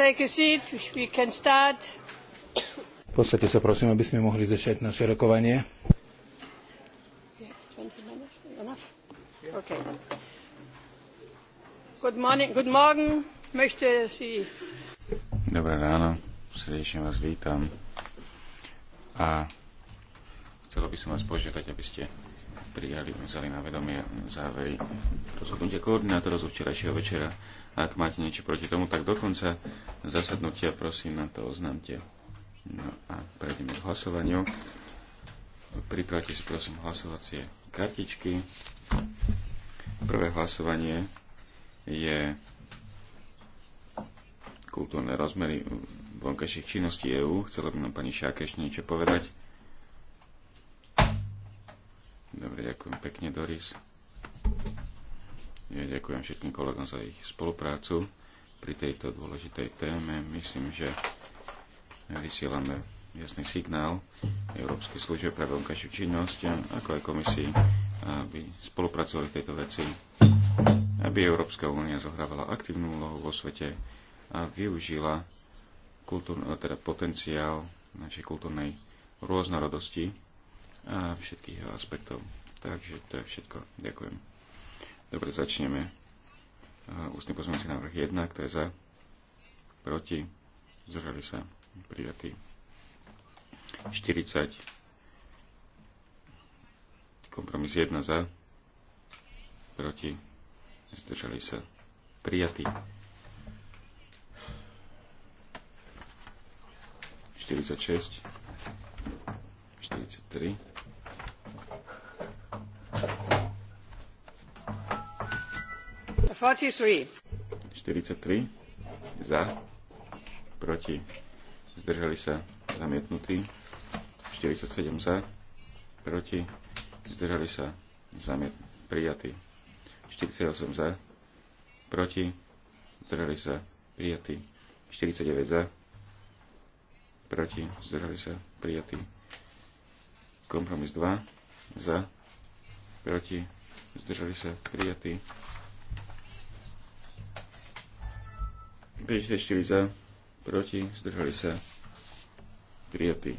Take a seat. We can start. Podstate sa prosím, aby sme mohli začať naše rokovanie. Okay. Good morning, good morning. Möchte Sie... Dobré ráno, srdečne vás vítam. A chcela by som vás požiadať, aby ste prijali, vzali na vedomie závery rozhodnutia koordinátora zo včerajšieho večera. A ak máte niečo proti tomu, tak dokonca zasadnutia prosím na to oznámte. No a prejdeme k hlasovaniu. Pripravte si prosím hlasovacie kartičky. Prvé hlasovanie je kultúrne rozmery vonkajších činností EÚ. Chcela by nám pani Šákeš niečo povedať. Dobre, ďakujem pekne, Doris. Ja ďakujem všetkým kolegom za ich spoluprácu pri tejto dôležitej téme. Myslím, že vysielame jasný signál Európskej služby pre vonkajšiu činnosť, ako aj komisii, aby spolupracovali v tejto veci, aby Európska únia zohrávala aktívnu úlohu vo svete a využila kultúr, teda potenciál našej kultúrnej rôznorodosti a všetkých jeho aspektov. Takže to je všetko. Ďakujem. Dobre, začneme. Ústny pozmeňujúci návrh 1, kto je za, proti, zdržali sa, prijatý. 40, kompromis 1 za, proti, zdržali sa, prijatý. 46, 43, 43. za, proti, zdržali sa zamietnutí, 47 za, proti, zdržali sa zamiet, prijatí, 48 za, proti, zdržali sa prijatí, 49 za, proti, zdržali sa prijatí, kompromis 2 za, proti, zdržali sa prijatí, 54 za, proti, zdržali sa, prijatí.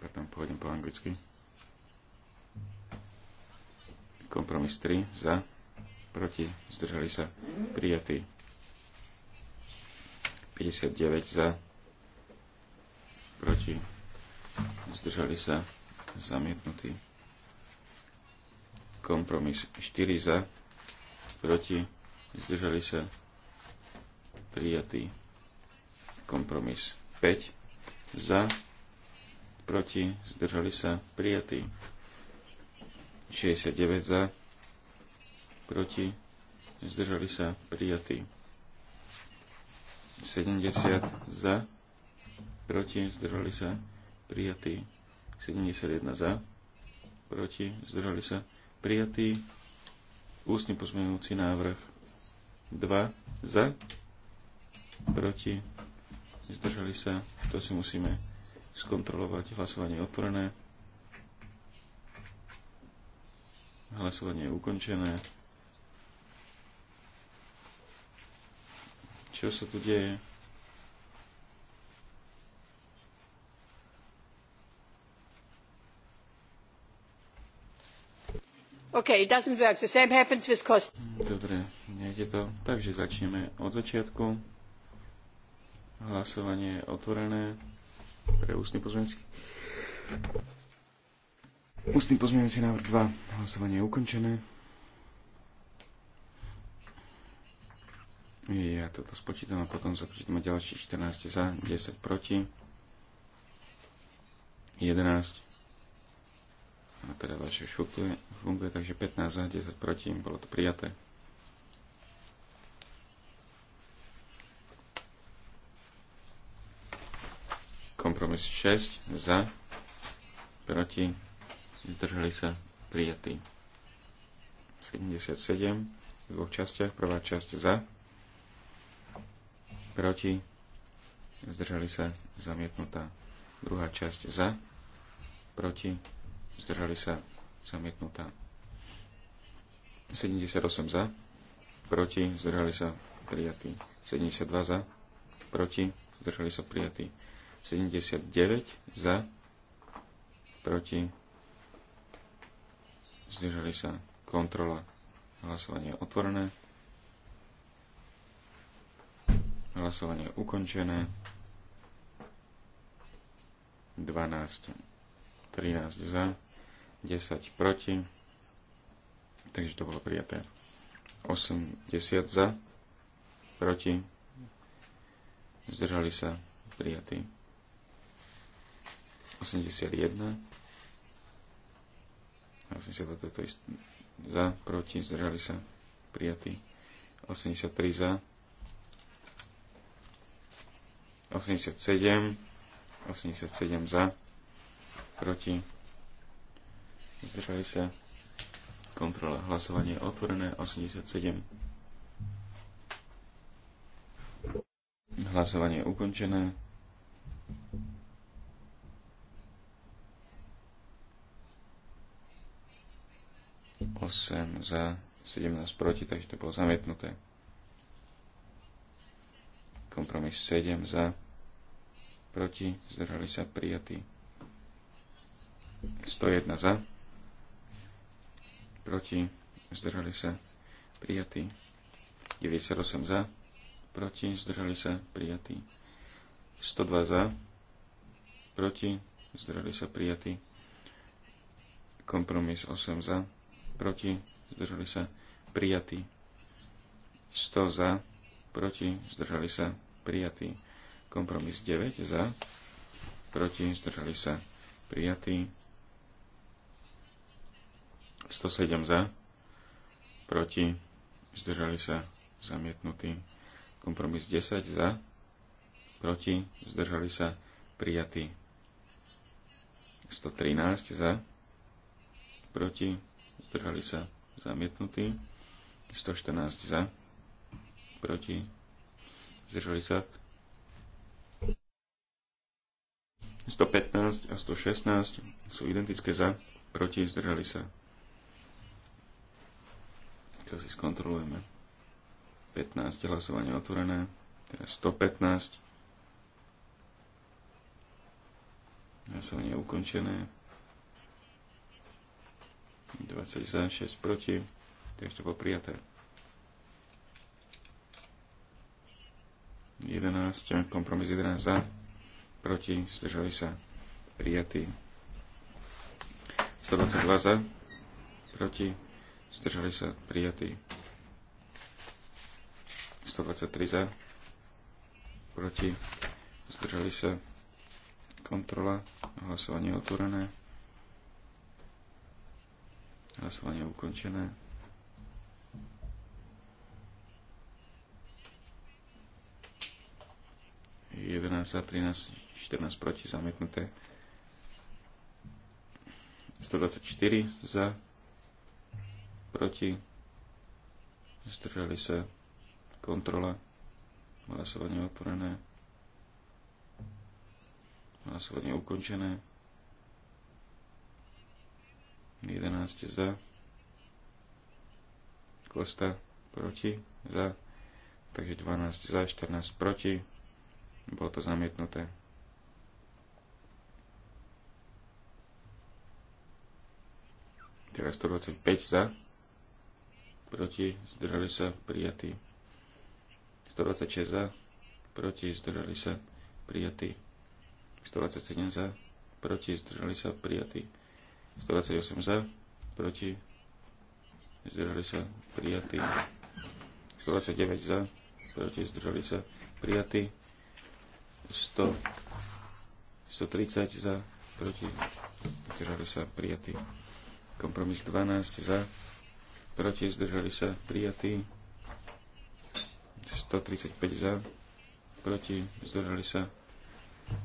Pardon, pôjdem po anglicky. Kompromis 3 za, proti, zdržali sa, prijatí. 59 za, proti, zdržali sa, zamietnutí. Kompromis 4 za, proti, zdržali sa prijatý kompromis 5 za, proti, zdržali sa prijatý 69 za, proti, zdržali sa prijatý 70 za, proti, zdržali sa prijatý 71 za, proti, zdržali sa prijatý Ústny pozmeňujúci návrh 2 za, proti, zdržali sa, to si musíme skontrolovať. Hlasovanie je otvorené. Hlasovanie je ukončené. Čo sa tu deje? Okay, it doesn't work. The same happens with cost. Dobre, nejde to. Takže začneme od začiatku. Hlasovanie je otvorené pre ústny pozmeňujúci. Ústny pozmeňujúci návrh 2. Hlasovanie je ukončené. Ja toto spočítam a potom započítam ďalšie 14 za, 10 proti, 11 a teda vaše šupte funguje, takže 15 za 10 proti, bolo to prijaté. Kompromis 6 za, proti, zdržali sa prijatí. 77 v dvoch častiach, prvá časť za, proti, zdržali sa zamietnutá, druhá časť za, proti, zdržali sa zamietnutá. 78 za, proti, zdržali sa prijatí. 72 za, proti, zdržali sa prijatí. 79 za, proti, zdržali sa kontrola hlasovanie je otvorené. Hlasovanie je ukončené. 12, 13 za, 10 proti, takže to bolo prijaté. 80 za, proti, zdržali sa prijatí. 81, 82 to za, proti, zdržali sa prijatí. 83 za, 87, 87 za, proti, Zdržali sa. Kontrola hlasovanie je otvorené. 87. Hlasovanie ukončené. Osem za, 17 proti, takže to bolo zamietnuté. Kompromis 7 za, proti, zdržali sa prijatí. 101 za proti, zdržali sa, prijatí. 98 za, proti, zdržali sa, prijatí. 102 za, proti, zdržali sa, prijatí. Kompromis 8 za, proti, zdržali sa, prijatí. 100 za, proti, zdržali sa, prijatí. Kompromis 9 za, proti, zdržali sa, prijatí. 107 za, proti, zdržali sa zamietnutí. Kompromis 10 za, proti, zdržali sa prijatí. 113 za, proti, zdržali sa zamietnutí. 114 za, proti, zdržali sa 115 a 116 sú identické za, proti, zdržali sa to si skontrolujeme. 15, hlasovanie otvorené, teraz 115. Hlasovanie ukončené. 20 za, 6 proti. takže to bolo prijaté. 11, kompromis 11 za, proti, zdržali sa, prijatí. 122 za, proti, zdržali sa prijatí. 123 za, proti, zdržali sa kontrola, hlasovanie otvorené, hlasovanie ukončené. Jedenáct za, 13, 14 proti, zamietnuté. 124 za, proti, zdržali sa, kontrola, hlasovanie otvorené, hlasovanie ukončené, 11 za, Kosta proti, za, takže 12 za, 14 proti, bolo to zamietnuté. Teraz 125 za, proti, zdržali sa, prijatí. 126 za, proti, zdržali sa, prijatí. 127 za, proti, zdržali sa, prijatí. 128 za, proti, zdržali sa, prijatí. 129 za, proti, zdržali sa, prijatí. 100, 130 za, proti, zdržali sa, prijatí. Kompromis 12 za, proti, zdržali sa prijatí. 135 za, proti, zdržali sa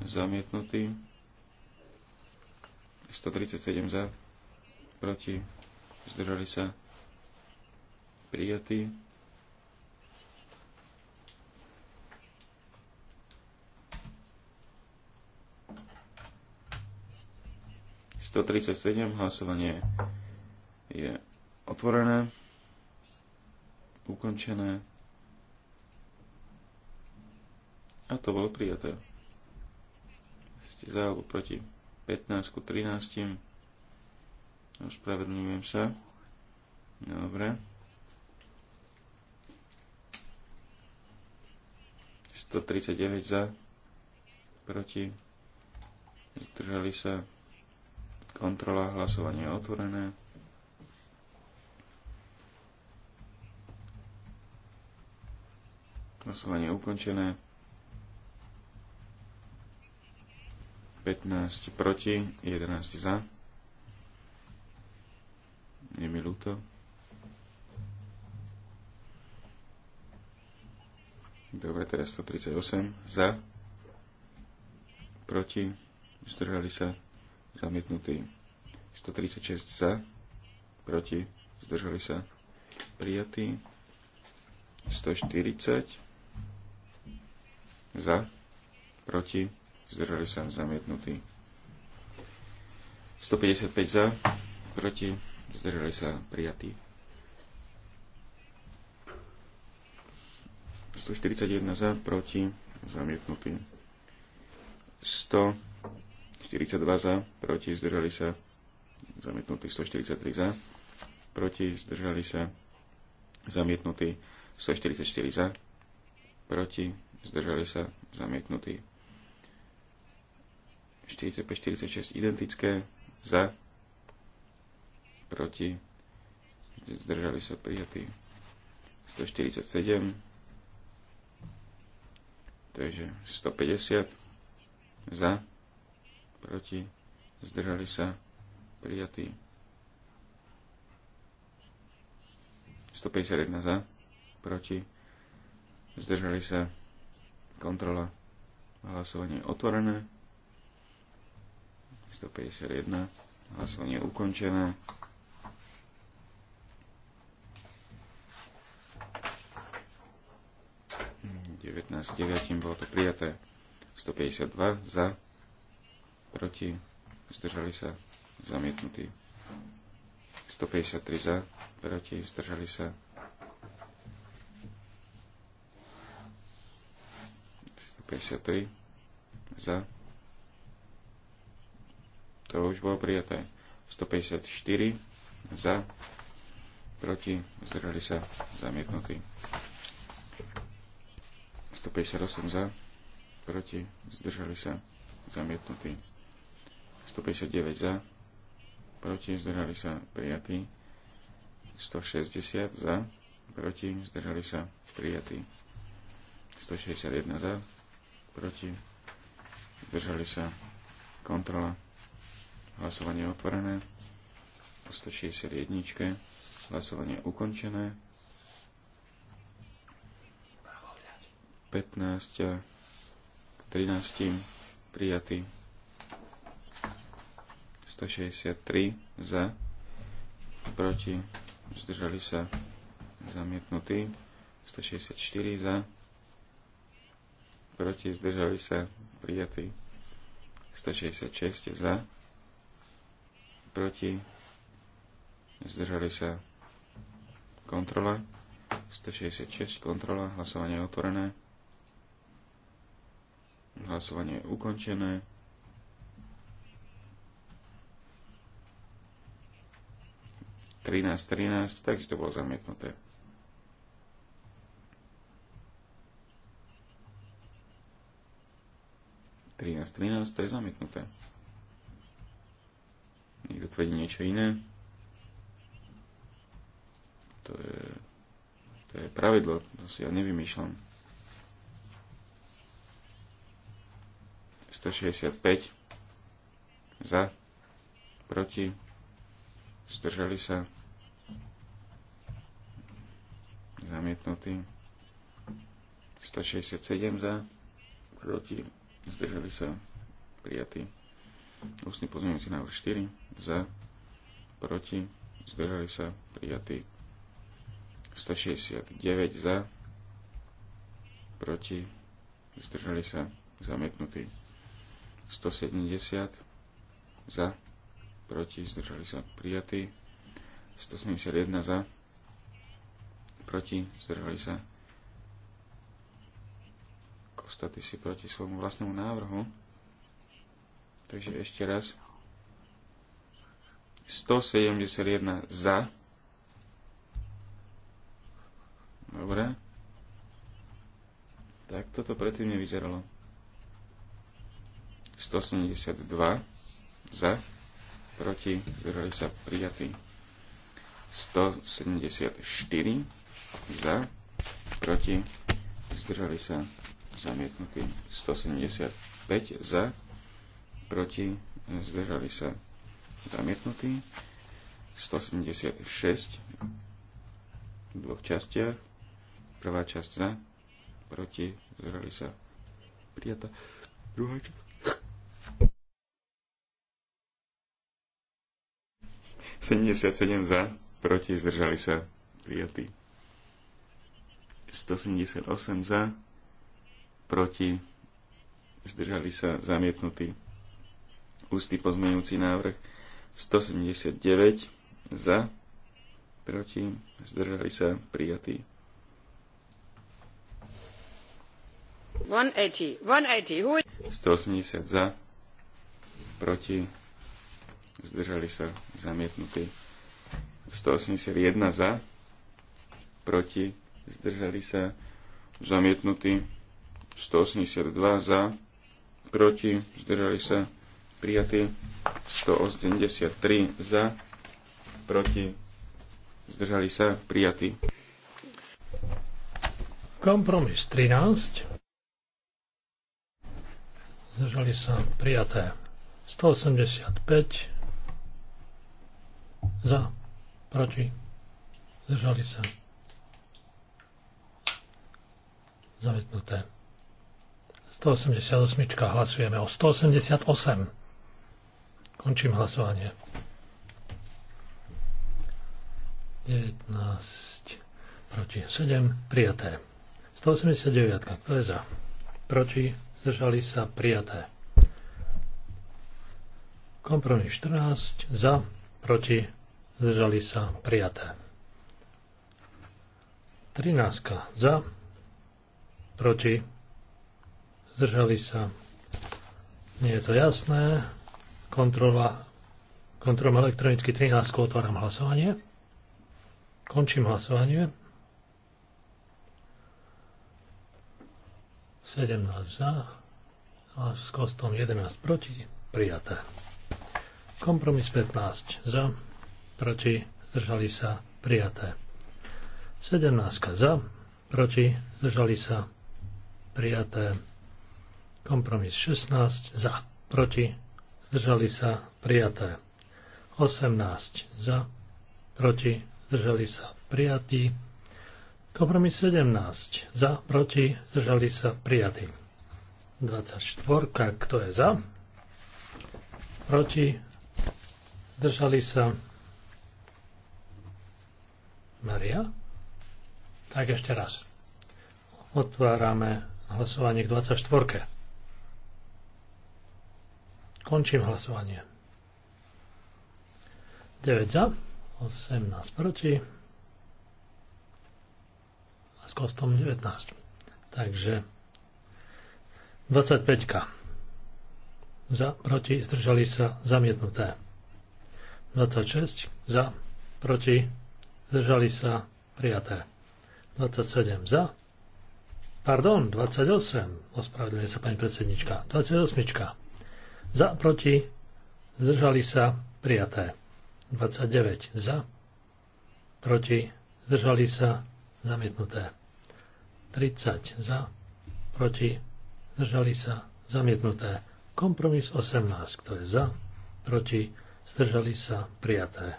zamietnutí. 137 za, proti, zdržali sa prijatí. Sto tridsaťsedem hlasovanie je Otvorené. Ukončené. A to bolo prijaté. Ste za alebo proti 15 ku 13. Ospravedlňujem sa. Dobre. 139 za, proti, zdržali sa, kontrola, hlasovanie je otvorené. Hlasovanie je ukončené. 15 proti, 11 za. Je mi ľúto. Dobre, teraz 138 za. Proti, zdržali sa, zamietnutí. 136 za, proti, zdržali sa, prijatí. 140 za, proti, zdržali sa zamietnutí. 155 za, proti, zdržali sa prijatí. 141 za, proti, zamietnutý. 142 za, proti, zdržali sa, zamietnutý. 143 za, proti, zdržali sa, zamietnutý. 144 za, proti, zdržali sa zamietnutí. 45-46 identické, za, proti, zdržali sa prijatí. 147, takže 150, za, proti, zdržali sa prijatí. 151 za, proti, zdržali sa kontrola hlasovanie je otvorené 151 hlasovanie je ukončené s 9 bolo to prijaté 152 za proti zdržali sa zamietnutí 153 za proti zdržali sa 53 za. To už bolo prijaté. 154 za. Proti. Zdržali sa zamietnutí. 158 za. Proti. Zdržali sa zamietnutí. 159 za. Proti. Zdržali sa prijatí. 160 za. Proti. Zdržali sa prijatí. 161 za proti, zdržali sa, kontrola, hlasovanie otvorené, o 161, hlasovanie ukončené, 15 13 prijatý 163 za proti zdržali sa zamietnutí 164 za proti, zdržali sa, prijatí. 166 za, proti, zdržali sa, kontrola. 166 kontrola, hlasovanie je otvorené. Hlasovanie je ukončené. Trinásť, trinásť, takže to bolo zamietnuté. 13, 13, to je zamietnuté. Niekto tvrdí niečo iné. To je, to je pravidlo, to si ja nevymýšľam. 165 za, proti, zdržali sa, zamietnutý, 167 za, proti, zdržali sa, prijatý. Ústny pozmeňujúci návrh 4, za, proti, zdržali sa, prijatý. 169 za, proti, zdržali sa, zamietnutý. 170 za, proti, zdržali sa, prijatý. 171 za, proti, zdržali sa, ako ty si proti svojmu vlastnému návrhu. Takže ešte raz. 171 za. Dobre. Tak toto predtým nevyzeralo. 172 za, proti, zdržali sa prijatí. 174 za, proti, zdržali sa zamietnutý. 175 za, proti, zdržali sa, zamietnutý. 176 v dvoch častiach. Prvá časť za, proti, zdržali sa, prijatá. Druhá časť. 77 za, proti, zdržali sa, prijatí 178 za, proti, zdržali sa zamietnutí. ústy pozmeňujúci návrh 179 za, proti, zdržali sa prijatí. 180, 180. 180 za, proti, zdržali sa zamietnutí. 181 za, proti, zdržali sa zamietnutí. 182 za, proti, zdržali sa, prijatí. 183 za, proti, zdržali sa, prijatí. Kompromis 13. Zdržali sa, prijaté. 185 za, proti, zdržali sa, zavetnuté. 188. Hlasujeme o 188. Končím hlasovanie. 19 proti 7 prijaté. 189. Kto je za? Proti zdržali sa prijaté. Kompromis 14 za, proti zdržali sa prijaté. 13 za, proti Zdržali sa. Nie je to jasné. Kontrola. Kontrolom elektronicky 13 otváram hlasovanie. Končím hlasovanie. 17 za a s kostom 11 proti prijaté. Kompromis 15 za, proti zdržali sa prijaté. 17 za, proti zdržali sa prijaté. Kompromis 16 za, proti, zdržali sa, prijaté. 18 za, proti, zdržali sa, prijatí. Kompromis 17 za, proti, zdržali sa, prijatí. 24, kto je za, proti, zdržali sa, Maria. Tak ešte raz. Otvárame hlasovanie k 24. Končím hlasovanie. 9 za, 18 proti a s kostom 19. Takže 25 za, proti, zdržali sa, zamietnuté. 26 za, proti, zdržali sa, prijaté. 27 za, pardon, 28, ospravedlňuje sa pani predsednička, 28. Za, proti, zdržali sa, prijaté. 29 za, proti, zdržali sa, zamietnuté. 30 za, proti, zdržali sa, zamietnuté. Kompromis 18, kto je za, proti, zdržali sa, prijaté.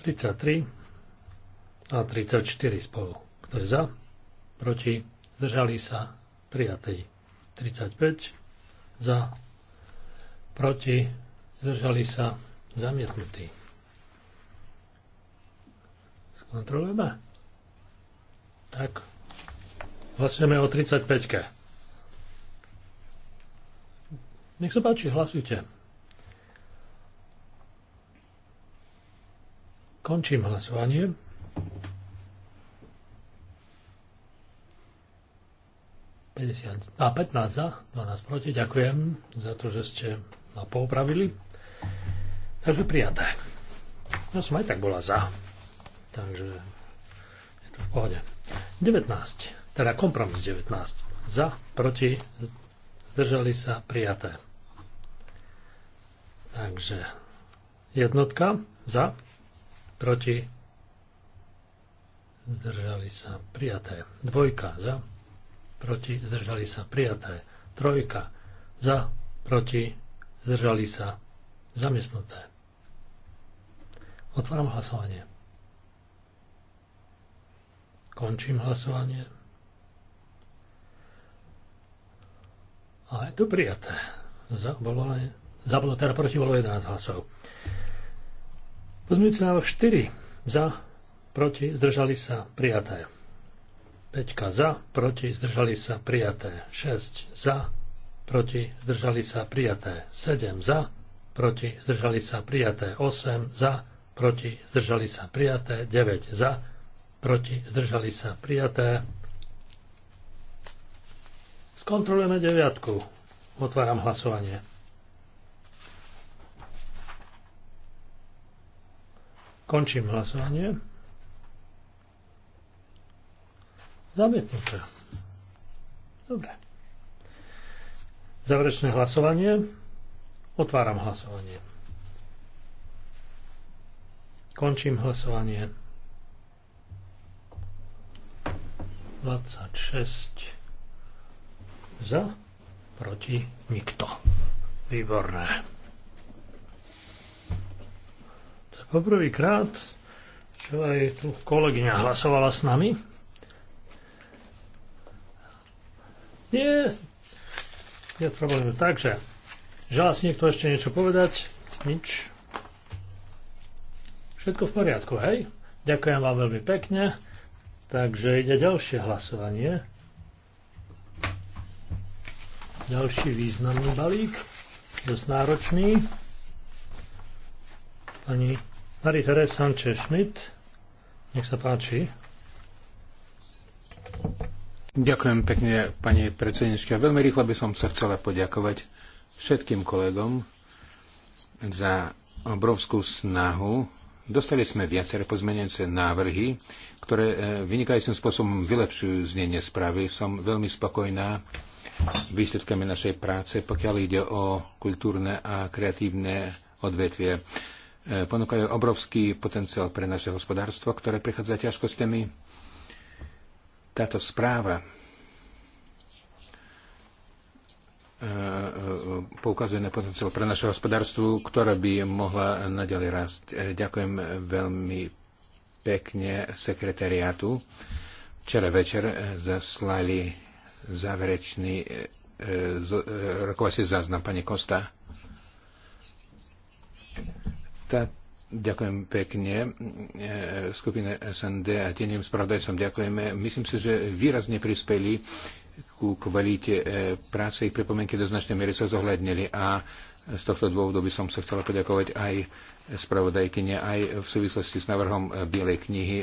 33 a 34 spolu, kto je za, proti, zdržali sa, prijatý. 35 za, proti, zdržali sa, zamietnutí. Skontrolujeme? Tak, hlasujeme o 35 Nech sa páči, hlasujte. Končím hlasovanie. a 15 za, 12 proti. Ďakujem za to, že ste a poupravili. Takže prijaté. Ja som aj tak bola za. Takže je to v pohode. 19. Teda kompromis 19. Za, proti, zdržali sa, prijaté. Takže jednotka za, proti, zdržali sa, prijaté. Dvojka za, proti, zdržali sa, prijaté. Trojka za, proti, zdržali sa, zamestnuté. Otváram hlasovanie. Končím hlasovanie. A je to prijaté. Za, bolo, teda proti bolo 11 hlasov. Pozmeňujúci návrh 4. Za, proti, zdržali sa, prijaté. 5 za, proti, zdržali sa, prijaté. 6 za, proti zdržali sa prijaté 7 za, proti zdržali sa prijaté 8 za, proti zdržali sa prijaté 9 za, proti zdržali sa prijaté. Skontrolujeme deviatku. Otváram hlasovanie. Končím hlasovanie. Zamietnuté. Dobre. Záverečné hlasovanie. Otváram hlasovanie. Končím hlasovanie. 26 za, proti nikto. Výborné. To je poprvýkrát, čo aj tu kolegyňa hlasovala s nami. Nie, nie problémov. Takže, žal si niekto ešte niečo povedať? Nič? Všetko v poriadku, hej? Ďakujem vám veľmi pekne. Takže ide ďalšie hlasovanie. Ďalší významný balík, dosť náročný. Pani Marie Therese Sanchez-Schmidt, nech sa páči. Ďakujem pekne, pani predsednička. Veľmi rýchlo by som sa chcela poďakovať všetkým kolegom za obrovskú snahu. Dostali sme viaceré pozmenujúce návrhy, ktoré e, vynikajúcim spôsobom vylepšujú znenie správy. Som veľmi spokojná výsledkami našej práce, pokiaľ ide o kultúrne a kreatívne odvetvie. E, ponúkajú obrovský potenciál pre naše hospodárstvo, ktoré prechádza ťažkosťami táto správa e, e, poukazuje na potenciál pre naše hospodárstvo, ktoré by mohla naďalej rásť. E, ďakujem veľmi pekne sekretariátu. Včera večer zaslali záverečný rokovací záznam pani Kosta. Tá, Ďakujem pekne. E, skupine SND a teniem spravodajcom ďakujeme. Myslím si, že výrazne prispeli ku kvalite e, práce. Ich pripomienky do značnej miery sa zohľadnili a z tohto dôvodu by som sa chcela poďakovať aj spravodajkyne, aj v súvislosti s návrhom e, Bielej knihy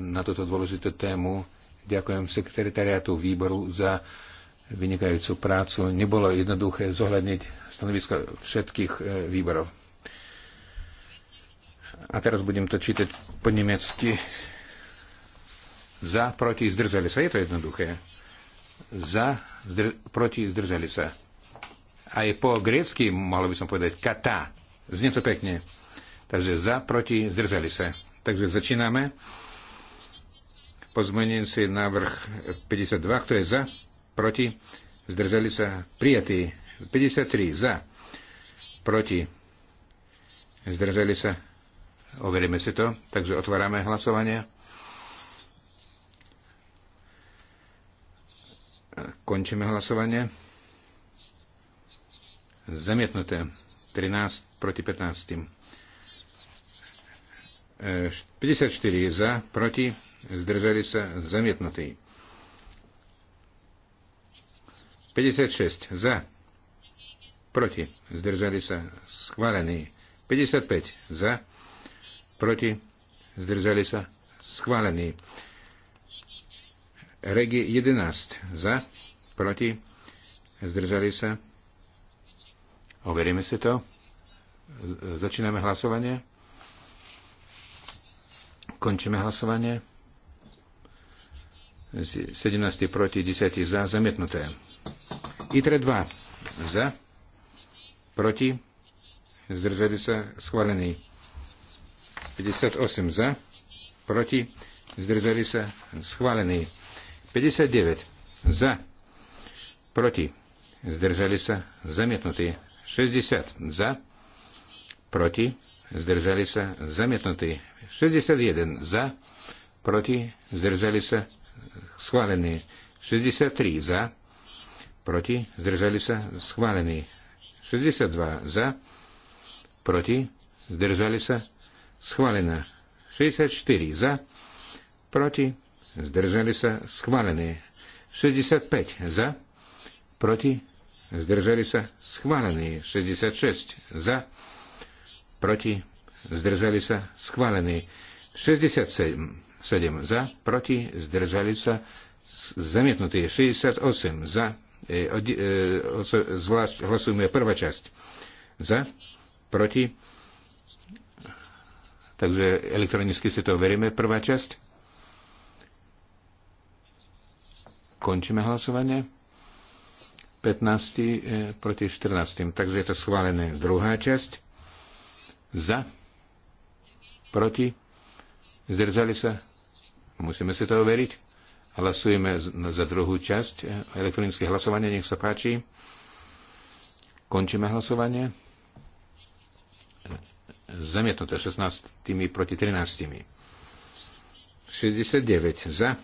na túto dôležitú tému. Ďakujem sekretariátu výboru za vynikajúcu prácu. Nebolo jednoduché zohľadniť stanovisko všetkých výborov. A teraz budem to čítať po nemecky. Za, proti, zdržali sa. Je to jednoduché. Za, zdr- proti, zdržali sa. Aj po grécky, mohlo by som povedať, kata. Znie to pekne. Takže za, proti, zdržali sa. Takže začíname. Pozmenujúci návrh 52. Kto je za? Proti? Zdržali sa? Prijatý. 53. Za. Proti? Zdržali sa? Overíme si to. Takže otvárame hlasovanie. Končíme hlasovanie. Zamietnuté. 13 proti 15. 54 je za, proti, zdržali sa, zamietnutí. 56 za, proti, zdržali sa, schválený. 55 za, proti, zdržali sa, schválený. Regi 11 za, proti, zdržali sa. Overíme si to. Začíname hlasovanie. Končíme hlasovanie. 17 proti, 10 za, zamietnuté. ITRE 2 za, proti, zdržali sa, schválený. 58 za, proti, zdržali sa, schválený. 59 za, proti, zdržali sa, zamietnutý. 60 za, proti, zdržali sa, zamietnutý. 61 za, proti, zdržali sa, schválený. 63 za, proti, zdržali sa, schválený. 62 za, proti, zdržali sa, schválená. 64 za, proti, zdržali sa, schválené. 65 za, proti, zdržali sa, schválené. 66 za, proti, zdržali sa, schválené. 67 7 za, proti, zdržali sa, zamietnutý 68 za, e, od, e, e zvlášť hlasujeme prvá časť, za, proti, Takže elektronicky si to overíme. Prvá časť. Končíme hlasovanie. 15 e, proti 14. Takže je to schválené. Druhá časť. Za. Proti. Zdržali sa. Musíme si to overiť. Hlasujeme za druhú časť. E, elektronické hlasovanie. Nech sa páči. Končíme hlasovanie zamietnuté 16 proti 13. 69 za,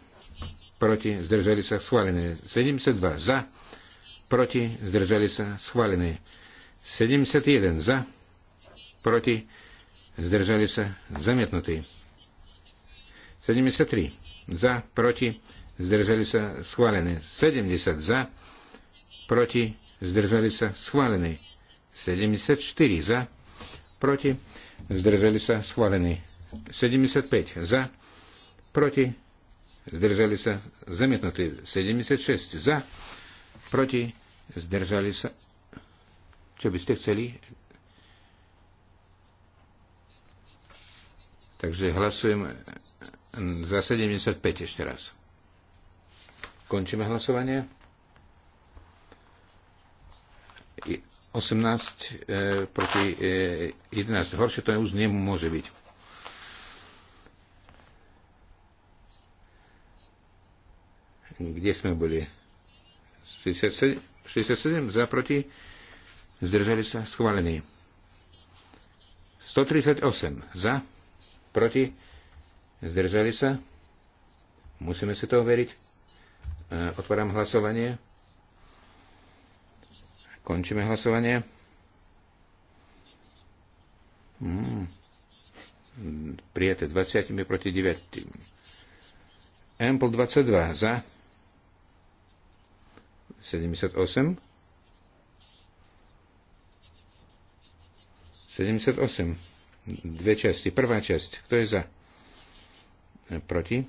proti, zdržali sa schválené. 72 za, proti, zdržali sa schválené. 71 za, proti, zdržali sa zamietnutí. 73 za, proti, zdržali sa schválené. 70 za, proti, zdržali sa schválené. 74 za, proti, zdržali sa schválený. 75 za, proti, zdržali sa zamietnutý. 76 za, proti, zdržali sa. Čo by ste chceli? Takže hlasujem za 75 ešte raz. Končíme hlasovanie. 18 e, proti 11. E, Horšie to už nemôže byť. Kde sme boli? 67, 67 za proti. Zdržali sa schválení. 138 za proti. Zdržali sa. Musíme si to overiť. E, otváram hlasovanie. Končíme hlasovanie. Hmm. Prijete 20 proti 9. Ample 22 za 78. 78. Dve časti. Prvá časť. Kto je za? Proti?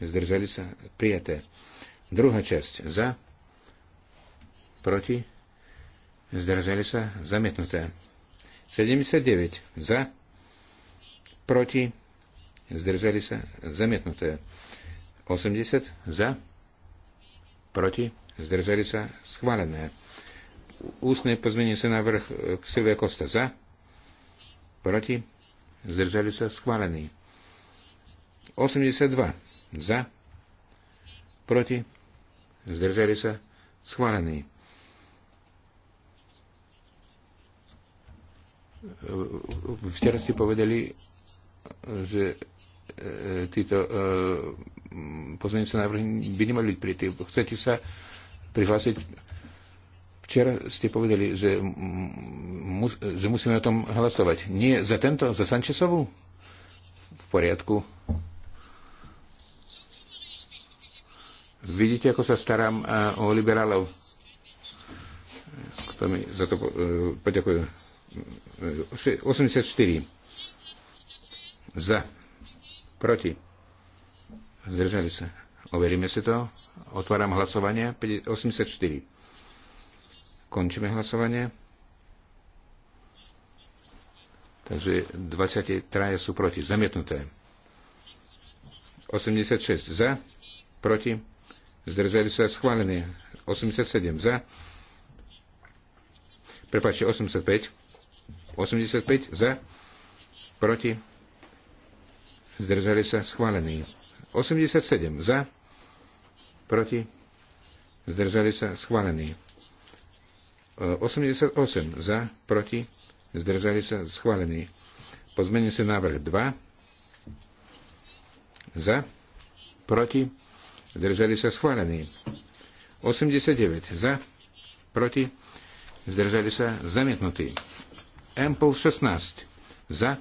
Zdržali sa? Prijaté. Druhá časť. Za? Proti? Zdržali sa? Zamietnuté. 79. Za. Proti. Zdržali sa? Zamietnuté. 80. Za. Proti. Zdržali sa? Schválené. Ústne pozmenie sa návrh k e, Silvia Kosta. Za. Proti. Zdržali sa? Schválený. 82. Za. Proti. Zdržali sa? Schválený. Včera ste povedali, že e, títo e, pozmeňujúce návrhy by nemali byť prijatí. Chcete sa prihlásiť? Včera ste povedali, že, mus, že musíme o tom hlasovať. Nie za tento, za Sančesovú? V poriadku. Vidíte, ako sa starám e, o liberálov. Kto mi za to Po, po, po, po, po, po, po, po, 84 za, proti, zdržali sa. Overíme si to. Otváram hlasovanie. 84. Končíme hlasovanie. Takže 23 sú proti. Zamietnuté. 86 za, proti, zdržali sa schválené. 87 za, Prepačte, 85 85 za, proti, zdržali sa schválení. 87 za, proti, zdržali sa schválení. 88 za, proti, zdržali sa schválení. Pozmenil sa návrh 2 za, proti, zdržali sa schválení. 89 za, proti, zdržali sa zamietnutí. Ample 16. Za.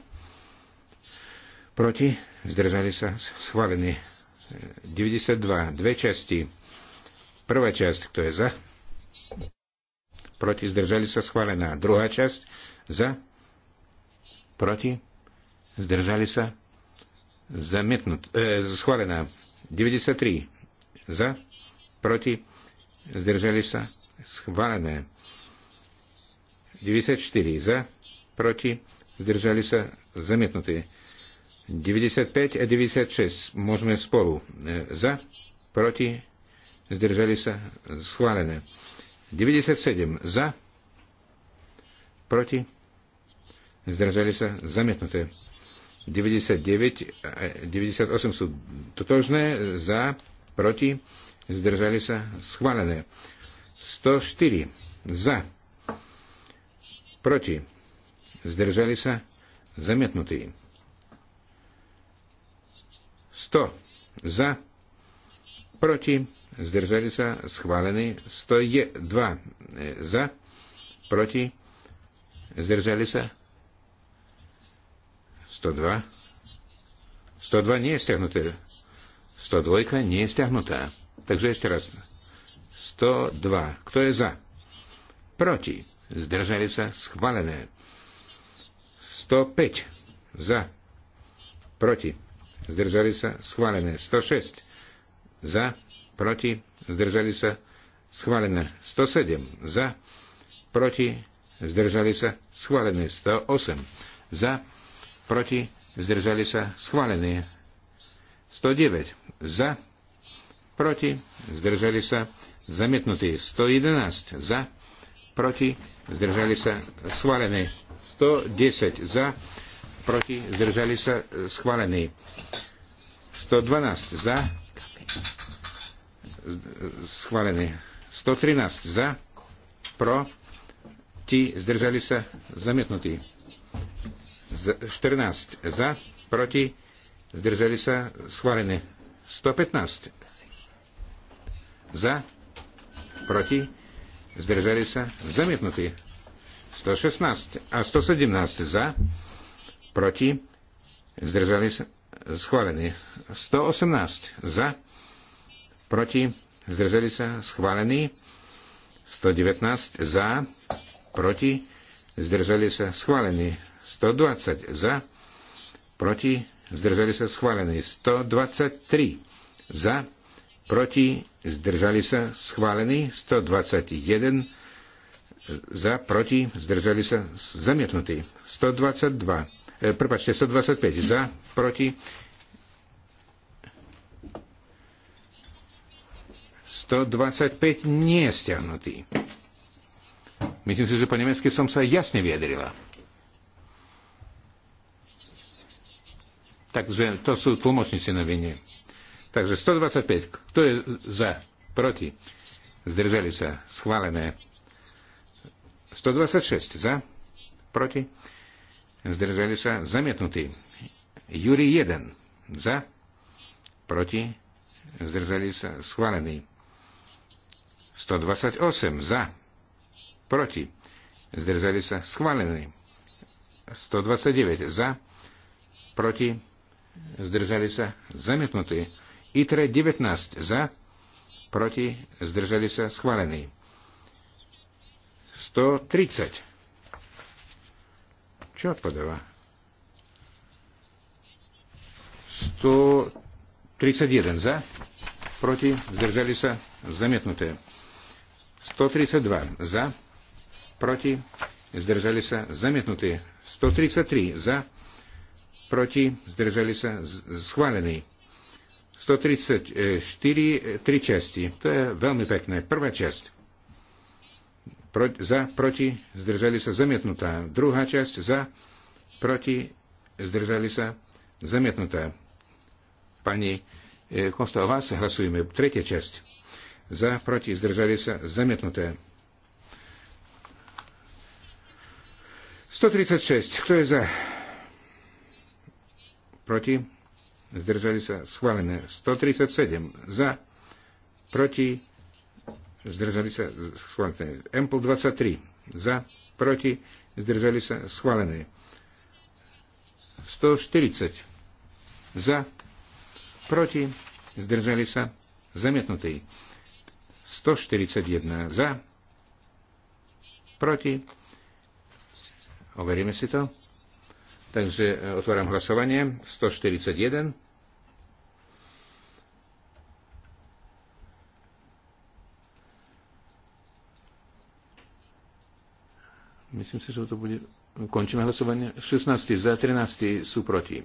Proti. Zdržali sa. Schválený. 92. Dve časti. Prvá časť, kto je za? Proti. Zdržali sa. Schválená. Druhá časť. Za. Proti. Zdržali sa. Zamietnut. E, schválená. 93. Za. Proti. Zdržali sa. Schválené. 94 za, proti, zdržali sa zamietnuté. 95 a 96 môžeme spolu. E, za, proti, zdržali sa schválené. 97 za, proti, zdržali sa zamietnuté. 99 a 98 sú totožné, za, proti, zdržali sa schválené. 104 za, proti, zdržali sa, zamietnutí. 100 za, proti, zdržali sa, schválený. 102 e, za, proti, zdržali sa, 102. 102 nie je stiahnuté. 102 nie je stiahnutá. Takže ešte raz. 102. Kto je za? Proti. Zdržali sa schválené. 105 za, proti, zdržali sa, schválené. 106 za, proti, zdržali sa, schválené. 107 za, proti, zdržali sa, schválené. 108 za, proti, zdržali sa, schválené. 109 za, proti, zdržali sa, Zamietnutý. 111 za, proti, zdržali sa, schválené. 110 e, za, proti, zdržali sa, schválený. 112 za, schválený. 113 za, pro, ti zdržali sa, zamietnutý. 14 za, proti, zdržali sa, schválený. 115 za, proti, zdržali sa, zamietnutý. 116 a 117 za, proti, zdržali sa, schválený. 118 za, proti, zdržali sa, schválený. 119 za, proti, zdržali sa, schválený. 120 za, proti, zdržali sa, schválený. 123 za, proti, zdržali sa, schválený. 121 za, proti, zdržali sa, zamietnutí. 122, e, prepačte, 125 za, proti, 125 nie je stiahnutý. Myslím si, že po nemecky som sa jasne vyjadrila. Takže to sú tlmočníci na vine. Takže 125. Kto je za? Proti? Zdržali sa. Schválené. 126 za, proti, zdržali sa zamietnutí. Júri 1 za, proti, zdržali sa schválení. 128 za, proti, zdržali sa schválení. 129 za, proti, zdržali sa zamietnutí. ITRE 19 za, proti, zdržali sa schválení. 130. Čo odpadáva? 131 za, proti, zdržali sa, zamietnuté. 132 za, proti, zdržali sa, zamietnuté. 133 za, proti, zdržali sa, schválený. 134, tri časti. To je veľmi pekné. Prvá časť Pro, za, proti, zdržali sa, zamietnutá. Druhá časť za, proti, zdržali sa, zamietnutá. Pani e, Kosta, o vás hlasujeme. Tretia časť. Za, proti, zdržali sa, zamietnuté. 136. Kto je za? Proti? Zdržali sa schválené. 137. Za? Proti? zdržali sa schválené. Empl 23 za, proti, zdržali sa schválené. 140 za, proti, zdržali sa zamietnutí. 141 za, proti. Overíme si to. Takže e, otváram hlasovanie. 141. Myslím si, že to bude... Končíme hlasovanie. 16 za, 13 sú proti.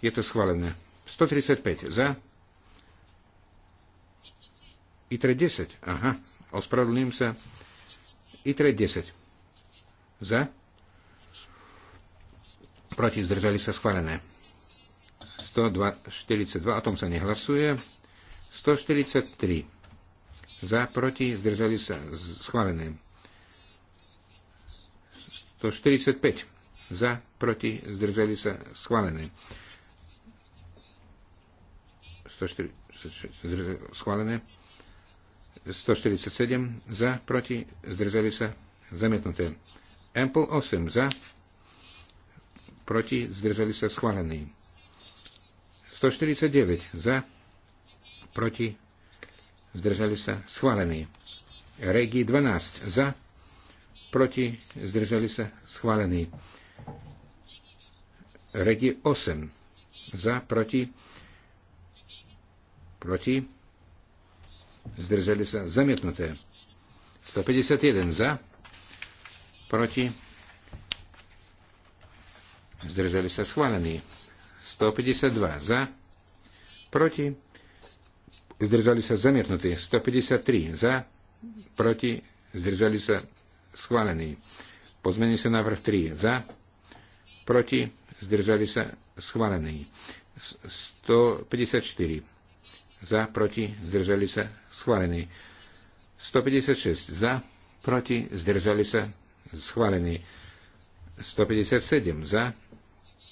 Je to schválené. 135 za. ITRE 10. Aha, ospravedlňujem sa. ITRE 10. Za. Proti zdržali sa schválené. 142, o tom sa nehlasuje. 143. Za, proti, zdržali sa schválené. 145 za, proti, zdržali sa schválené. 146 schválené. 147 za, proti, zdržali sa zamietnuté. Ample 8 za, proti, zdržali sa schválený. 149 za, proti, zdržali sa schválený. Regi 12 za, proti, zdržali sa, schválený. Regi 8, za, proti, proti, zdržali sa, zamietnuté. 151 za, proti, zdržali sa, schválený. 152 za, proti, zdržali sa, zamietnuté. 153 za, proti, zdržali sa, schválený. sa návrh 3 za, proti, zdržali sa, schválený. 154 za, proti, zdržali sa, schválený. 156 za, proti, zdržali sa, schválený. 157 za,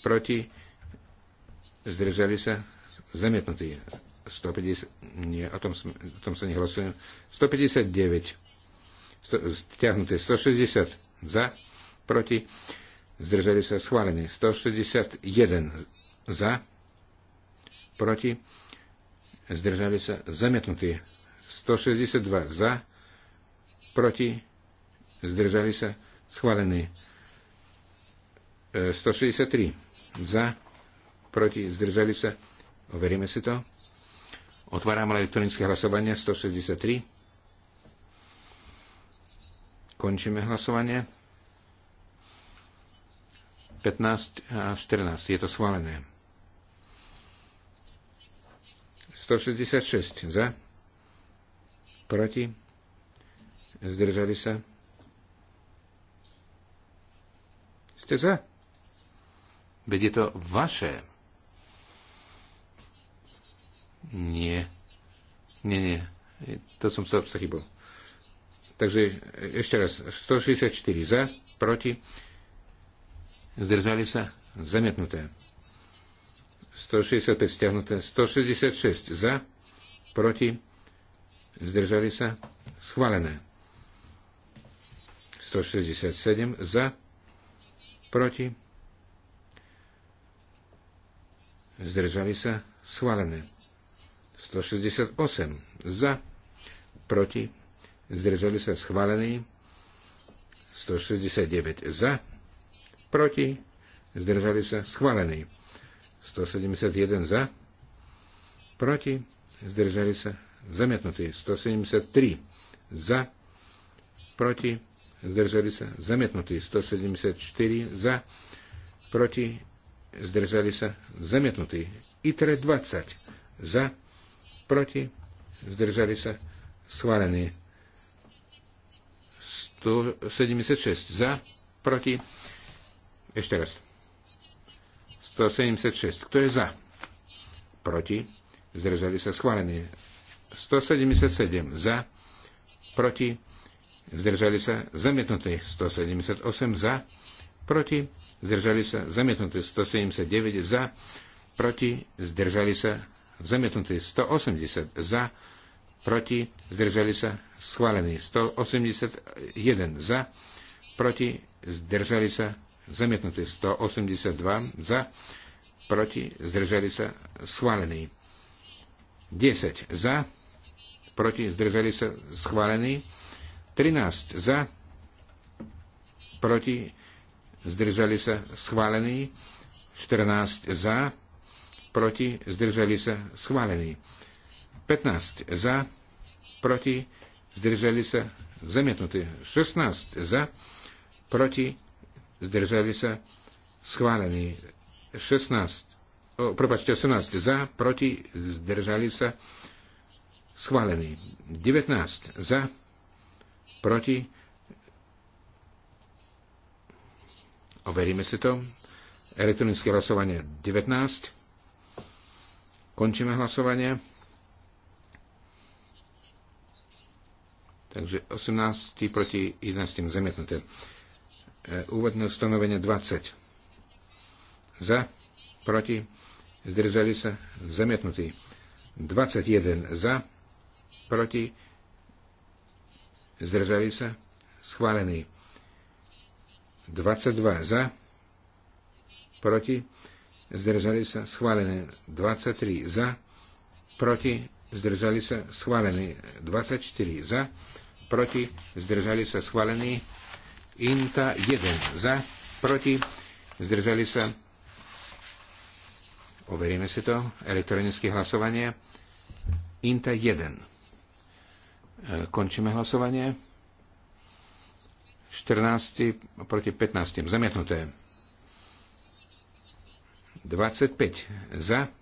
proti, zdržali sa, zamietnutý. 150, nie, o tom, o tom sa nehlasujem. 159 stiahnuté 160 za, proti, zdržali sa schválené 161 za, proti, zdržali sa zamietnuté 162 za, proti, zdržali sa schválené 163 e, za, proti, zdržali sa, overíme si to. Otváram elektronické hlasovanie 163. Končíme hlasovanie. 15 a 14. Je to schválené. 166 za. Proti. Zdržali sa. Ste za? Veď je to vaše. Nie. Nie, nie. To som sa chybol. Takže ešte raz, 164 za, proti, zdržali sa, zamietnuté. 165 stiahnuté, 166 za, proti, zdržali sa, schválené. 167 za, proti, zdržali sa, schválené. 168 za, proti, zdržali sa schválení, 169 za, proti, zdržali sa schválení, 171 za, proti, zdržali sa zamietnutí, 173 za, proti, zdržali sa zamietnutí, 174 za, proti, zdržali sa zamietnutí, ITRE 20 za, proti, zdržali sa schválení. 176 za, proti, ešte raz, 176, kto je za, proti, zdržali sa schválení, 177 za, proti, zdržali sa zamietnutí, 178 za, proti, zdržali sa zamietnutí, 179 za, proti, zdržali sa zamietnutí, 180 za, proti, zdržali sa, schválený. 181 za, proti, zdržali sa, zamietnuté 182 za, proti, zdržali sa, schválený. 10 za, proti, zdržali sa, schválený. 13 za, proti, zdržali sa, schválený. 14 za, proti, zdržali sa, schválený. 15 za, proti, zdržali sa, zamietnuté. 16 za, proti, zdržali sa, schválený. 16, oh, prepačte, 18 za, proti, zdržali sa, schválený. 19 za, proti, overíme si to, elektronické hlasovanie 19, končíme hlasovanie, Takže 18 proti 11 zamietnuté. E, úvodné ustanovenie 20. Za, proti, zdržali sa, zamietnutí. 21 za, proti, zdržali sa, schválený. 22 za, proti, zdržali sa, schválené. 23 za, proti, zdržali sa schválení. 24 za, proti, zdržali sa schválení. Inta 1 za, proti, zdržali sa. Overíme si to. Elektronické hlasovanie. Inta 1. E, končíme hlasovanie. 14 proti 15. Zamietnuté. 25 za,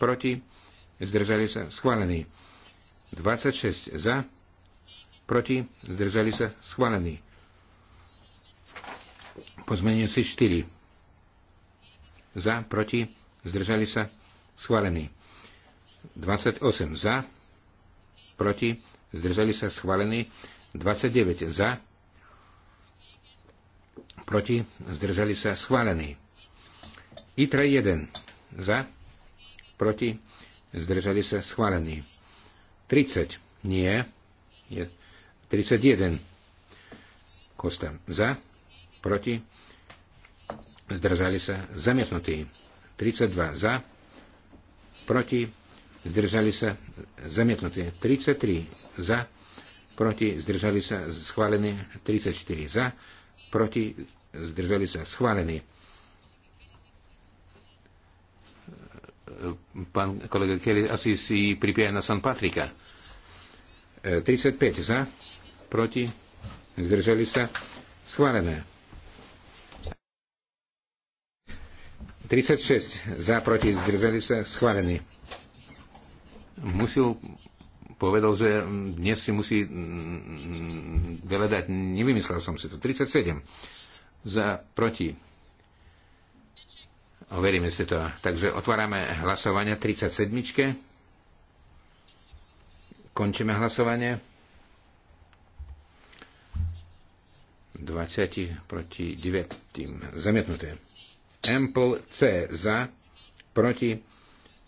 proti, zdržali sa, schválený. 26 za, proti, zdržali sa, schválený. si 4 za, proti, zdržali sa, schválený. 28 za, proti, zdržali sa, schválený. 29 za, proti, zdržali sa, schválený. ITRA 1 za, proti, zdržali sa schválení. 30 nie, je 31 Kosta za, proti, zdržali sa zamietnutí. 32 za, proti, zdržali sa zamietnutí. 33 za, proti, zdržali sa schválení. 34 za, proti, zdržali sa schválení. pán kolega Kelly asi si pripieja na San Patrika. 35 e, za, proti, zdržali sa, schválené. 36 za, proti, zdržali sa, schválený. Musil povedal, že dnes si musí mm, mm, mm, veľa dať. Nevymyslel som si to. 37 za, proti, Overíme si to. Takže otvárame hlasovanie 37. Končíme hlasovanie. 20 proti 9. Zamietnuté. Ample C za, proti,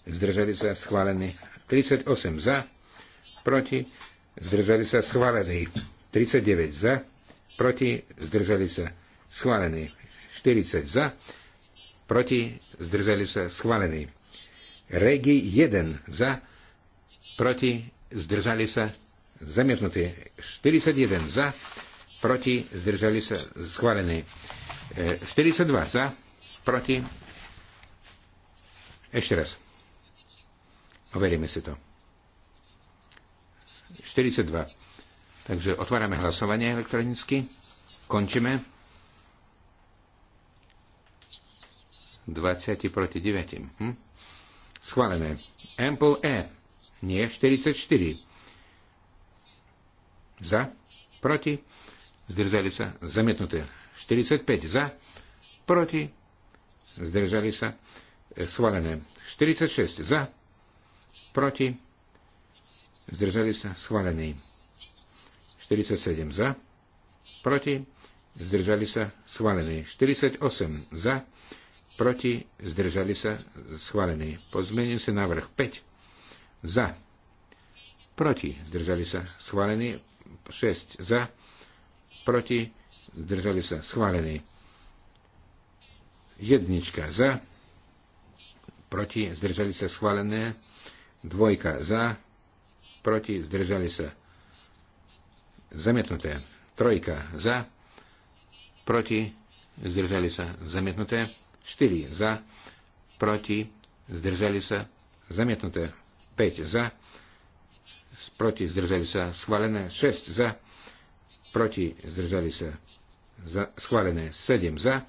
zdržali sa schválení. 38 za, proti, zdržali sa schválení. 39 za, proti, zdržali sa schválení. 40 za, proti, zdržali sa, schválený. Regi 1 za, proti, zdržali sa, zamietnutý. 41 za, proti, zdržali sa, schválený. 42 e, za, proti, ešte raz. Overíme si to. 42. Takže otvárame hlasovanie elektronicky. Končíme. 20 proti 9. Hm? Schválené. Ample E. Nie 44. Za. Proti. Zdržali sa. Zamietnuté. 45. Za. Proti. Zdržali sa. E, schválené. 46. Za. Proti. Zdržali sa. Schválený. 47. Za. Proti. Zdržali sa. Schválený. 48. Za proti, zdržali sa, schválený. Pozmenujúci návrh 5, za, proti, zdržali sa, schválený. 6, za, proti, zdržali sa, schválený. Jednička za, proti, zdržali sa, schválené. Dvojka za, proti, zdržali sa, zamietnuté. Trojka za, proti, zdržali sa, zamietnuté. 4 za, proti, zdržali sa, zamietnuté 5 za, proti, zdržali sa, schválené 6 za, proti, zdržali sa, za, schválené 7 za,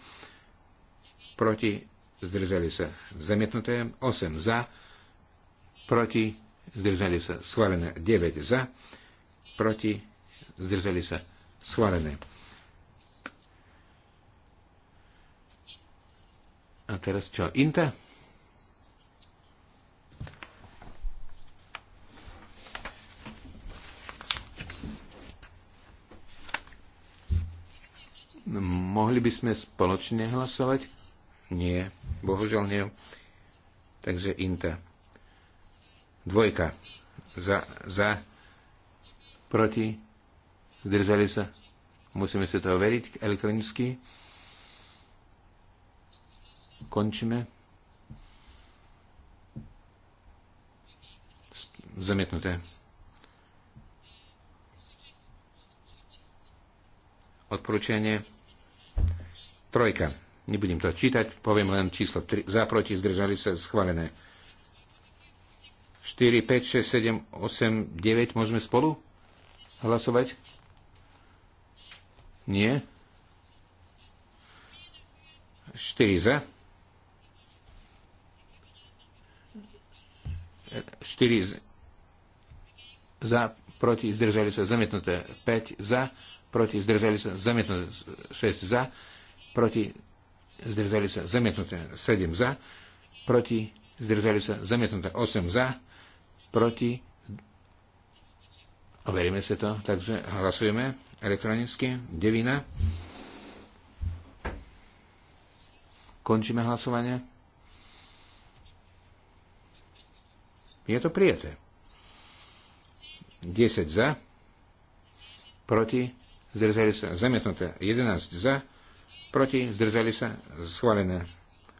proti, zdržali sa, zamietnuté 8 za, proti, zdržali sa, schválené 9 za, proti, zdržali sa, schválené A teraz čo, Inta? Mohli by sme spoločne hlasovať? Nie, bohužiaľ nie. Takže Inta. Dvojka. Za, za, proti, zdržali sa. Musíme si to overiť elektronicky. Končíme. Zamietnuté. Odporúčanie. Trojka. Nebudem to čítať, poviem len číslo 3. Za, proti, zdržali sa, schválené. 4, 5, 6, 7, 8, 9. Môžeme spolu hlasovať? Nie. 4 za. 4 za, proti, zdržali sa, zamietnuté. 5 za, proti, zdržali sa, zamietnuté. 6 za, proti, zdržali sa, zamietnuté. 7 za, proti, zdržali sa, zamietnuté. 8 za, proti, overíme sa to, takže hlasujeme elektronicky. Devina. Končíme hlasovanie. Je to prijaté. 10 za, proti, zdržali sa, zamietnuté. 11 za, proti, zdržali sa, schválené.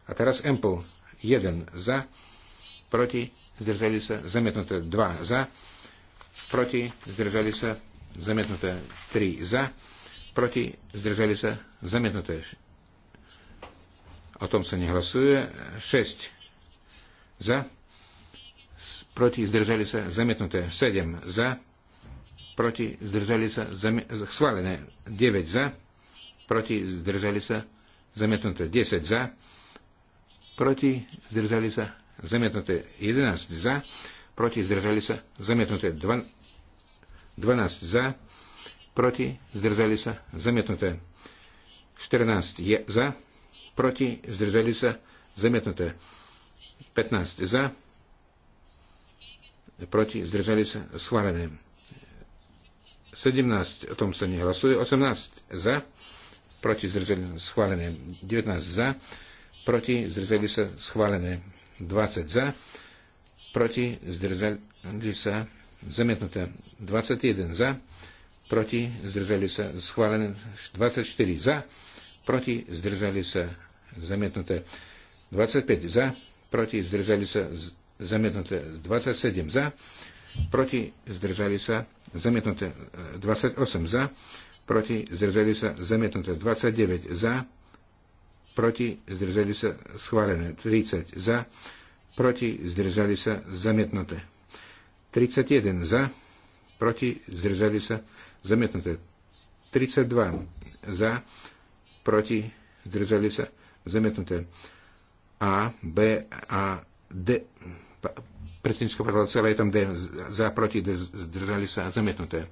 A teraz Empel 1 za, proti, zdržali sa, zamietnuté 2 za, proti, zdržali sa, zamietnuté 3 za, proti, zdržali sa, zamietnuté. O tom sa nehlasuje. 6 za, proti zdržali sa zamietnuté 7 za, proti zdržali sa zami- schválené 9 za, proti zdržali sa zamietnuté 10 za, proti zdržali sa zamietnuté 11 za, proti zdržali sa zamietnuté 12 za, proti zdržali sa zamietnuté 14 je za, proti zdržali sa zamietnuté 15 za, proti, zdržali sa, schválené. 17, o tom sa nehlasuje, 18 za, proti, zdržali sa, schválené. 19 za, proti, zdržali sa, schválené. 20 za, proti, zdržali sa, zamietnuté. 21 za, proti, zdržali sa, schválené. 24 za, proti, zdržali sa, zamietnuté. 25 za, proti, zdržali sa, zamietnuté 27 za, proti zdržali sa zamietnuté 28 za, proti zdržali sa zamietnuté 29 za, proti zdržali sa schválené 30 za, proti zdržali sa zamietnuté 31 za, proti zdržali sa zamietnuté 32 za, proti zdržali sa zamietnuté A, B a D Predsednička povedala celé tam D, za, proti, zdržali sa, zamietnuté.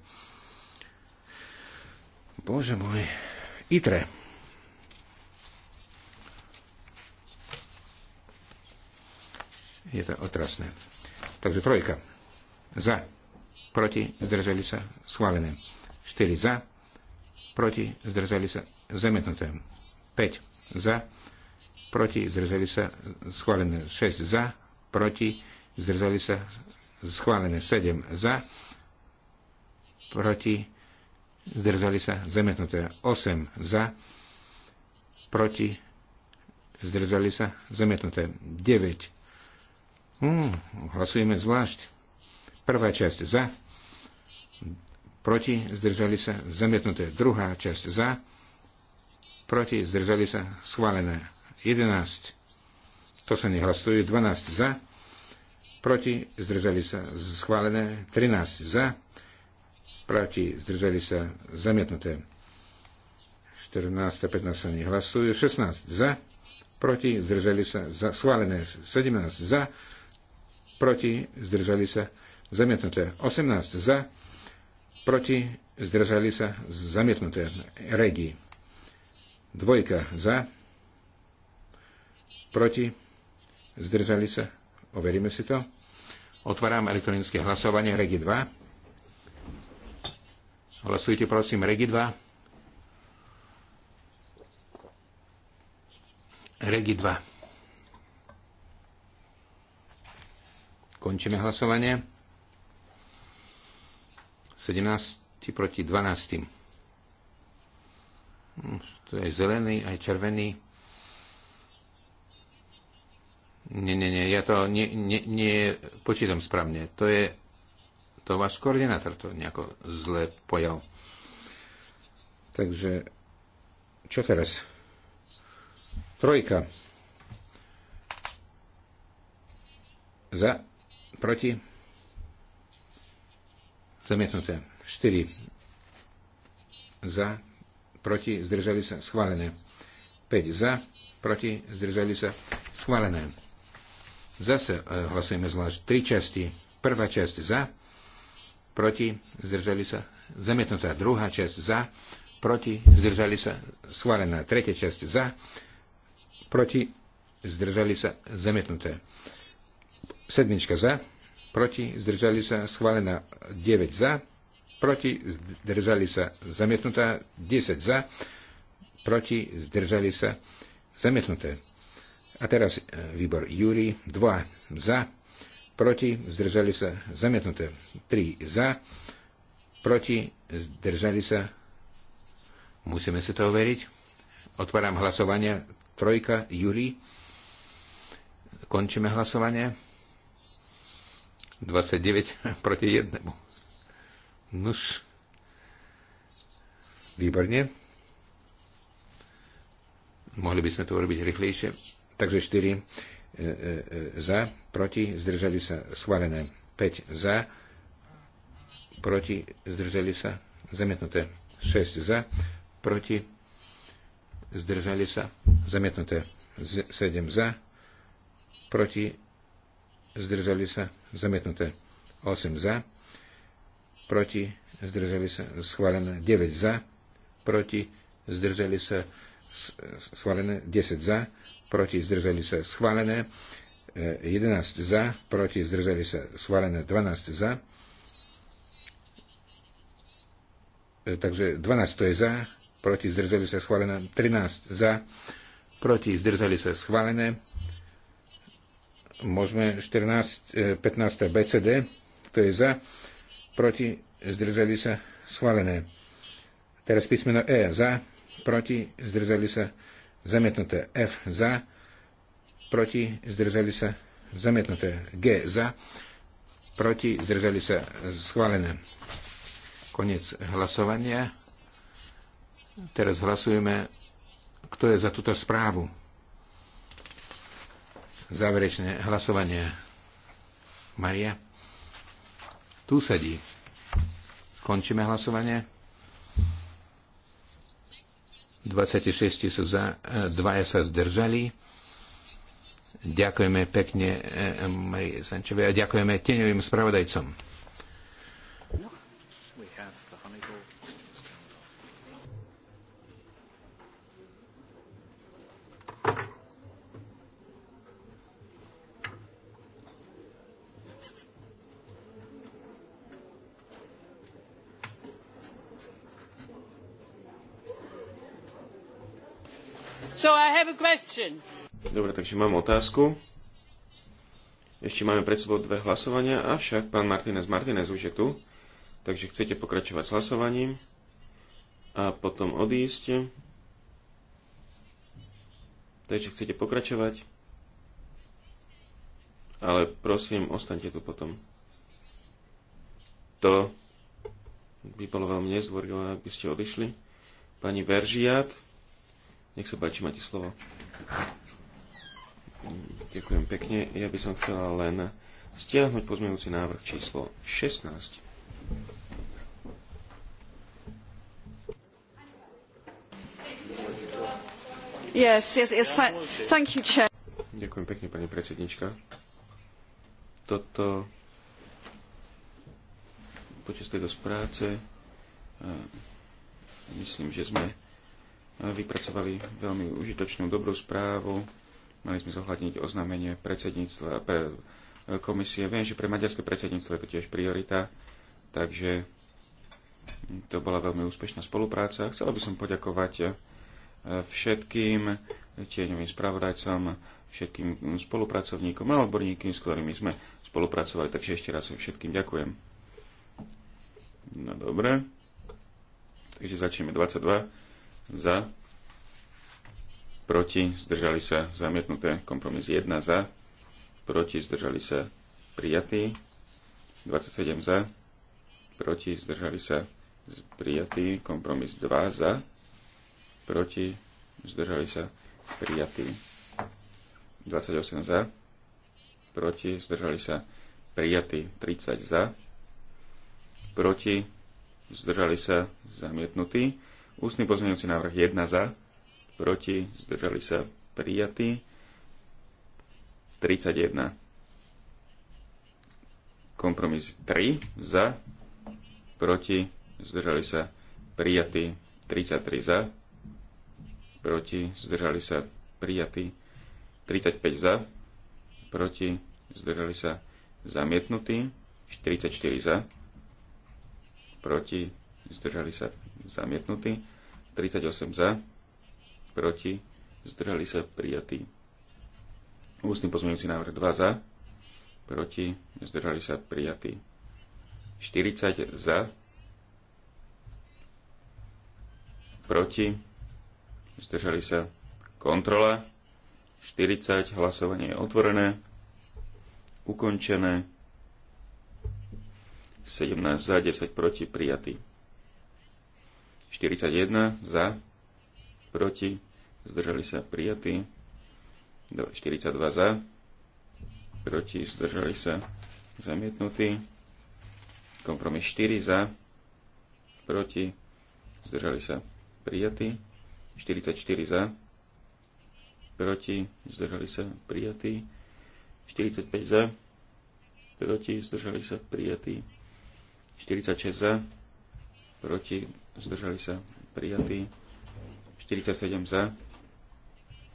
Bože môj. ITRE. Je to otrasné. Takže trojka. Za. Proti. Zdržali sa. Schválené. 4 za. Proti. Zdržali sa. Zamietnuté. 5 za. Proti. Zdržali sa. Schválené. 6 za proti, zdržali sa schválené 7 za, proti, zdržali sa zamietnuté 8 za, proti, zdržali sa zamietnuté 9. Hmm, hlasujeme zvlášť. Prvá časť za, proti, zdržali sa zamietnuté druhá časť za, proti, zdržali sa schválené 11 to sa nehlasuje, 12 za, proti, zdržali sa schválené, 13 za, proti, zdržali sa zamietnuté. 14 a 15 sa nehlasuje, 16 za, proti, zdržali sa za, schválené, 17 za, proti, zdržali sa zamietnuté, 18 za, proti, zdržali sa zamietnuté, regi. Dvojka za, proti, zdržali sa zamietnuté. Zdržali sa? Overíme si to. Otváram elektronické hlasovanie Regi 2. Hlasujte prosím Regi 2. Regi 2. Končíme hlasovanie. 17 proti 12. Hm, to je zelený, aj červený. Nie, nie, nie, ja to nie, nie, nie počítam správne. To je, to váš koordinátor to nejako zle pojal. Takže, čo teraz? Trojka. Za, proti, zamietnuté. 4. Za, proti, zdržali sa, schválené. 5. Za, proti, zdržali sa, schválené. Zase e, hlasujeme zvlášť tri časti. Prvá časť za, proti, zdržali sa, zamietnutá druhá časť za, proti, zdržali sa, schválená tretia časť za, proti, zdržali sa, zamietnuté. Sedmička za, proti, zdržali sa, schválená 9 za, proti, zdržali sa, zamietnutá 10 za, proti, zdržali sa, zamietnuté. A teraz e, výbor Júri 2 za, proti, zdržali sa zamietnuté 3 za, proti, zdržali sa. Musíme si to overiť. Otváram hlasovanie. Trojka, Júri. Končíme hlasovanie. 29 proti 1. Nuž. Výborne. Mohli by sme to urobiť rýchlejšie. Takže 4 e, e, e, za, proti, zdržali sa schválené. 5 za, proti, zdržali sa zamietnuté. 6 za, proti, zdržali sa zamietnuté. 7 za, proti, zdržali sa zamietnuté. 8 za, proti, zdržali sa schválené. 9 za, proti, zdržali sa schválené. 10 za, proti zdržali sa schválené, 11 e, za, proti zdržali sa schválené 12 za. E, takže 12 to je za, proti zdržali sa schválené 13 za, proti zdržali sa schválené. Môžeme 14, 15 BCD, to je za, proti zdržali sa schválené. Teraz písmeno E za, proti zdržali sa schválené zamietnuté F za, proti, zdržali sa, zamietnuté G za, proti, zdržali sa, schválené. Konec hlasovania. Teraz hlasujeme, kto je za túto správu. Záverečné hlasovanie. Maria? Tu sedí. Končíme hlasovanie. 26 sú za, e, dvaja sa zdržali. Ďakujeme pekne e, Marie Sančevej a ďakujeme tieňovým spravodajcom. Dobre, takže mám otázku. Ešte máme pred sebou dve hlasovania, avšak pán Martinez Martinez už je tu, takže chcete pokračovať s hlasovaním a potom odísť. Takže chcete pokračovať, ale prosím, ostaňte tu potom. To by bolo veľmi nezdvorilo, ak by ste odišli. Pani Veržiat, nech sa páči, máte slovo. Ďakujem pekne. Ja by som chcela len stiahnuť pozmeňujúci návrh číslo 16. Yes, yes, yes. Thank you, chair. Ďakujem pekne, pani predsednička. Toto počas tejto práce eh, myslím, že sme vypracovali veľmi užitočnú, dobrú správu. Mali sme zohľadniť oznámenie predsedníctva, pre e, komisie. Viem, že pre maďarské predsedníctvo je to tiež priorita, takže to bola veľmi úspešná spolupráca. Chcela by som poďakovať e, všetkým tieňovým spravodajcom, všetkým spolupracovníkom a odborníkom, s ktorými sme spolupracovali. Takže ešte raz všetkým ďakujem. No dobre. Takže začneme 22 za, proti, zdržali sa zamietnuté, kompromis 1 za, proti, zdržali sa prijatí, 27 za, proti, zdržali sa prijatí, kompromis 2 za, proti, zdržali sa prijatí, 28 za, proti, zdržali sa prijatí, 30 za, proti, zdržali sa zamietnutí, Ústny pozmeňujúci návrh 1 za, proti, zdržali sa prijatí. 31. Kompromis 3 za, proti, zdržali sa prijatí. 33 za, proti, zdržali sa prijatí. 35 za, proti, zdržali sa zamietnutí. 44 za, proti, zdržali sa zamietnutý, 38 za, proti, zdržali sa prijatí. Ústny pozmeňujúci návrh 2 za, proti, zdržali sa prijatí. 40 za, proti, zdržali sa kontrola. 40, hlasovanie je otvorené, ukončené, 17 za, 10 proti, prijatý. 41 za, proti, zdržali sa prijatí. 42 za, proti, zdržali sa zamietnutí. Kompromis 4 za, proti, zdržali sa prijatí. 44 za, proti, zdržali sa prijatí. 45 za, proti, zdržali sa prijatí. 46 za, proti, zdržali sa prijatí, 47 za,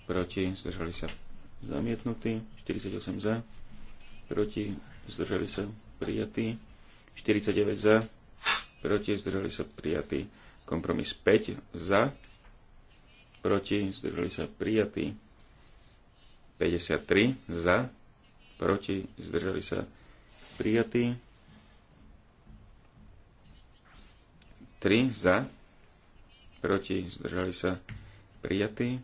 proti, zdržali sa zamietnutí, 48 za, proti, zdržali sa prijatí, 49 za, proti, zdržali sa prijatí, kompromis 5 za, proti, zdržali sa prijatí, 53 za, proti, zdržali sa prijatí, 3 za, proti, zdržali sa prijatí.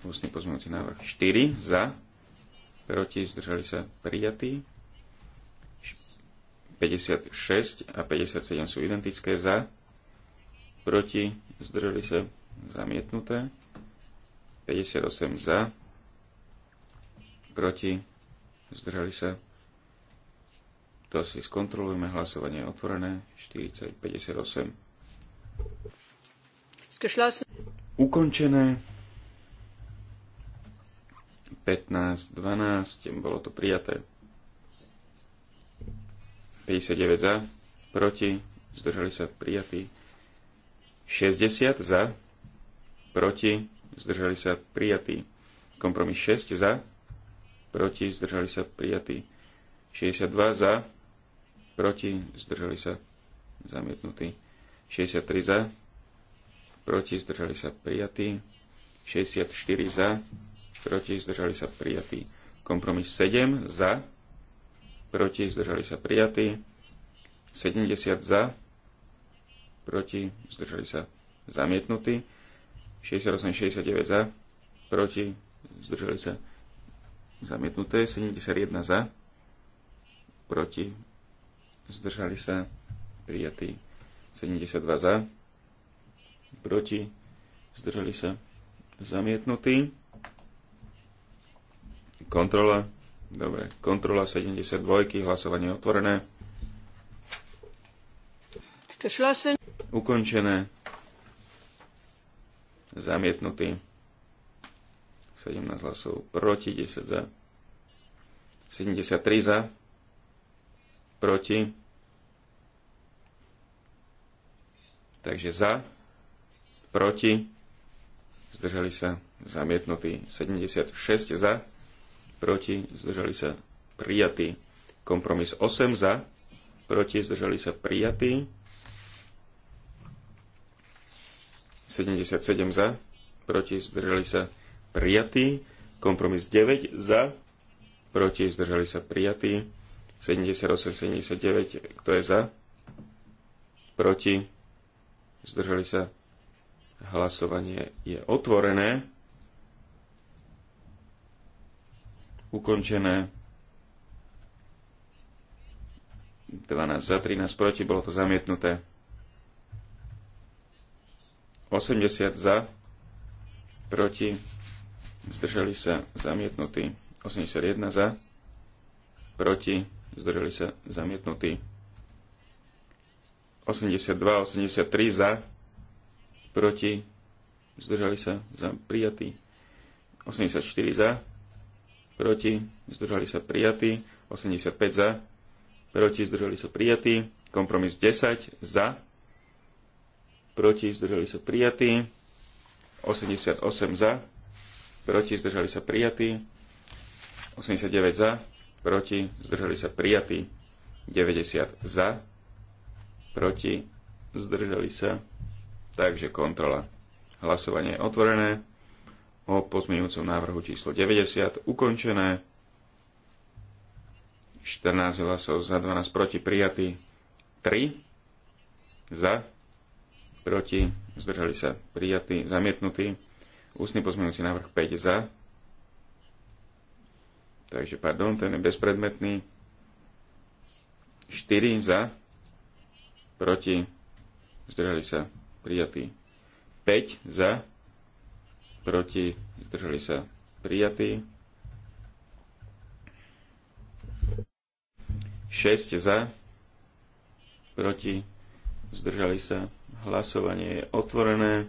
Ústny pozmeňujúci návrh 4 za, proti, zdržali sa prijatí. 56 a 57 sú identické za, proti, zdržali sa zamietnuté. 58 za, proti, zdržali sa to si skontrolujeme. Hlasovanie je otvorené. 4058. Ukončené. 15, 12. Bolo to prijaté. 59 za. Proti. Zdržali sa prijatí. 60 za. Proti. Zdržali sa prijatí. Kompromis 6 za. Proti. Zdržali sa prijatí. 62 za proti, zdržali sa zamietnutí. 63 za, proti, zdržali sa prijatí. 64 za, proti, zdržali sa prijatí. Kompromis 7 za, proti, zdržali sa prijatí. 70 za, proti, zdržali sa zamietnutí. 68, 69 za, proti, zdržali sa zamietnuté. 71 za, proti, zdržali sa, prijatý 72 za, proti, zdržali sa, zamietnutí. Kontrola, dobre, kontrola 72, hlasovanie otvorené. Ukončené. Zamietnutý. 17 hlasov proti, 10 za. 73 za proti. Takže za, proti, zdržali sa zamietnutí 76 za, proti, zdržali sa prijatí. Kompromis 8 za, proti, zdržali sa prijatí. 77 za, proti, zdržali sa prijatí. Kompromis 9 za, proti, zdržali sa prijatí. 78, 79, kto je za? Proti? Zdržali sa? Hlasovanie je otvorené. Ukončené. 12 za, 13 proti, bolo to zamietnuté. 80 za, proti, zdržali sa zamietnutí. 81 za, proti, zdržali sa zamietnutí. 82, 83 za, proti, zdržali sa za prijatí. 84 za, proti, zdržali sa prijatí. 85 za, proti, zdržali sa prijatí. Kompromis 10 za, proti, zdržali sa prijatí. 88 za, proti, zdržali sa prijatí. 89 za, proti, zdržali sa prijatí, 90 za, proti, zdržali sa, takže kontrola. Hlasovanie je otvorené o pozmeňujúcom návrhu číslo 90, ukončené, 14 hlasov za, 12 proti, prijatí, 3 za, proti, zdržali sa, prijatí, zamietnutí, ústny pozmeňujúci návrh 5 za, Takže, pardon, ten je bezpredmetný. 4 za, proti, zdržali sa, prijatý. 5 za, proti, zdržali sa, prijatý. 6 za, proti, zdržali sa. Hlasovanie je otvorené.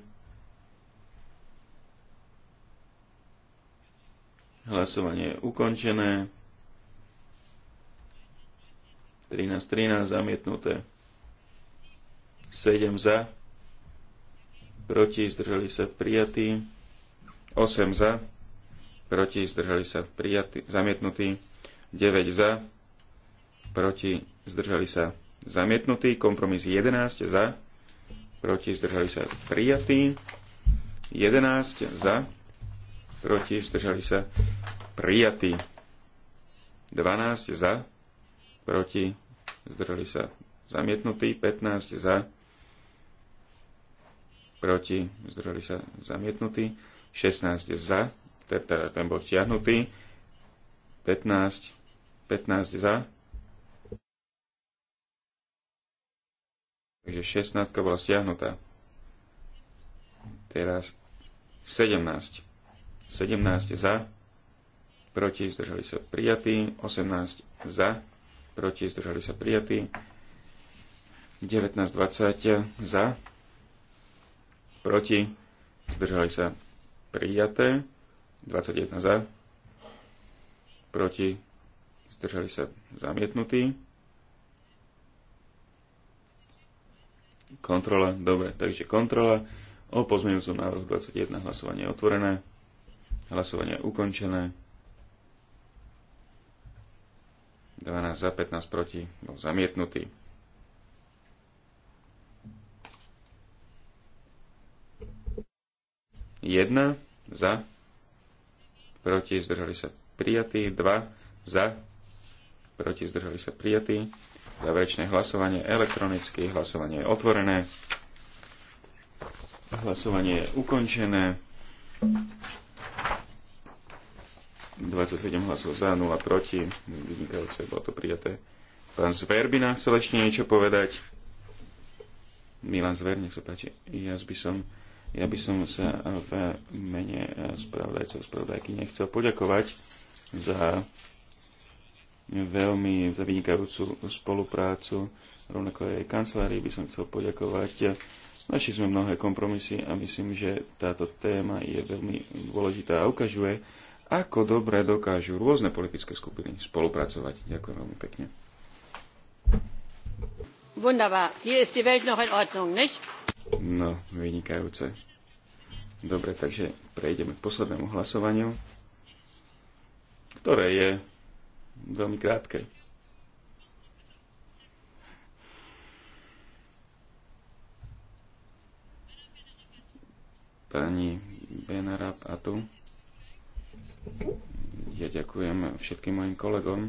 Hlasovanie je ukončené. 13, 13 zamietnuté. 7 za. Proti zdržali sa prijatí. 8 za. Proti zdržali sa prijatí. Zamietnutí. 9 za. Proti zdržali sa zamietnutí. Kompromis 11 za. Proti zdržali sa prijatí. 11 za proti, zdržali sa, prijatí. 12 za, proti, zdržali sa, zamietnutí. 15 za, proti, zdržali sa, zamietnutí. 16 za, teda ten bol stiahnutý. 15, 15 za, Takže 16 bola stiahnutá. Teraz 17. 17 za, proti zdržali sa prijatí, 18 za, proti zdržali sa prijatí, 19-20 za, proti zdržali sa prijaté, 21 za, proti zdržali sa zamietnutí. Kontrola, dobre, takže kontrola o pozmeňujúcom návrhu 21 hlasovanie otvorené. Hlasovanie ukončené. 12 za, 15 proti, bol zamietnutý. Jedna za, proti, zdržali sa prijatí, dva za, proti, zdržali sa prijatí. Záverečné hlasovanie elektronicky, hlasovanie je otvorené, hlasovanie je ukončené. 27 hlasov za, 0 proti. Vynikajúce, bolo to prijaté. Pán Zverbina chcel ešte niečo povedať. Milan Zver, nech sa páči. Ja by som, ja by som sa v mene spravodajcov, spravodajky nechcel poďakovať za veľmi za vynikajúcu spoluprácu. Rovnako aj kancelárii by som chcel poďakovať. Našli sme mnohé kompromisy a myslím, že táto téma je veľmi dôležitá a ukažuje, ako dobre dokážu rôzne politické skupiny spolupracovať. Ďakujem veľmi pekne. No, vynikajúce. Dobre, takže prejdeme k poslednému hlasovaniu, ktoré je veľmi krátke. Pani Benarab a tu. Ja ďakujem všetkým mojim kolegom.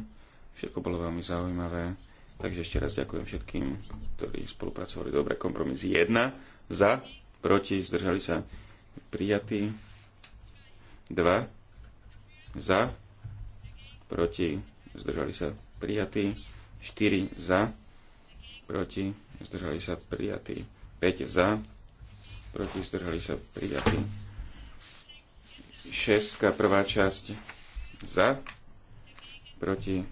Všetko bolo veľmi zaujímavé. Takže ešte raz ďakujem všetkým, ktorí spolupracovali dobre. Kompromis 1 za, proti, zdržali sa prijatí. 2 za, proti, zdržali sa prijatí. 4 za, proti, zdržali sa prijatí. 5 za, proti, zdržali sa prijatí. 6, prvá časť za, proti,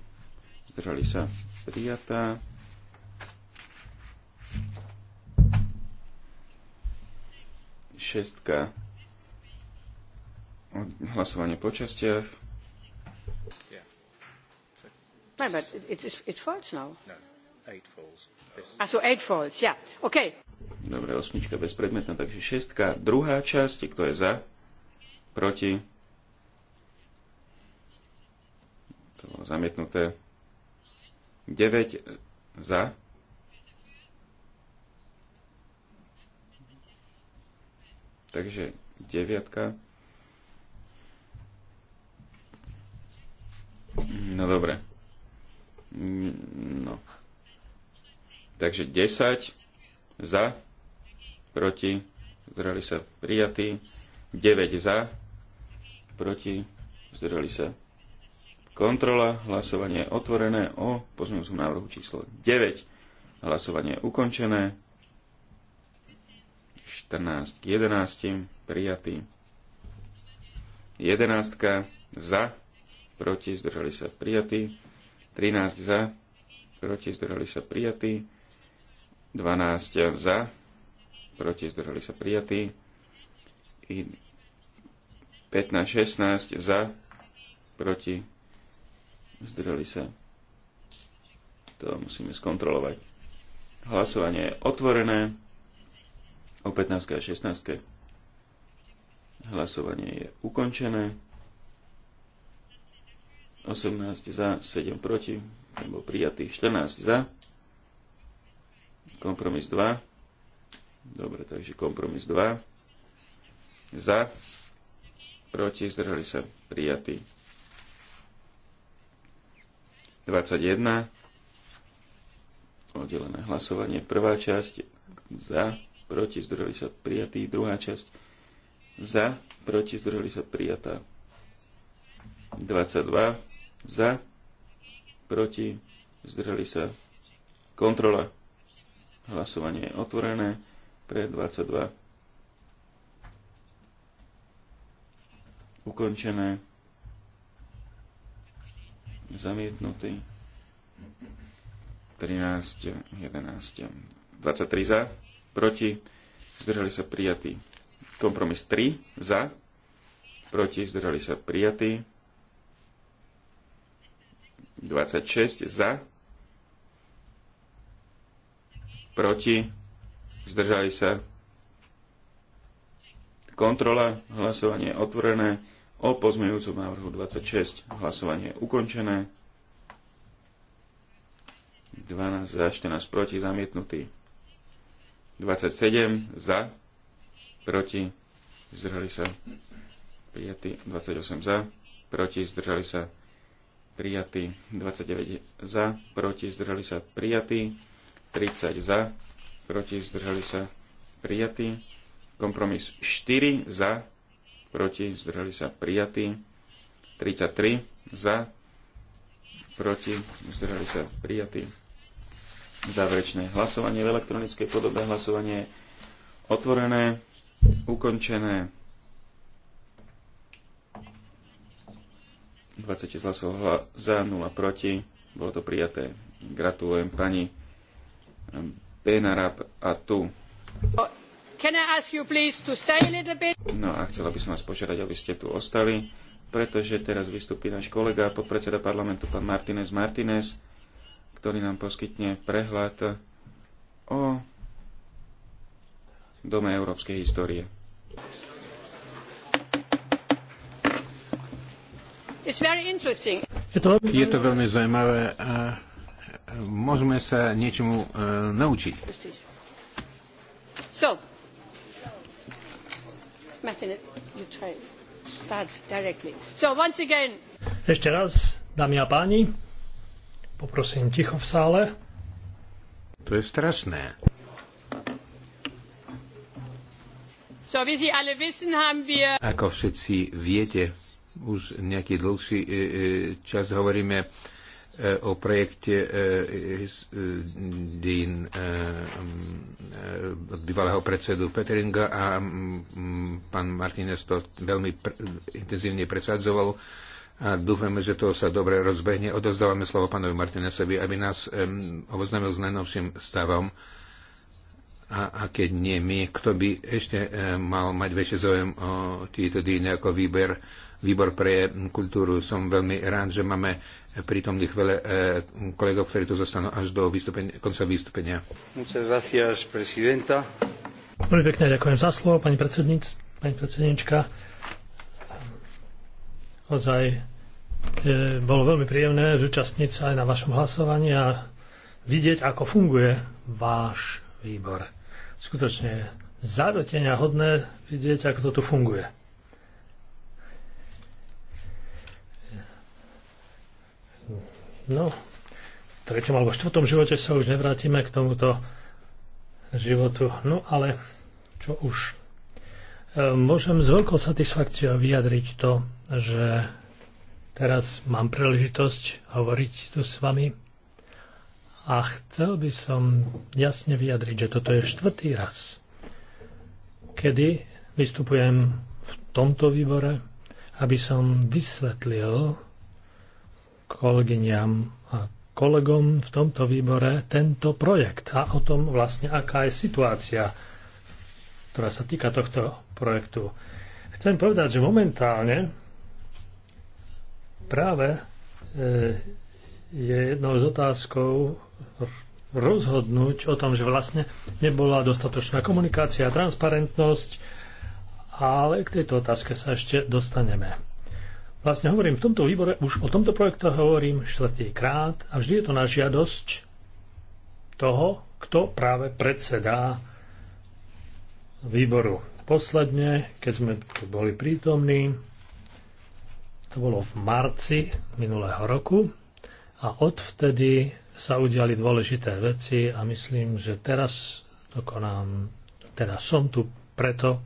zdržali sa prijatá. Šestka, hlasovanie po častiach. No, but it, is, it falls now. No, eight falls. A ah, so eight falls, yeah. Okay. Dobre, osmička bezpredmetná, takže šestka. Druhá časť, kto je za? proti, to bolo zamietnuté, 9 za, takže deviatka, No dobre. No. Takže 10 za, proti, zdrali sa prijatí, 9 za, proti, zdržali sa. Kontrola, hlasovanie je otvorené o pozmeňujúcom návrhu číslo 9. Hlasovanie je ukončené. 14 k 11, prijatý. 11 za, proti, zdržali sa prijatí. 13 za, proti, zdržali sa prijatí. 12 za, proti, zdržali sa prijatí. I 15, 16 za, proti, zdreli sa. To musíme skontrolovať. Hlasovanie je otvorené o 15 a 16. Hlasovanie je ukončené. 18 za, 7 proti, nebo prijatý, 14 za. Kompromis 2. Dobre, takže kompromis 2. Za proti, zdržali sa prijatí. 21. Oddelené hlasovanie. Prvá časť za, proti, zdržali sa prijatí. Druhá časť za, proti, zdržali sa prijatá. 22. Za, proti, zdržali sa kontrola. Hlasovanie je otvorené pre 22. ukončené, zamietnutý, 13, 11, 23 za, proti, zdržali sa prijatí. Kompromis 3 za, proti, zdržali sa prijatí. 26 za, proti, zdržali sa prijatí Kontrola, hlasovanie otvorené o pozmejúcom návrhu 26. Hlasovanie ukončené. 12 za, 14 proti, zamietnutý. 27 za, proti, zdržali sa, prijatý. 28 za, proti, zdržali sa, prijatý. 29 za, proti, zdržali sa, prijatý. 30 za, proti, zdržali sa, prijatý. Kompromis 4 za, proti, zdržali sa prijatí. 33 za, proti, zdržali sa prijatí. Záverečné hlasovanie v elektronickej podobe. Hlasovanie otvorené, ukončené. 26 hlasov za, 0 proti. Bolo to prijaté. Gratulujem pani Benarab a tu. No a chcela by som vás požiadať, aby ste tu ostali, pretože teraz vystúpi náš kolega, podpredseda parlamentu, pán Martinez Martinez, ktorý nám poskytne prehľad o Dome európskej histórie. Je to veľmi zaujímavé a e, môžeme sa niečomu e, naučiť. So, ešte raz, dámy a páni, poprosím ticho v sále. To je strašné. Ako všetci viete, už nejaký dlhší e, e, čas hovoríme o projekte e, e, Dín e, bývalého predsedu Peteringa a pán Martinez to veľmi intenzívne presadzoval a dúfame, že to sa dobre rozbehne. Odozdávame slovo pánovi Martinesovi, aby nás oboznámil s najnovším stavom a, a keď nie my, kto by ešte mal mať väčšie záujem o tieto dýny ako výber, výbor pre kultúru. Som veľmi rád, že máme prítomných veľa e, kolegov, ktorí tu zostanú až do konca vystúpenia. Veľmi pekne ďakujem za slovo, pani, predsednic, pani predsednička. Ozaj je, bolo veľmi príjemné zúčastniť sa aj na vašom hlasovaní a vidieť, ako funguje váš výbor. Skutočne je hodné vidieť, ako to tu funguje. No, v treťom alebo štvrtom živote sa už nevrátime k tomuto životu. No ale čo už. E, môžem s veľkou satisfakciou vyjadriť to, že teraz mám príležitosť hovoriť tu s vami a chcel by som jasne vyjadriť, že toto je štvrtý raz, kedy vystupujem v tomto výbore, aby som vysvetlil kolegyňam a kolegom v tomto výbore tento projekt a o tom vlastne, aká je situácia, ktorá sa týka tohto projektu. Chcem povedať, že momentálne práve e, je jednou z otázkou rozhodnúť o tom, že vlastne nebola dostatočná komunikácia a transparentnosť, ale k tejto otázke sa ešte dostaneme. Vlastne hovorím, v tomto výbore už o tomto projekte hovorím štvrtý krát a vždy je to na žiadosť toho, kto práve predsedá výboru. Posledne, keď sme tu boli prítomní, to bolo v marci minulého roku a odvtedy sa udiali dôležité veci a myslím, že teraz dokonám, teraz som tu preto,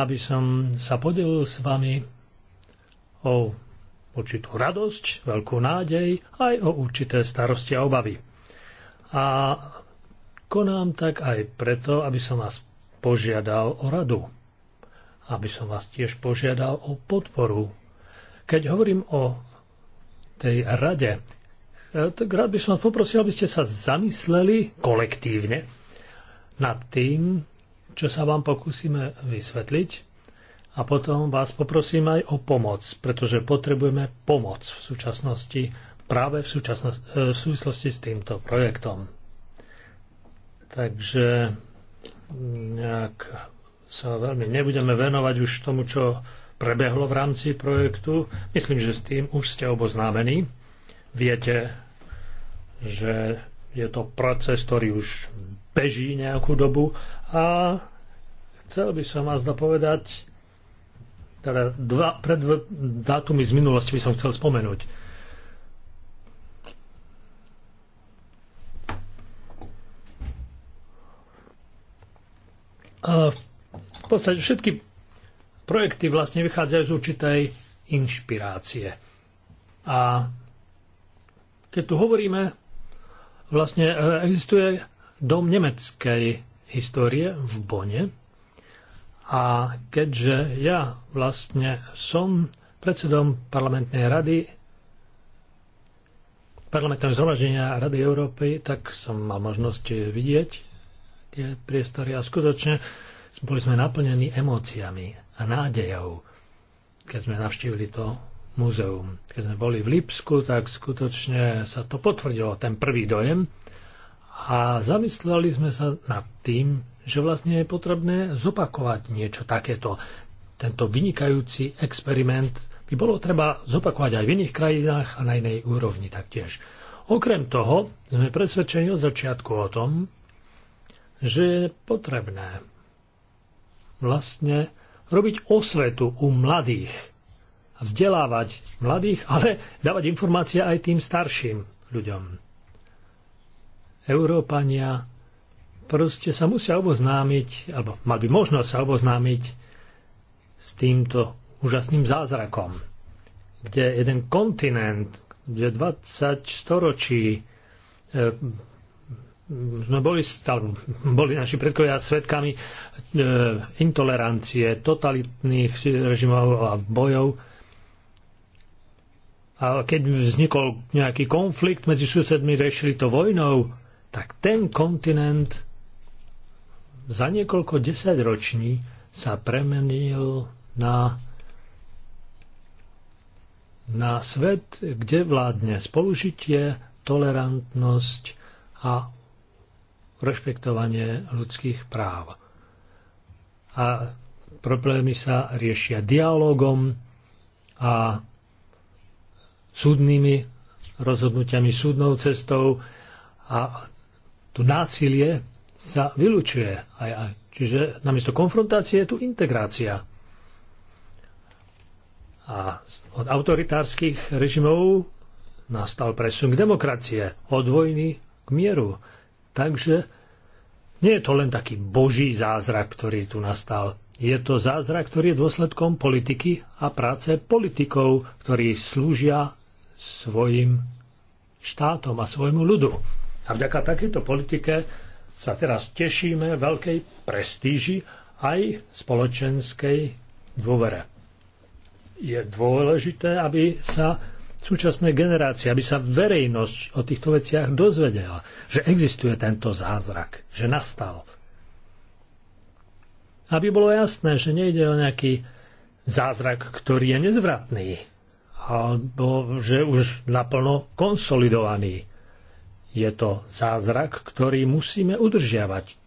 aby som sa podelil s vami o určitú radosť, veľkú nádej, aj o určité starosti a obavy. A konám tak aj preto, aby som vás požiadal o radu. Aby som vás tiež požiadal o podporu. Keď hovorím o tej rade, eh, tak rád by som vás poprosil, aby ste sa zamysleli kolektívne nad tým, čo sa vám pokúsime vysvetliť a potom vás poprosím aj o pomoc, pretože potrebujeme pomoc v súčasnosti, práve v, súčasnosti, e, v súvislosti s týmto projektom. Takže nejak sa veľmi nebudeme venovať už tomu, čo prebehlo v rámci projektu. Myslím, že s tým už ste oboznámení. Viete, že je to proces, ktorý už beží nejakú dobu a chcel by som vás dopovedať, teda dva, pred dátumy z minulosti by som chcel spomenúť. A v podstate všetky projekty vlastne vychádzajú z určitej inšpirácie. A keď tu hovoríme, vlastne e, existuje dom nemeckej histórie v Bone, a keďže ja vlastne som predsedom parlamentnej rady parlamentného zhromaždenia Rady Európy, tak som mal možnosť vidieť tie priestory a skutočne boli sme naplnení emóciami a nádejou, keď sme navštívili to múzeum. Keď sme boli v Lipsku, tak skutočne sa to potvrdilo, ten prvý dojem. A zamysleli sme sa nad tým, že vlastne je potrebné zopakovať niečo takéto. Tento vynikajúci experiment by bolo treba zopakovať aj v iných krajinách a na inej úrovni taktiež. Okrem toho sme presvedčení od začiatku o tom, že je potrebné vlastne robiť osvetu u mladých a vzdelávať mladých, ale dávať informácie aj tým starším ľuďom. Európania proste sa musia oboznámiť, alebo mal by možnosť sa oboznámiť s týmto úžasným zázrakom, kde jeden kontinent, kde 20 storočí e, sme no boli, boli naši predkovia svetkami e, intolerancie, totalitných režimov a bojov. A keď vznikol nejaký konflikt medzi susedmi, riešili to vojnou, tak ten kontinent za niekoľko desaťroční sa premenil na, na svet, kde vládne spolužitie, tolerantnosť a rešpektovanie ľudských práv. A problémy sa riešia dialogom a súdnymi rozhodnutiami, súdnou cestou a to násilie sa vylučuje. Aj, aj. Čiže namiesto konfrontácie je tu integrácia. A od autoritárskych režimov nastal presun k demokracie, od vojny k mieru. Takže nie je to len taký boží zázrak, ktorý tu nastal. Je to zázrak, ktorý je dôsledkom politiky a práce politikov, ktorí slúžia svojim štátom a svojmu ľudu. A vďaka takejto politike sa teraz tešíme veľkej prestíži aj spoločenskej dôvere. Je dôležité, aby sa súčasné generácie, aby sa verejnosť o týchto veciach dozvedela, že existuje tento zázrak, že nastal. Aby bolo jasné, že nejde o nejaký zázrak, ktorý je nezvratný, alebo že už naplno konsolidovaný. Je to zázrak, ktorý musíme udržiavať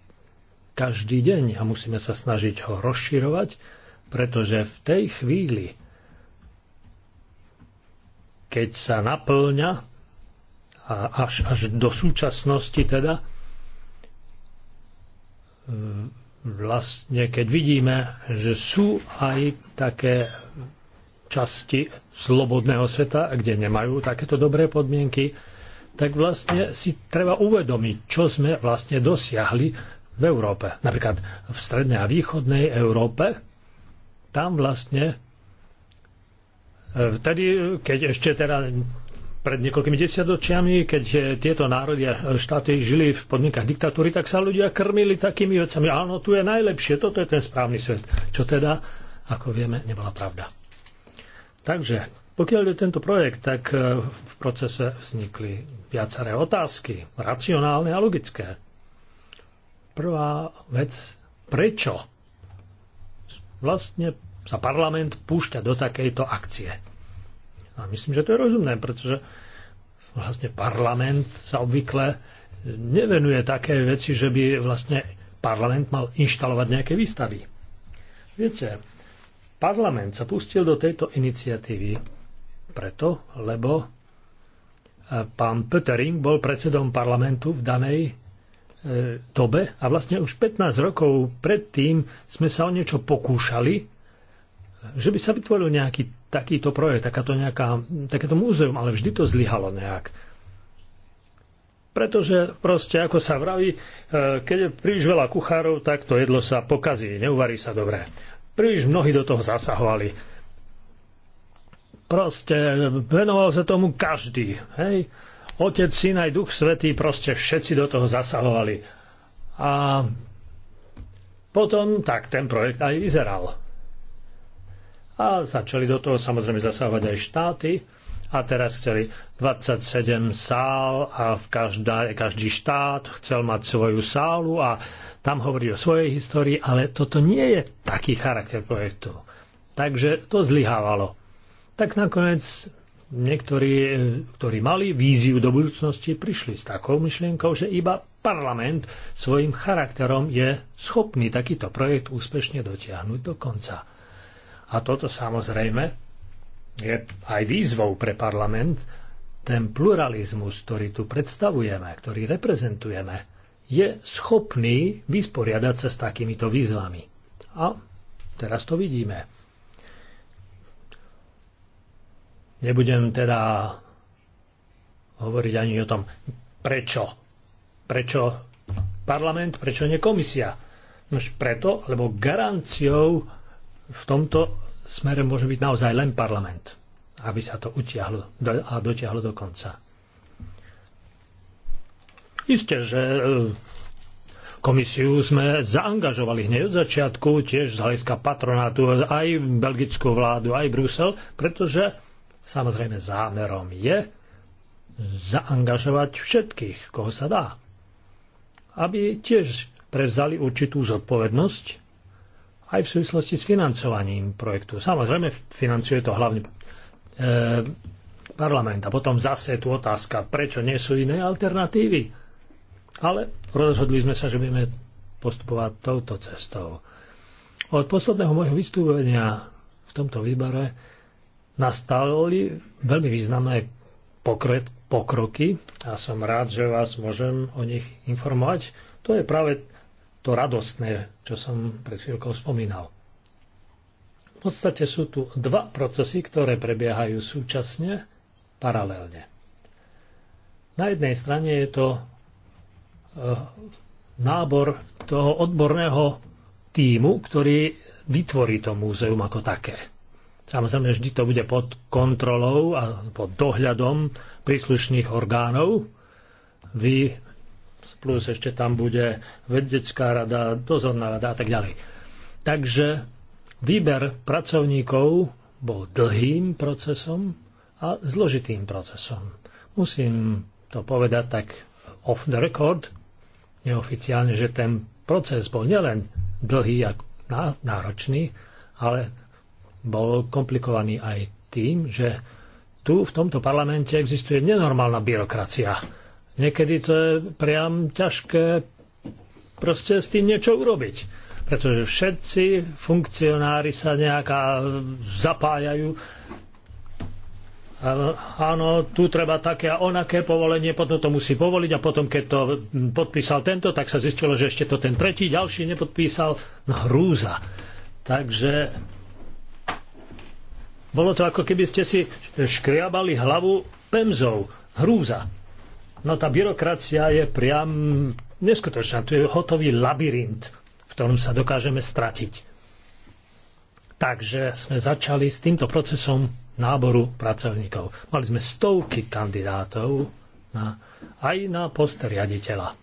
každý deň a musíme sa snažiť ho rozširovať, pretože v tej chvíli, keď sa naplňa, a až, až do súčasnosti teda, e, vlastne keď vidíme, že sú aj také časti slobodného sveta, kde nemajú takéto dobré podmienky, tak vlastne si treba uvedomiť, čo sme vlastne dosiahli v Európe. Napríklad v strednej a východnej Európe, tam vlastne e, vtedy, keď ešte teda pred niekoľkými desiatočiami, keď tieto národy a štáty žili v podmienkach diktatúry, tak sa ľudia krmili takými vecami. Áno, tu je najlepšie, toto je ten správny svet. Čo teda, ako vieme, nebola pravda. Takže pokiaľ je tento projekt, tak e, v procese vznikli viaceré otázky, racionálne a logické. Prvá vec, prečo vlastne sa parlament púšťa do takejto akcie? A myslím, že to je rozumné, pretože vlastne parlament sa obvykle nevenuje také veci, že by vlastne parlament mal inštalovať nejaké výstavy. Viete, parlament sa pustil do tejto iniciatívy preto, lebo e, pán Pöttering bol predsedom parlamentu v danej e, dobe a vlastne už 15 rokov predtým sme sa o niečo pokúšali, že by sa vytvoril nejaký takýto projekt, takáto nejaká, takéto múzeum, ale vždy to zlyhalo nejak. Pretože proste, ako sa vraví, e, keď je príliš veľa kuchárov, tak to jedlo sa pokazí, neuvarí sa dobre. Príliš mnohí do toho zasahovali Proste venoval sa tomu každý. Hej? Otec, syn aj duch svetý, proste všetci do toho zasahovali. A potom tak ten projekt aj vyzeral. A začali do toho samozrejme zasahovať aj štáty a teraz chceli 27 sál a v každá, každý štát chcel mať svoju sálu a tam hovorí o svojej histórii, ale toto nie je taký charakter projektu. Takže to zlyhávalo tak nakoniec niektorí, eh, ktorí mali víziu do budúcnosti, prišli s takou myšlienkou, že iba parlament svojim charakterom je schopný takýto projekt úspešne dotiahnuť do konca. A toto samozrejme je aj výzvou pre parlament, ten pluralizmus, ktorý tu predstavujeme, ktorý reprezentujeme, je schopný vysporiadať sa s takýmito výzvami. A teraz to vidíme Nebudem teda hovoriť ani o tom, prečo. Prečo parlament, prečo nie komisia? Nož preto, lebo garanciou v tomto smere môže byť naozaj len parlament, aby sa to utiahlo a dotiahlo do konca. Isté, že e, komisiu sme zaangažovali hneď od začiatku, tiež z hľadiska patronátu, aj belgickú vládu, aj Brusel, pretože Samozrejme zámerom je zaangažovať všetkých, koho sa dá. Aby tiež prevzali určitú zodpovednosť aj v súvislosti s financovaním projektu. Samozrejme, financuje to hlavne e, parlament. A potom zase je tu otázka, prečo nie sú iné alternatívy. Ale rozhodli sme sa, že budeme postupovať touto cestou. Od posledného môjho vystúpenia v tomto výbore nastali veľmi významné pokret, pokroky a som rád, že vás môžem o nich informovať. To je práve to radostné, čo som pred chvíľkou spomínal. V podstate sú tu dva procesy, ktoré prebiehajú súčasne, paralelne. Na jednej strane je to eh, nábor toho odborného týmu, ktorý vytvorí to múzeum ako také. Samozrejme, vždy to bude pod kontrolou a pod dohľadom príslušných orgánov. Vy plus ešte tam bude vedecká rada, dozorná rada a tak ďalej. Takže výber pracovníkov bol dlhým procesom a zložitým procesom. Musím to povedať tak off the record, neoficiálne, že ten proces bol nielen dlhý a náročný, ale bol komplikovaný aj tým, že tu v tomto parlamente existuje nenormálna byrokracia. Niekedy to je priam ťažké proste s tým niečo urobiť. Pretože všetci funkcionári sa nejaká zapájajú. Áno, tu treba také a onaké povolenie, potom to musí povoliť a potom, keď to podpísal tento, tak sa zistilo, že ešte to ten tretí, ďalší nepodpísal. No hrúza. Takže bolo to ako keby ste si škriabali hlavu pemzou, hrúza. No tá byrokracia je priam neskutočná. Tu je hotový labyrint, v ktorom sa dokážeme stratiť. Takže sme začali s týmto procesom náboru pracovníkov. Mali sme stovky kandidátov na, aj na post riaditeľa.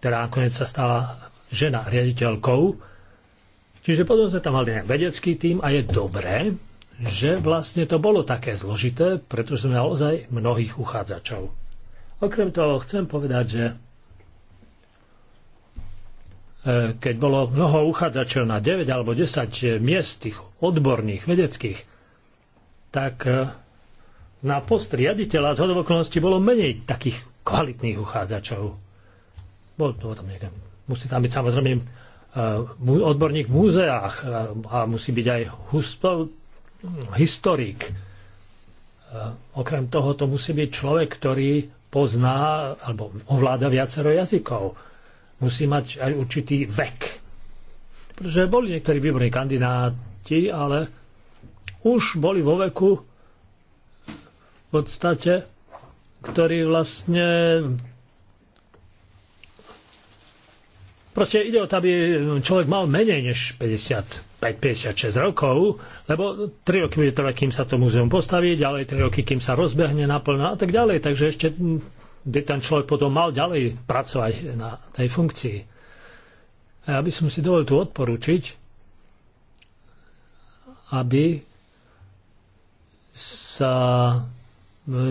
Teda nakoniec sa stala žena riaditeľkou. Čiže potom sme tam mali vedecký tým a je dobré, že vlastne to bolo také zložité, pretože sme naozaj mnohých uchádzačov. Okrem toho chcem povedať, že e, keď bolo mnoho uchádzačov na 9 alebo 10 e, miest tých odborných, vedeckých, tak e, na post riaditeľa z hodovokolnosti bolo menej takých kvalitných uchádzačov. Bol to tam niekde. Musí tam byť samozrejme odborník v múzeách a musí byť aj historik. Eh, okrem toho to musí byť človek, ktorý pozná alebo ovláda viacero jazykov. Musí mať aj určitý vek. Pretože boli niektorí výborní kandidáti, ale už boli vo veku v podstate, ktorí vlastne Proste ide o to, aby človek mal menej než 55, 56 rokov, lebo 3 roky bude trvať, kým sa to múzeum postaví, ďalej 3 roky, kým sa rozbehne naplno a tak ďalej. Takže ešte by ten človek potom mal ďalej pracovať na tej funkcii. A ja by som si dovolil tu odporučiť, aby sa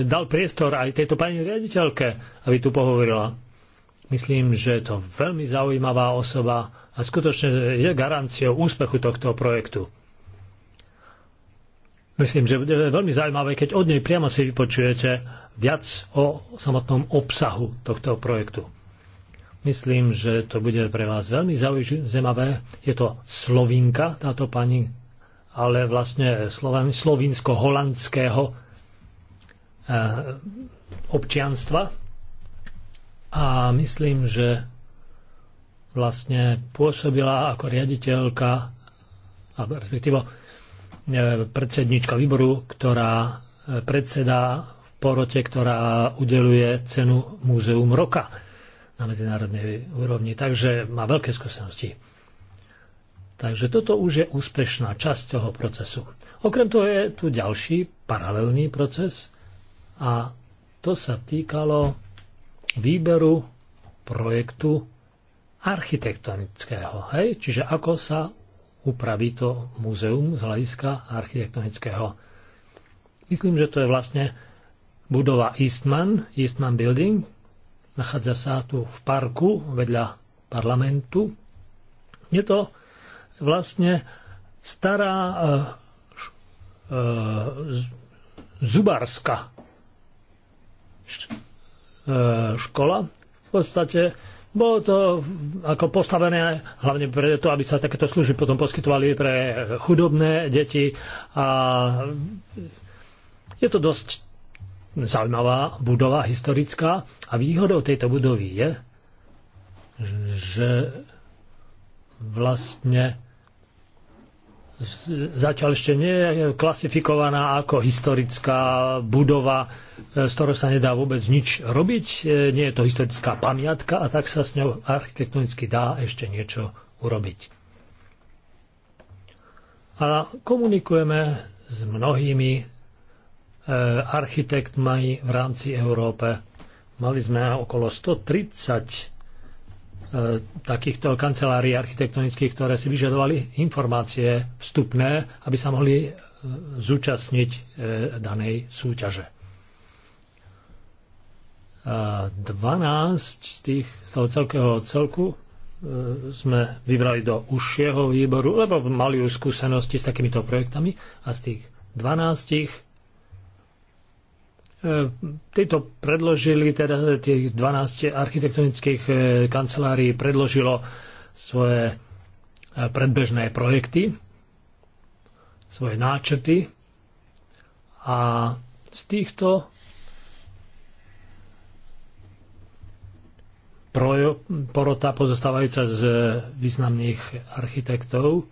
dal priestor aj tejto pani riaditeľke, aby tu pohovorila Myslím, že je to veľmi zaujímavá osoba a skutočne je garanciou úspechu tohto projektu. Myslím, že bude veľmi zaujímavé, keď od nej priamo si vypočujete viac o samotnom obsahu tohto projektu. Myslím, že to bude pre vás veľmi zaujímavé. Je to Slovinka, táto pani, ale vlastne slovinsko-holandského eh, občianstva, a myslím, že vlastne pôsobila ako riaditeľka, alebo respektíve predsednička výboru, ktorá e, predseda v porote, ktorá udeluje cenu Múzeum roka na medzinárodnej úrovni. Takže má veľké skúsenosti. Takže toto už je úspešná časť toho procesu. Okrem toho je tu ďalší paralelný proces a to sa týkalo výberu projektu architektonického. Hej? Čiže ako sa upraví to múzeum z hľadiska architektonického. Myslím, že to je vlastne budova Eastman, Eastman Building. Nachádza sa tu v parku vedľa parlamentu. Je to vlastne stará e, eh, e, eh, zubárska E, škola. V podstate bolo to ako postavené hlavne preto, aby sa takéto služby potom poskytovali pre chudobné deti a je to dosť zaujímavá budova historická a výhodou tejto budovy je, že vlastne zatiaľ ešte nie je klasifikovaná ako historická budova, e, z ktorou sa nedá vôbec nič robiť. E, nie je to historická pamiatka a tak sa s ňou architektonicky dá ešte niečo urobiť. A komunikujeme s mnohými e, architektmi v rámci Európe. Mali sme okolo 130 E, takýchto kancelárií architektonických, ktoré si vyžadovali informácie vstupné, aby sa mohli e, zúčastniť e, danej súťaže. 12 z, tých, z toho celkého celku sme vybrali do užšieho výboru, lebo mali už skúsenosti s takýmito projektami a z tých 12 E, Tieto predložili, teda tých 12 architektonických e, kancelárií predložilo svoje e, predbežné projekty, svoje náčrty a z týchto porota pozostávajúca z významných architektov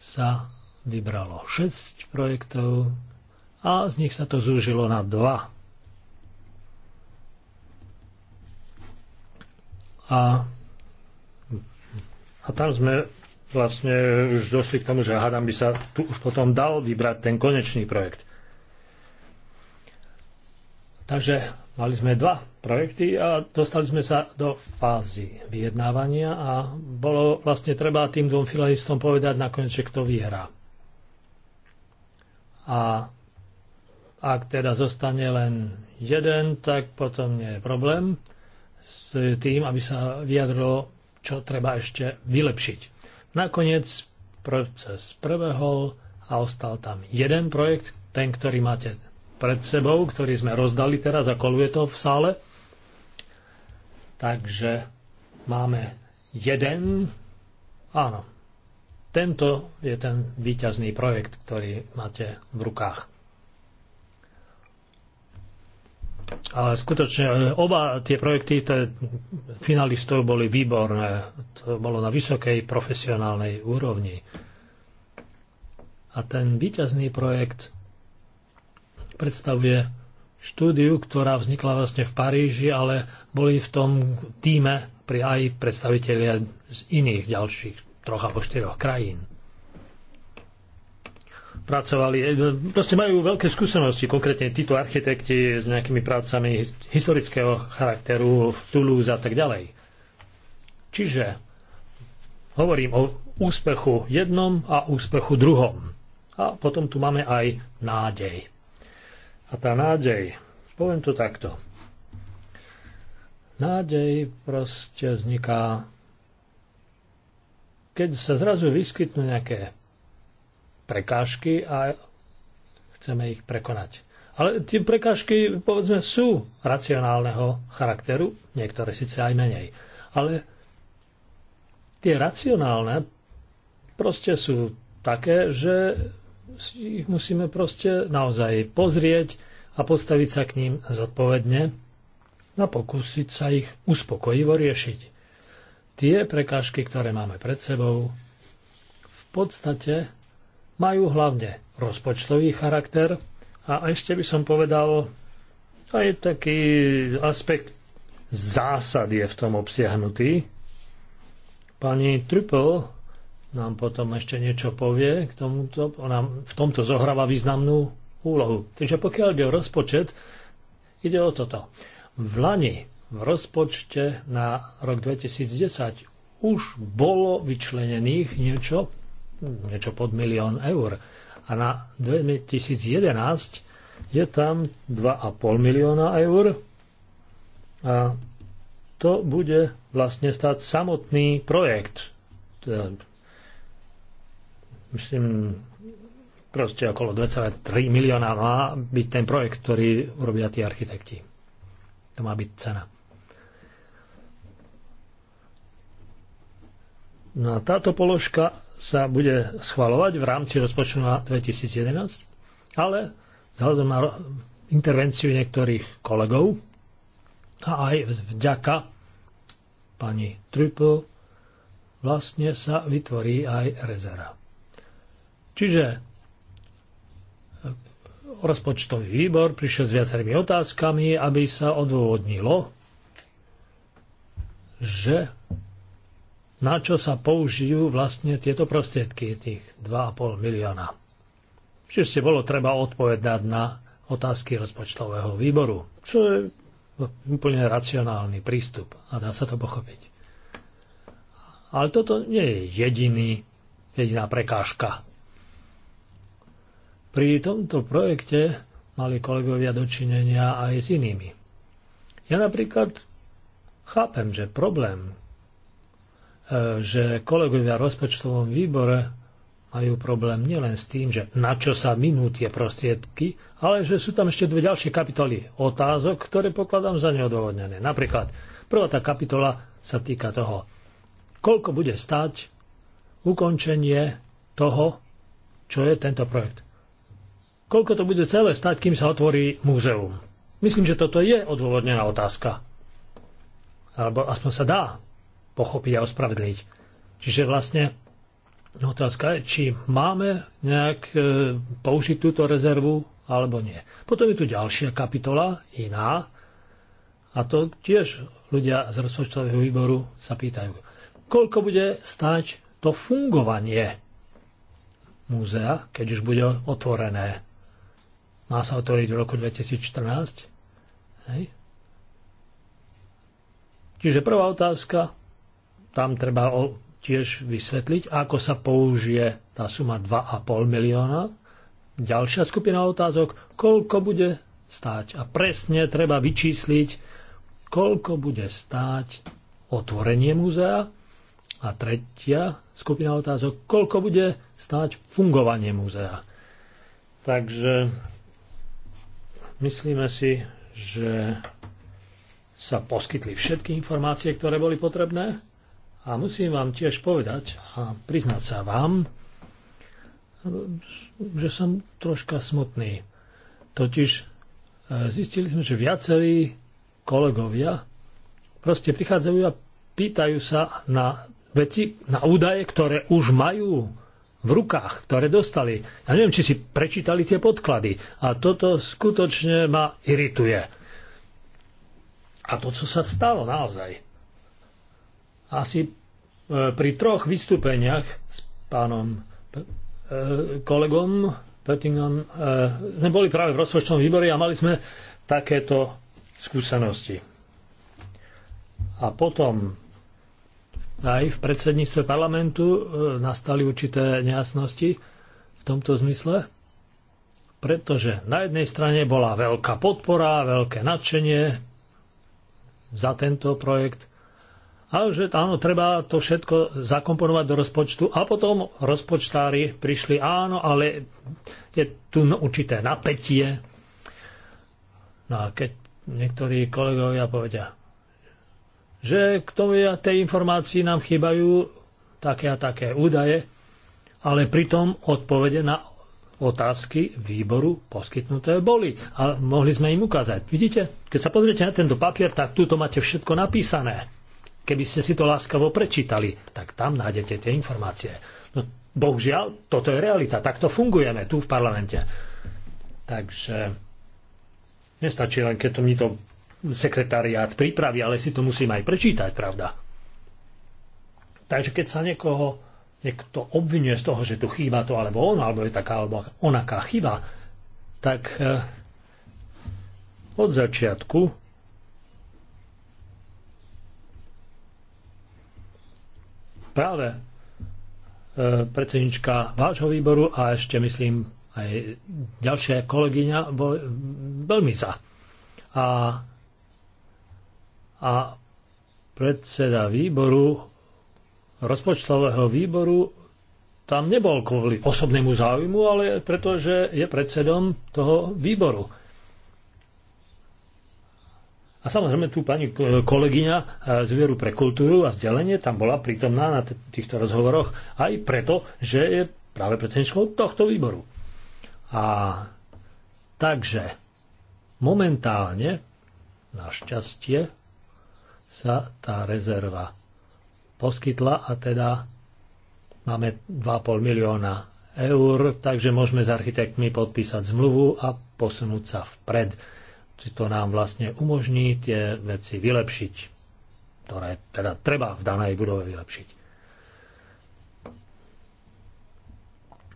sa vybralo 6 projektov, a z nich sa to zúžilo na dva. A, a tam sme vlastne už došli k tomu, že hádam by sa tu už potom dal vybrať ten konečný projekt. Takže mali sme dva projekty a dostali sme sa do fázy vyjednávania a bolo vlastne treba tým dvom finalistom povedať nakoniec, že kto vyhrá. A ak teda zostane len jeden, tak potom nie je problém s tým, aby sa vyjadrilo, čo treba ešte vylepšiť. Nakoniec proces prebehol a ostal tam jeden projekt, ten, ktorý máte pred sebou, ktorý sme rozdali teraz a koluje to v sále. Takže máme jeden, áno, tento je ten výťazný projekt, ktorý máte v rukách. Ale skutočne e, oba tie projekty to, finalistov boli výborné. To bolo na vysokej profesionálnej úrovni. A ten výťazný projekt predstavuje štúdiu, ktorá vznikla vlastne v Paríži, ale boli v tom týme pri aj predstavitelia z iných ďalších troch alebo štyroch krajín pracovali, e, proste majú veľké skúsenosti, konkrétne títo architekti s nejakými prácami historického charakteru v Toulouse a tak ďalej. Čiže hovorím o úspechu jednom a úspechu druhom. A potom tu máme aj nádej. A tá nádej, poviem to takto. Nádej proste vzniká, keď sa zrazu vyskytnú nejaké prekážky a chceme ich prekonať. Ale tie prekážky, povedzme, sú racionálneho charakteru, niektoré síce aj menej. Ale tie racionálne proste sú také, že ich musíme proste naozaj pozrieť a postaviť sa k ním zodpovedne a pokúsiť sa ich uspokojivo riešiť. Tie prekážky, ktoré máme pred sebou, v podstate majú hlavne rozpočtový charakter a ešte by som povedal aj taký aspekt zásad je v tom obsiahnutý. Pani Triple nám potom ešte niečo povie k tomuto. Ona v tomto zohráva významnú úlohu. Takže pokiaľ ide o rozpočet, ide o toto. V Lani v rozpočte na rok 2010 už bolo vyčlenených niečo niečo pod milión eur. A na 2011 je tam 2,5 milióna eur a to bude vlastne stať samotný projekt. Myslím, proste okolo 2,3 milióna má byť ten projekt, ktorý urobia tí architekti. To má byť cena. No a táto položka sa bude schvalovať v rámci rozpočtu na 2011, ale vzhľadom na intervenciu niektorých kolegov a aj vďaka pani Triple vlastne sa vytvorí aj rezerva. Čiže e, rozpočtový výbor prišiel s viacerými otázkami, aby sa odôvodnilo, že na čo sa použijú vlastne tieto prostriedky, tých 2,5 milióna. Čiže bolo treba odpovedať na otázky rozpočtového výboru, čo je úplne racionálny prístup a dá sa to pochopiť. Ale toto nie je jediný, jediná prekážka. Pri tomto projekte mali kolegovia dočinenia aj s inými. Ja napríklad chápem, že problém, že kolegovia v rozpočtovom výbore majú problém nielen s tým, že na čo sa minú tie prostriedky, ale že sú tam ešte dve ďalšie kapitoly otázok, ktoré pokladám za neodôvodnené. Napríklad, prvá tá kapitola sa týka toho, koľko bude stať ukončenie toho, čo je tento projekt. Koľko to bude celé stať, kým sa otvorí múzeum? Myslím, že toto je odôvodnená otázka. Alebo aspoň sa dá pochopiť a ospravedliť. Čiže vlastne otázka je, či máme nejak e, použiť túto rezervu alebo nie. Potom je tu ďalšia kapitola, iná, a to tiež ľudia z rozpočtového výboru sa pýtajú, koľko bude stáť to fungovanie múzea, keď už bude otvorené. Má sa otvoriť v roku 2014. Hej. Čiže prvá otázka, tam treba tiež vysvetliť, ako sa použije tá suma 2,5 milióna. Ďalšia skupina otázok, koľko bude stáť. A presne treba vyčísliť, koľko bude stáť otvorenie múzea. A tretia skupina otázok, koľko bude stáť fungovanie múzea. Takže myslíme si, že sa poskytli všetky informácie, ktoré boli potrebné a musím vám tiež povedať a priznať sa vám, že som troška smutný. Totiž e, zistili sme, že viacerí kolegovia proste prichádzajú a pýtajú sa na veci, na údaje, ktoré už majú v rukách, ktoré dostali. Ja neviem, či si prečítali tie podklady. A toto skutočne ma irituje. A to, čo sa stalo naozaj, asi e, pri troch vystúpeniach s pánom e, kolegom Pettingom, e, sme boli práve v rozpočtovom výbore a mali sme takéto skúsenosti. A potom aj v predsedníctve parlamentu nastali určité nejasnosti v tomto zmysle, pretože na jednej strane bola veľká podpora, veľké nadšenie za tento projekt – a že áno, treba to všetko zakomponovať do rozpočtu. A potom rozpočtári prišli, áno, ale je tu určité napätie. No a keď niektorí kolegovia povedia, že k tomu tej informácii nám chýbajú také a také údaje, ale pritom odpovede na otázky výboru poskytnuté boli. A mohli sme im ukázať. Vidíte, keď sa pozriete na tento papier, tak tu to máte všetko napísané. Keby ste si to láskavo prečítali, tak tam nájdete tie informácie. No, bohužiaľ, toto je realita. Takto fungujeme tu v parlamente. Takže nestačí len, keď to mi to sekretariát pripraví, ale si to musím aj prečítať, pravda. Takže keď sa niekoho niekto obvinuje z toho, že tu chýba to alebo on, alebo je taká alebo onaká chyba, tak eh, od začiatku práve e, predsednička vášho výboru a ešte myslím aj ďalšia kolegyňa bol veľmi za. A, a predseda výboru, rozpočtového výboru, tam nebol kvôli osobnému záujmu, ale pretože je predsedom toho výboru. A samozrejme tu pani kolegyňa e, z Vieru pre kultúru a vzdelenie tam bola prítomná na týchto rozhovoroch aj preto, že je práve predsedničkou tohto výboru. A takže momentálne našťastie sa tá rezerva poskytla a teda máme 2,5 milióna eur, takže môžeme s architektmi podpísať zmluvu a posunúť sa vpred či to nám vlastne umožní tie veci vylepšiť, ktoré teda treba v danej budove vylepšiť.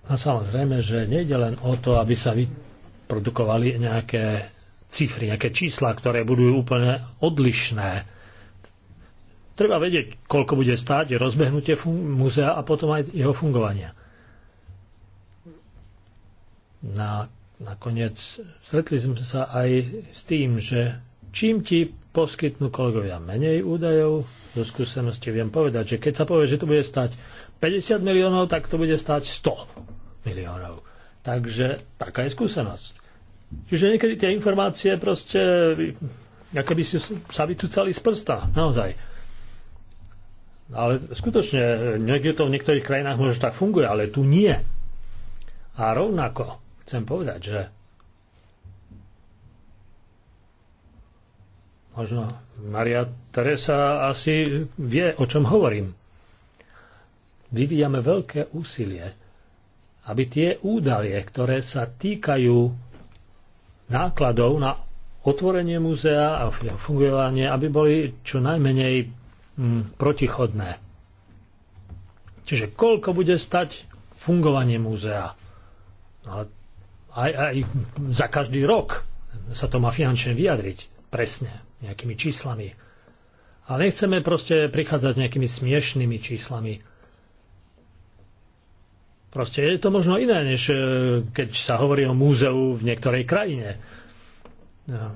A samozrejme, že nejde len o to, aby sa vyprodukovali nejaké cifry, nejaké čísla, ktoré budú úplne odlišné. Treba vedieť, koľko bude stáť rozbehnutie múzea a potom aj jeho fungovania. Na Nakoniec stretli sme sa aj s tým, že čím ti poskytnú kolegovia menej údajov, zo skúsenosti viem povedať, že keď sa povie, že to bude stať 50 miliónov, tak to bude stať 100 miliónov. Takže taká je skúsenosť. Čiže niekedy tie informácie proste, aké by si sa vytúcali z prsta, naozaj. Ale skutočne, niekde to v niektorých krajinách možno tak funguje, ale tu nie. A rovnako Chcem povedať, že možno Maria Teresa asi vie, o čom hovorím. Vyvíjame veľké úsilie, aby tie údaje, ktoré sa týkajú nákladov na otvorenie muzea a jeho fungovanie, aby boli čo najmenej mm, protichodné. Čiže koľko bude stať fungovanie múzea? Ale aj, aj za každý rok sa to má finančne vyjadriť presne nejakými číslami. Ale nechceme proste prichádzať s nejakými smiešnými číslami. Proste je to možno iné, než e, keď sa hovorí o múzeu v niektorej krajine. No.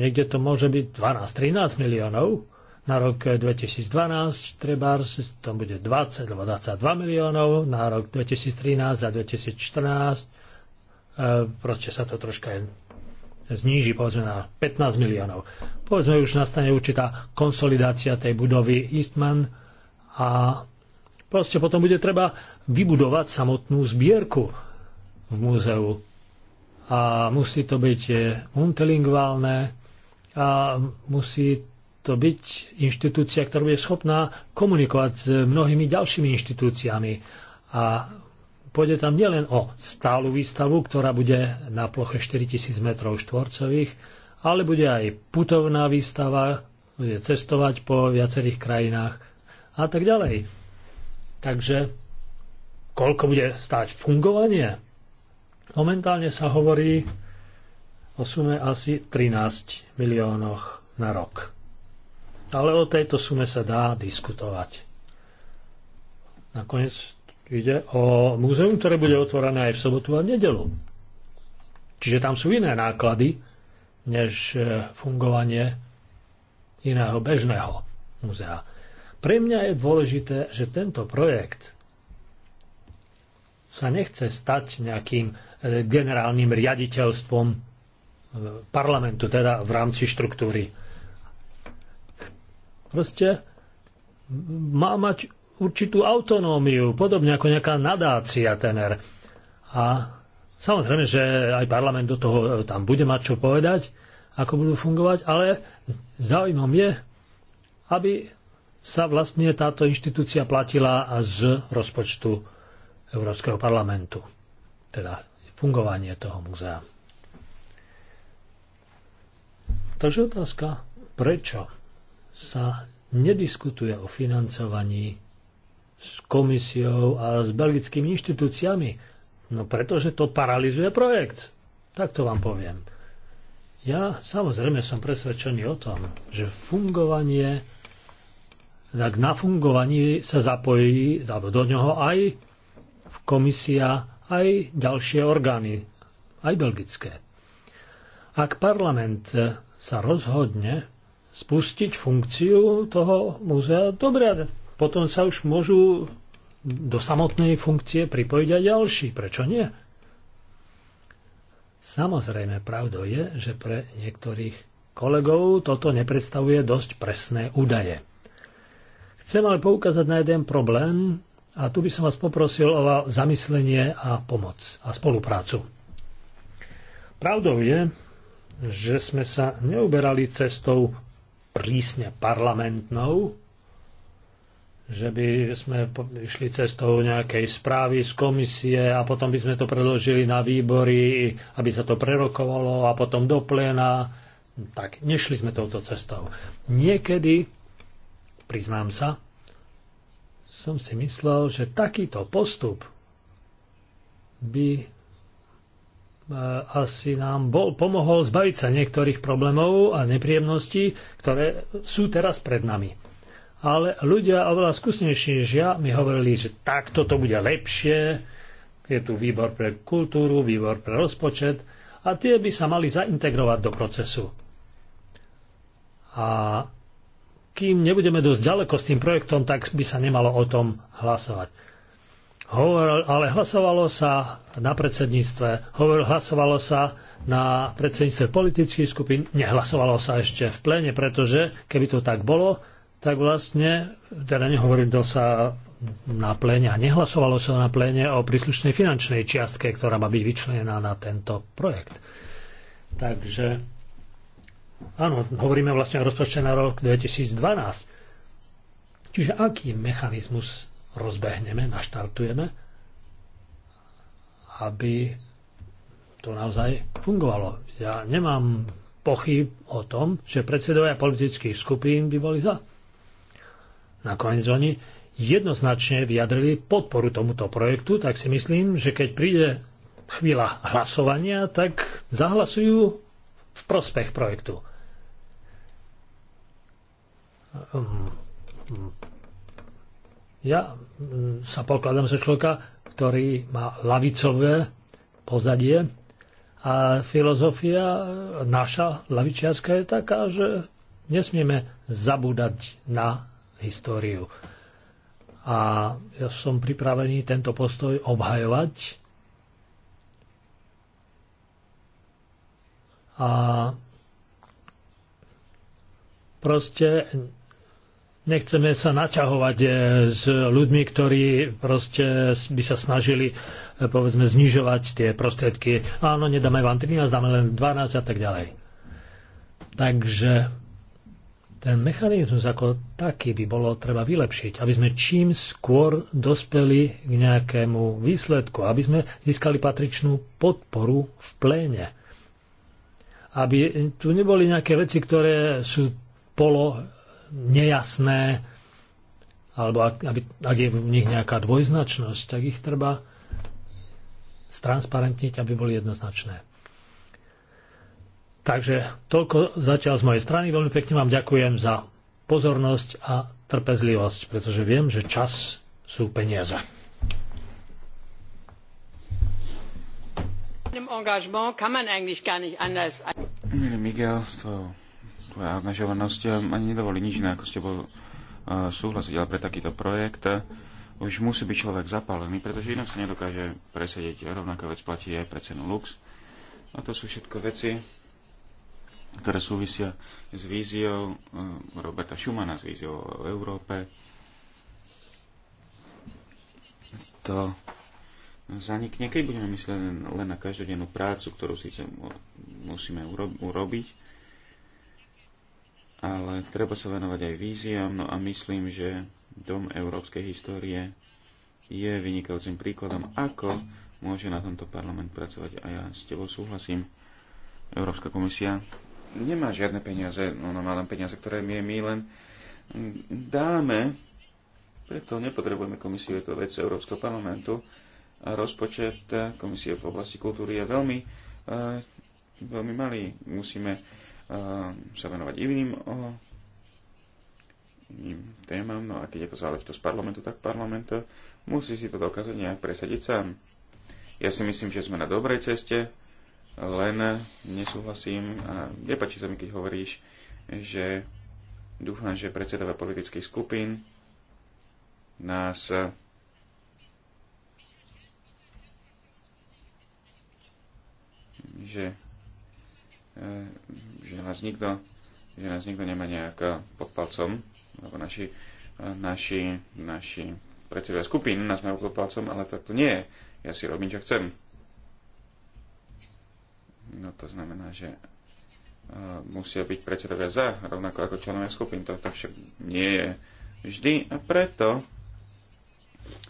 Niekde to môže byť 12-13 miliónov. Na rok 2012 treba, to bude 20 alebo 22 miliónov, na rok 2013 a 2014 E, proste sa to troška zníži povedzme na 15 miliónov. Povedzme už nastane určitá konsolidácia tej budovy Eastman a proste potom bude treba vybudovať samotnú zbierku v múzeu. A musí to byť e, multilingválne a musí to byť inštitúcia, ktorá bude schopná komunikovať s mnohými ďalšími inštitúciami. A pôjde tam nielen o stálu výstavu, ktorá bude na ploche 4000 m štvorcových, ale bude aj putovná výstava, bude cestovať po viacerých krajinách a tak ďalej. Takže koľko bude stáť fungovanie? Momentálne sa hovorí o sume asi 13 miliónoch na rok. Ale o tejto sume sa dá diskutovať. Nakoniec Ide o múzeum, ktoré bude otvorené aj v sobotu a v nedelu. Čiže tam sú iné náklady, než e, fungovanie iného bežného múzea. Pre mňa je dôležité, že tento projekt sa nechce stať nejakým e, generálnym riaditeľstvom e, parlamentu, teda v rámci štruktúry. Proste má mať určitú autonómiu, podobne ako nejaká nadácia tener. A samozrejme, že aj parlament do toho e, tam bude mať čo povedať, ako budú fungovať, ale záujmom je, aby sa vlastne táto inštitúcia platila z rozpočtu Európskeho parlamentu. Teda fungovanie toho múzea. Takže otázka, prečo sa nediskutuje o financovaní s komisiou a s belgickými inštitúciami? No pretože to paralizuje projekt. Tak to vám poviem. Ja samozrejme som presvedčený o tom, že fungovanie, tak na fungovaní sa zapojí alebo do ňoho aj komisia, aj ďalšie orgány, aj belgické. Ak parlament sa rozhodne spustiť funkciu toho múzea, dobre, potom sa už môžu do samotnej funkcie pripojiť aj ďalší. Prečo nie? Samozrejme, pravdou je, že pre niektorých kolegov toto nepredstavuje dosť presné údaje. Chcem ale poukázať na jeden problém a tu by som vás poprosil o zamyslenie a pomoc a spoluprácu. Pravdou je, že sme sa neuberali cestou prísne parlamentnou, že by sme išli cestou nejakej správy z komisie a potom by sme to predložili na výbory, aby sa to prerokovalo a potom do pléna. Tak, nešli sme touto cestou. Niekedy, priznám sa, som si myslel, že takýto postup by e, asi nám bol, pomohol zbaviť sa niektorých problémov a nepríjemností, ktoré sú teraz pred nami ale ľudia oveľa skúsenejší než ja mi hovorili, že takto to bude lepšie, je tu výbor pre kultúru, výbor pre rozpočet a tie by sa mali zaintegrovať do procesu. A kým nebudeme dosť ďaleko s tým projektom, tak by sa nemalo o tom hlasovať. Hovoril, ale hlasovalo sa na predsedníctve, hovoril, hlasovalo sa na predsedníctve politických skupín, nehlasovalo sa ešte v plene, pretože keby to tak bolo, tak vlastne, teda nehovorím, to sa na pléne a nehlasovalo sa na pléne o príslušnej finančnej čiastke, ktorá má byť vyčlenená na tento projekt. Takže áno, hovoríme vlastne o rozpočte na rok 2012. Čiže aký mechanizmus rozbehneme, naštartujeme, aby to naozaj fungovalo. Ja nemám pochyb o tom, že predsedovia politických skupín by boli za nakoniec oni jednoznačne vyjadrili podporu tomuto projektu, tak si myslím, že keď príde chvíľa hlasovania, tak zahlasujú v prospech projektu. Ja sa pokladám za človeka, ktorý má lavicové pozadie a filozofia naša lavičiarska je taká, že nesmieme zabúdať na históriu. A ja som pripravený tento postoj obhajovať. A proste nechceme sa naťahovať e, s ľuďmi, ktorí proste by sa snažili e, povedzme znižovať tie prostriedky. Áno, nedáme vám 13, dáme len 12 a tak ďalej. Takže ten mechanizmus ako taký by bolo treba vylepšiť, aby sme čím skôr dospeli k nejakému výsledku, aby sme získali patričnú podporu v pléne. Aby tu neboli nejaké veci, ktoré sú polo nejasné, alebo ak, aby, ak je v nich nejaká dvojznačnosť, tak ich treba stransparentniť, aby boli jednoznačné. Takže toľko zatiaľ z mojej strany. Veľmi pekne vám ďakujem za pozornosť a trpezlivosť, pretože viem, že čas sú peniaze. Milý Miguel, s tvojou angažovanosť eh, ani nedovolí nič iné, ako ste bol eh, súhlasiť, ale pre takýto projekt eh, už musí byť človek zapálený, pretože inak sa nedokáže presedieť. Rovnaká vec platí aj pre cenu Lux. A to sú všetko veci, ktoré súvisia s víziou eh, Roberta Schumana, s víziou o Európe. To zanikne, keď budeme myslieť len na každodennú prácu, ktorú síce musíme urobiť, ale treba sa venovať aj víziám, no a myslím, že Dom európskej histórie je vynikajúcim príkladom, ako môže na tomto parlament pracovať a ja s tebou súhlasím. Európska komisia nemá žiadne peniaze, ona má len peniaze, ktoré my, my len dáme, preto nepotrebujeme komisiu, je to vec Európskeho parlamentu. A rozpočet komisie v oblasti kultúry je veľmi, eh, veľmi malý. Musíme eh, sa venovať iným, iným témam, no a keď je to záležitosť parlamentu, tak parlament musí si to dokázať nejak presadiť sám. Ja si myslím, že sme na dobrej ceste, len nesúhlasím a nepačí sa mi, keď hovoríš, že dúfam, že predsedové politických skupín nás že, eh, že nás nikto že nás nikto nemá nejak pod palcom, lebo naši, naši, naši predsedovia skupín nás majú pod palcom, ale tak to nie je. Ja si robím, čo chcem. No to znamená, že e, musia byť predsedovia za, rovnako ako členovia skupín. To, to však nie je vždy a preto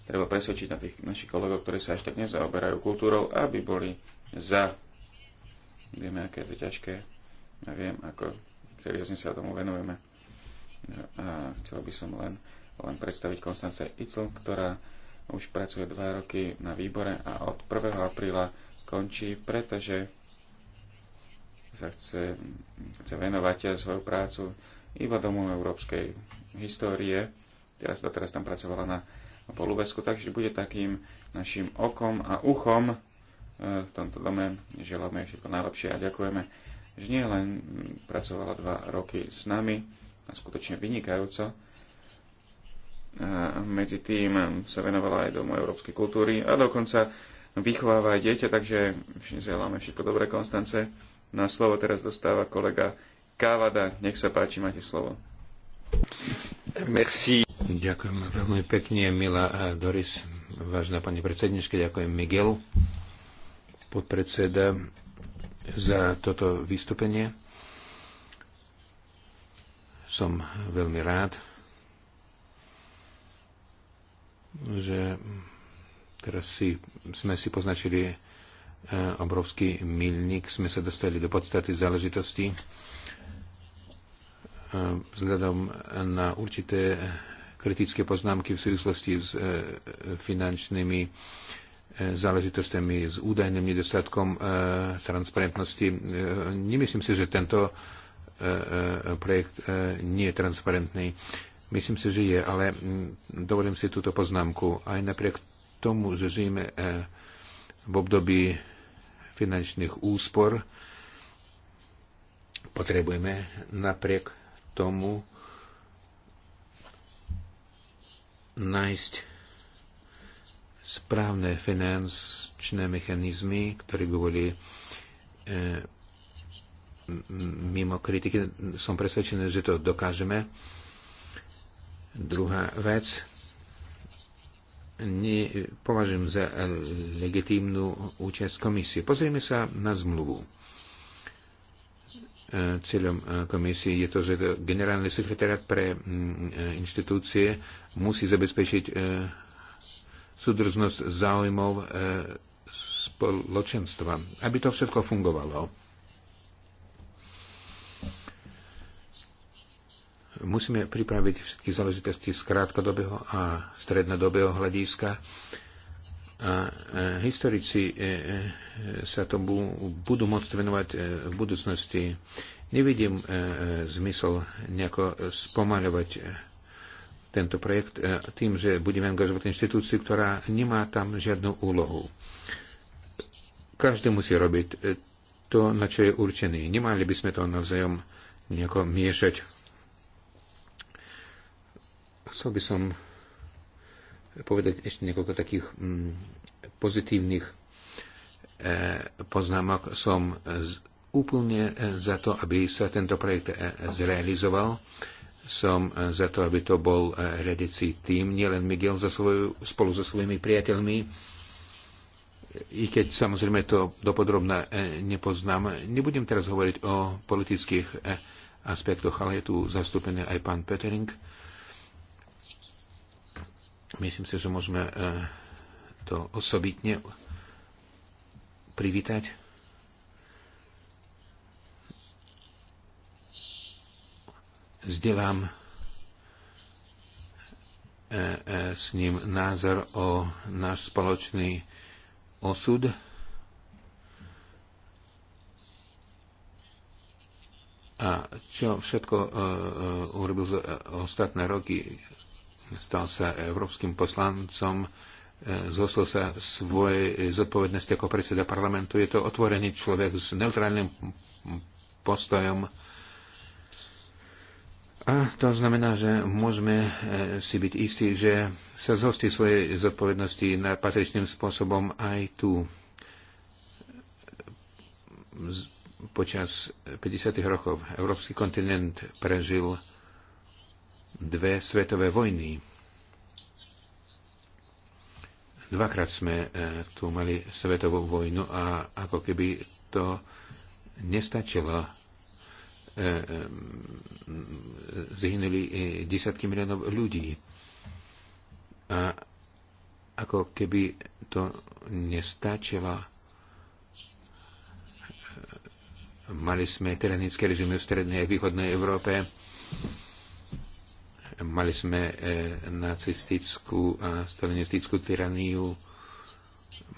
treba presvedčiť na tých našich kolegov, ktorí sa až tak nezaoberajú kultúrou, aby boli za. Vieme, aké je to ťažké. Ja viem, ako seriózne sa tomu venujeme. A chcel by som len, len predstaviť Konstance Icl, ktorá už pracuje dva roky na výbore a od 1. apríla končí, pretože sa chce, chce venovať svoju prácu iba domu európskej histórie. Teraz teraz tam pracovala na Polubesku, takže bude takým našim okom a uchom e, v tomto dome. Želáme všetko najlepšie a ďakujeme, že nie len pracovala dva roky s nami, a skutočne vynikajúco, a e, medzi tým sa venovala aj domu európskej kultúry a dokonca vychováva aj dieťa, takže želáme všetko dobré Konstance na slovo teraz dostáva kolega Kávada. Nech sa páči, máte slovo. Merci. Ďakujem veľmi pekne, milá eh, Doris, vážna pani predsednička, ďakujem Miguel, podpredseda, za toto vystúpenie. Som veľmi rád, že teraz si, sme si poznačili E, obrovský milník. Sme sa dostali do podstaty záležitosti e, vzhľadom na určité kritické poznámky v súvislosti s e, finančnými záležitostiami, s údajným nedostatkom transparentnosti. Nemyslím si, že tento projekt nie je transparentný. Myslím si, že je, ale dovolím si túto poznámku. Aj napriek tomu, že žijeme v období finančných úspor potrebujeme napriek tomu nájsť správne finančné mechanizmy, ktoré by boli e, mimo kritiky. Som presvedčený, že to dokážeme. Druhá vec, považujem za eh, legitímnu účasť komisie. Pozrieme sa na zmluvu. Eh, cieľom eh, komisie je to, že generálny sekretariat pre mm, inštitúcie musí zabezpečiť súdržnosť záujmov spoločenstva, aby to všetko fungovalo Musíme pripraviť všetky záležitosti z krátkodobého a strednodobého hľadiska. A e, historici e, e, sa tomu budú môcť venovať v budúcnosti. Nevidím zmysel nejako spomaľovať tento projekt tým, že budeme angažovať inštitúciu, ktorá nemá tam žiadnu úlohu. Každý musí robiť to, na čo je určený. Nemali by sme to navzájom nejako miešať Chcel by som povedať ešte niekoľko takých mm, pozitívnych e, poznámok. Som úplne e, za to, aby sa tento projekt e, zrealizoval. Som za to, aby to bol redici tým, nielen Miguel za svoju, spolu so svojimi priateľmi, i keď samozrejme to dopodrobne nepoznám. Nebudem teraz hovoriť o politických aspektoch, ale je tu zastúpený aj pán Petering Myslím si, že môžeme e, to osobitne privítať. Zdelám e, e, s ním názor o náš spoločný osud. A čo všetko urobil za ostatné roky stal sa európskym poslancom, e, zosol sa svojej zodpovednosti ako predseda parlamentu. Je to otvorený človek s neutrálnym postojom. A to znamená, že môžeme e, si byť istí, že sa zhostí svojej zodpovednosti na patričným spôsobom aj tu. Počas 50. rokov európsky kontinent prežil dve svetové vojny. Dvakrát sme e, tu mali svetovú vojnu a ako keby to nestačilo. E, e, Zhynuli desiatky miliónov ľudí. A ako keby to nestačilo. Mali sme tyranické režimy v strednej a východnej Európe Mali sme e, nacistickú a stalinistickú tyraniu,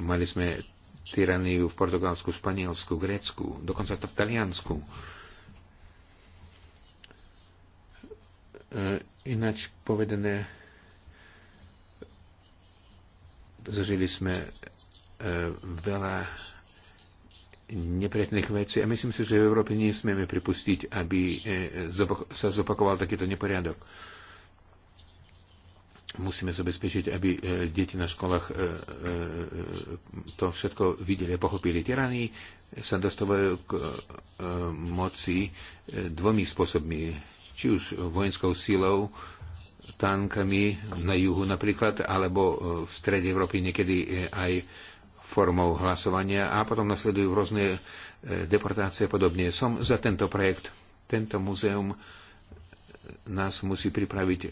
mali sme tyraniu v Portugalsku, Španielsku, Grécku, dokonca to v Taliansku. E, ináč povedané, zažili sme e, veľa neprietných vecí a myslím si, že v Európe nesmieme pripustiť, aby sa zopakoval takýto neporiadok musíme zabezpečiť, aby e, deti na školách e, e, to všetko videli a pochopili. Tyraní sa dostávajú k moci dvomi spôsobmi. Či už vojenskou silou, tankami na juhu napríklad, alebo v strede Európy niekedy aj formou hlasovania a potom nasledujú rôzne deportácie a podobne. Som za tento projekt. Tento muzeum nás musí pripraviť e, e,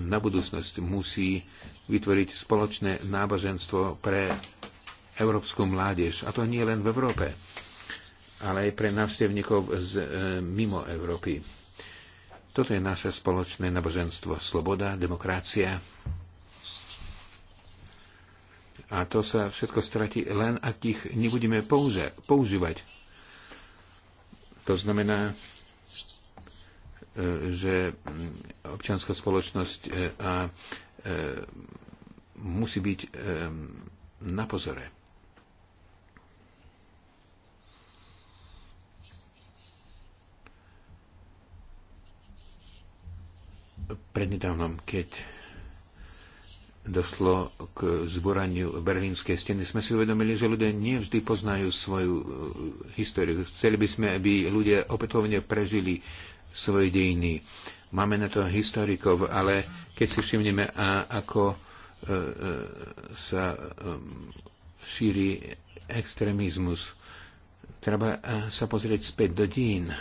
na budúcnosť, musí vytvoriť spoločné náboženstvo pre európsku mládež. A to nie len v Európe, ale aj pre návštevníkov z, e, mimo Európy. Toto je naše spoločné náboženstvo. Sloboda, demokracia. A to sa všetko stratí len, ak ich nebudeme používať. To znamená, E, že mm, občianská spoločnosť e, a e, musí byť na pozore. Prednedávnom, keď došlo k zboraniu berlínskej steny, sme si uvedomili, že ľudia nevždy poznajú svoju históriu. Chceli by sme, aby ľudia opätovne prežili svoje dejiny. Máme na to historikov, ale keď si všimneme, a ako e, e, sa e, šíri extrémizmus, treba sa pozrieť späť do dín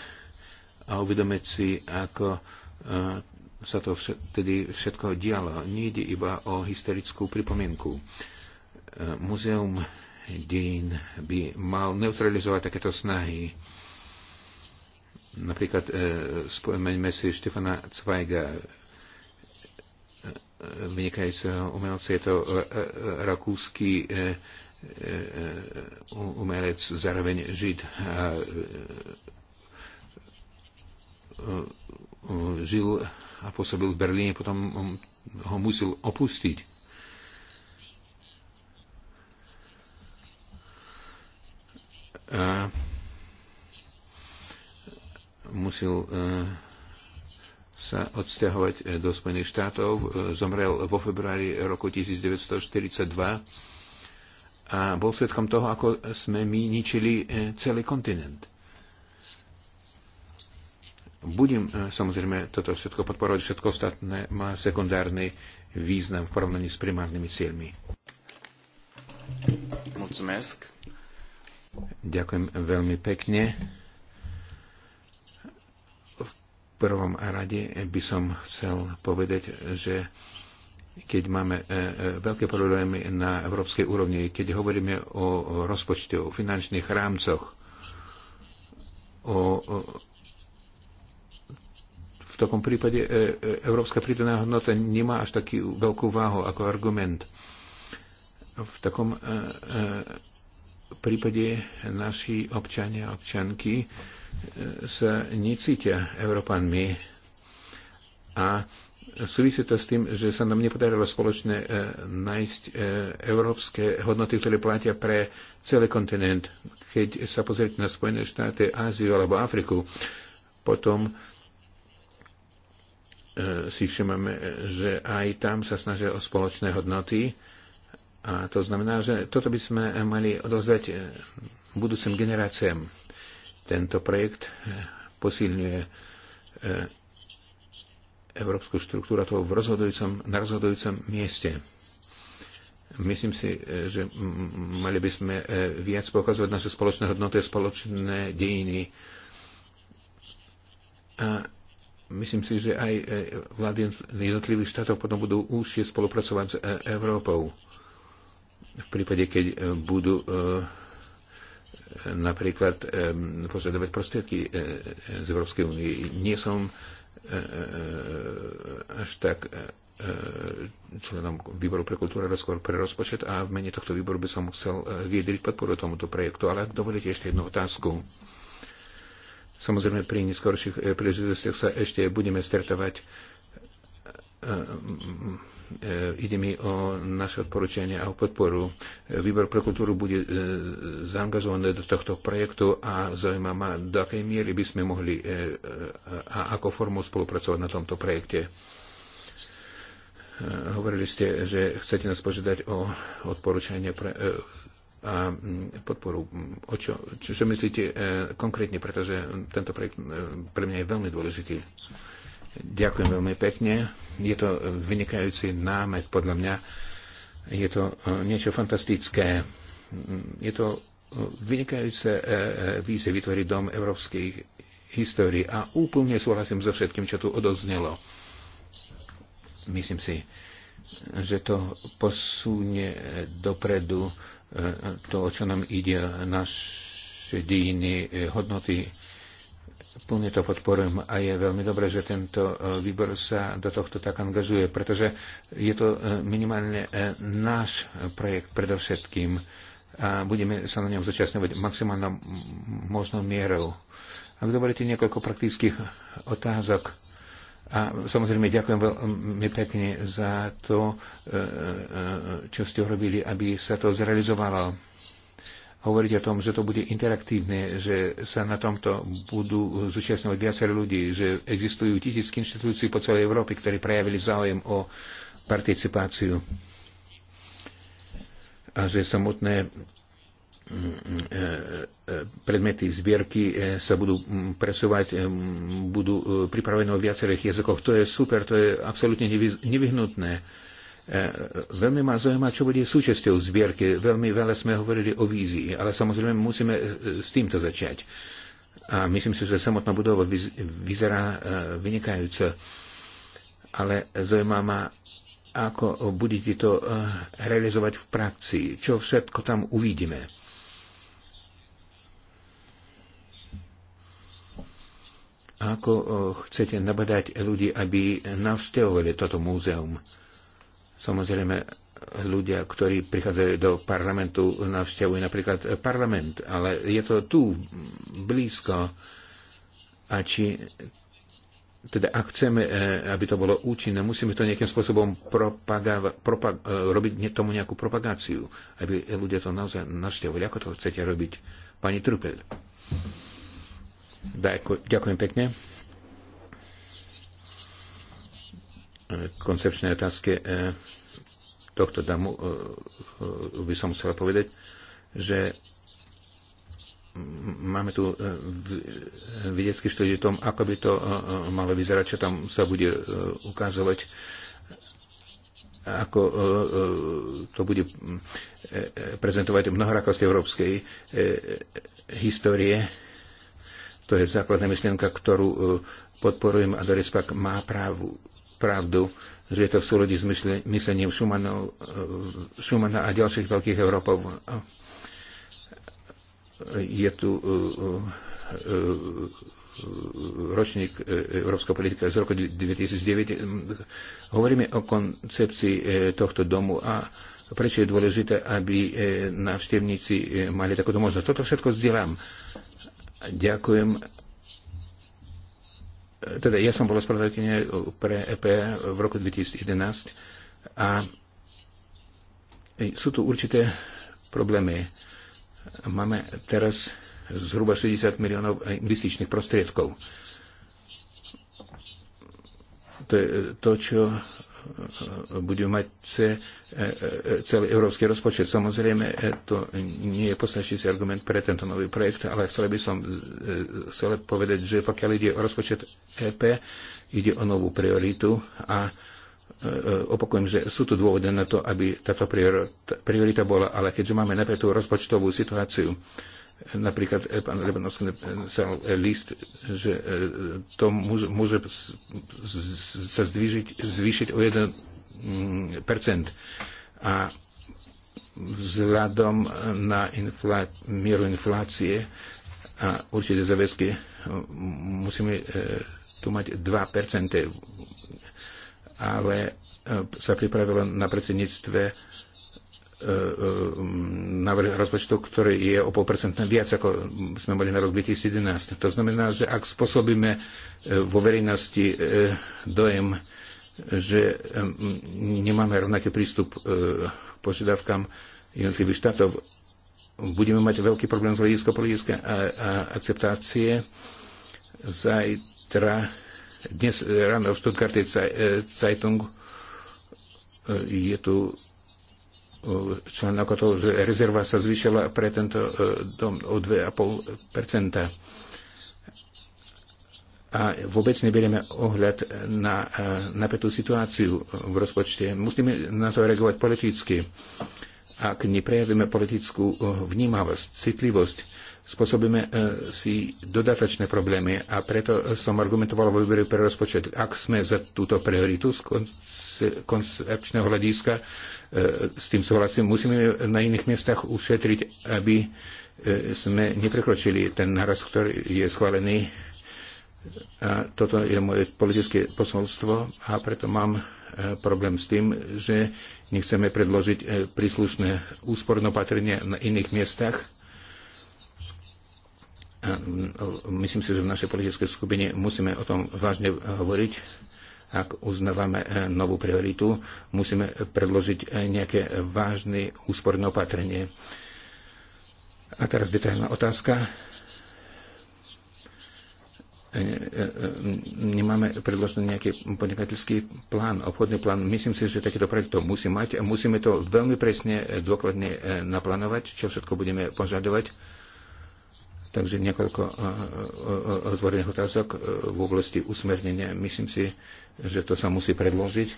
a uvedomiť si, ako sa to vtedy všetko dialo. Nejde iba o historickú pripomienku. Muzeum dejín by mal neutralizovať takéto snahy Napríklad e, spomeňme si Štefana Zweiga, e, e, vynikajúceho umelca. Je to rakúsky umelec, zároveň žid. A žil a pôsobil v Berlíne, potom ho musel opustiť. A musel e, sa odsťahovať e, do Spojených štátov. E, zomrel vo februári roku 1942 a bol svetkom toho, ako sme my ničili celý kontinent. Budem samozrejme toto všetko podporovať, všetko ostatné má sekundárny význam v porovnaní s primárnymi cieľmi. Ďakujem veľmi pekne prvom rade by som chcel povedať, že keď máme e, e, veľké problémy na európskej úrovni, keď hovoríme o rozpočte, o finančných rámcoch, o, o v takom prípade e, európska prídaná hodnota nemá až takú veľkú váhu ako argument. V takom v prípade naši občania a občanky e, sa necítia Európanmi a súvisí to s tým, že sa nám nepodarilo spoločne e, nájsť e, európske hodnoty, ktoré platia pre celý kontinent. Keď sa pozrieť na Spojené štáty, Áziu alebo Afriku, potom si všimame, že aj tam sa snažia o spoločné hodnoty a to znamená, že toto by sme mali odovzdať eh, budúcim generáciám. Tento projekt eh, posilňuje eh, európsku štruktúru to v rozhodujúcom, na rozhodujúcom mieste. Myslím si, že mali by sme viac pokazovať naše spoločné hodnoty, spoločné dejiny. A myslím si, že aj vlády jednotlivých štátov potom budú úžšie spolupracovať s Európou v prípade, keď e, budú e, napríklad e, požadovať prostriedky z Európskej únie. Nie som až tak členom výboru pre kultúru, rozkôr pre rozpočet a v mene tohto výboru by som chcel vyjadriť podporu tomuto projektu. Ale ak dovolíte ešte jednu otázku. Samozrejme, pri neskorších príležitostiach sa ešte budeme stretávať E, ide mi o naše odporúčanie a o podporu. E, výbor pre kultúru bude e, zaangažovaný do tohto projektu a zaujíma ma, do akej miery by sme mohli a ako formu spolupracovať na tomto projekte. Hovorili ste, že chcete nás požiadať o odporúčanie pre, a podporu. O čo, čo myslíte konkrétne, pretože tento projekt pre mňa je veľmi dôležitý. Ďakujem veľmi pekne. Je to vynikajúci námet, podľa mňa. Je to e, niečo fantastické. Je to e, vynikajúce e, vízie vytvoriť dom európskej histórii a úplne súhlasím so všetkým, čo tu odoznelo. Myslím si, že to posunie dopredu to, o čo nám ide, naše dejiny, hodnoty Plne to podporujem a je veľmi dobré, že tento e, výbor sa do tohto tak angažuje, pretože je to e, minimálne e, náš projekt predovšetkým a budeme sa na ňom zúčastňovať maximálnou možnou mierou. Ak dovolíte niekoľko praktických otázok, a samozrejme ďakujem veľmi pekne za to, čo ste urobili, aby sa to zrealizovalo hovoriť o tom, že to bude interaktívne, že sa na tomto budú zúčastňovať viacerí ľudí, že existujú tisícky inštitúcií po celej Európe, ktorí prejavili záujem o participáciu a že samotné mm, mm, e, e, predmety zbierky e, sa budú mm, presúvať, budú pripravené v viacerých jazykoch. To je super, to je absolútne nevyhnutné. E, e, veľmi ma zaujíma, čo bude súčasťou zbierky. Veľmi veľa sme hovorili o vízii, ale samozrejme musíme e, s týmto začať. A myslím si, že samotná budova vyzerá vynikajúco. Ale zaujíma ma, ako budete to realizovať v praxi, čo všetko tam uvidíme. Ako chcete nabadať ľudí, aby navštevovali toto múzeum? Samozrejme, ľudia, ktorí prichádzajú do parlamentu, navštevujú napríklad parlament, ale je to tu, blízko. A či teda ak chceme, e, aby to bolo účinné, musíme to nejakým spôsobom propaga- propag- e, robiť tomu nejakú propagáciu, aby ľudia to naozaj navštevovali. Ako to chcete robiť, pani Trupel? Ďakujem pekne. koncepčnej otázke tohto damu e, e, by som chcel povedať, že máme tu e, vedecký štúdiu o tom, ako by to malo vyzerať, čo tam sa bude ukázovať, ako to bude prezentovať mnohorakosť európskej histórie. To je základná myšlienka, ktorú podporujem a Doris Pak má právu pravdu, že je to v súlade s myslením Šumana a ďalších veľkých Európov. Je tu uh, uh, uh, ročník Európska politika z roku 2009. Hovoríme o koncepcii tohto domu a prečo je dôležité, aby návštevníci mali takúto možnosť. Toto všetko vzdielam. Ďakujem teda ja som bola spravodajkynia pre EP v roku 2011 a sú tu určité problémy. Máme teraz zhruba 60 miliónov investičných prostriedkov. To je to, čo budú mať e, e, celý európsky rozpočet. Samozrejme, e, to nie je postačujúci argument pre tento nový projekt, ale chcel by som chcel povedať, že pokiaľ ide o rozpočet EP, ide o novú prioritu a opakujem, že sú tu dôvody na to, aby táto priorita bola, ale keďže máme napätú rozpočtovú situáciu, Napríklad eh, pán Lebanovský napísal eh, list, že eh, to môže, môže sa zdvížiť, zvýšiť o 1%. Mm, a vzhľadom na infla- mieru inflácie a určité záväzky musíme tu mať 2%. Ale sa pripravilo na predsedníctve E, e, návrh rozpočtu, ktorý je o pol viac, ako sme mali na rok 2011. To znamená, že ak spôsobíme e, vo verejnosti dojem, že nemáme rovnaký prístup k požiadavkám jednotlivých štátov, budeme mať veľký problém z hľadiska politické akceptácie. Zajtra, dnes ráno v Stuttgarte Zeitung je tu E, člen o to, že rezerva sa zvýšila pre tento e, dom o 2,5 a vôbec neberieme ohľad na e, napätú situáciu v rozpočte. Musíme na to reagovať politicky. Ak neprejavíme politickú vnímavosť, citlivosť, spôsobíme e, si dodatočné problémy a preto som argumentoval vo výbere pre rozpočet. Ak sme za túto prioritu z koncepčného hľadiska, e, s tým súhlasím, musíme na iných miestach ušetriť, aby e, sme neprekročili ten naraz, ktorý je schválený. A toto je moje politické posolstvo a preto mám problém s tým, že nechceme predložiť príslušné úsporné opatrenia na iných miestach Myslím si, že v našej politickej skupine musíme o tom vážne hovoriť. Ak uznávame eh, novú prioritu, musíme predložiť eh, nejaké vážne úsporné opatrenie. A teraz detailná otázka eh, nemáme predložený nejaký podnikateľský plán, obchodný plán. Myslím si, že takýto projekt to musí mať a musíme to veľmi presne, dôkladne naplánovať, čo všetko budeme požadovať. Takže niekoľko otvorených otázok e, v oblasti usmernenia. Myslím si, že to sa musí predložiť.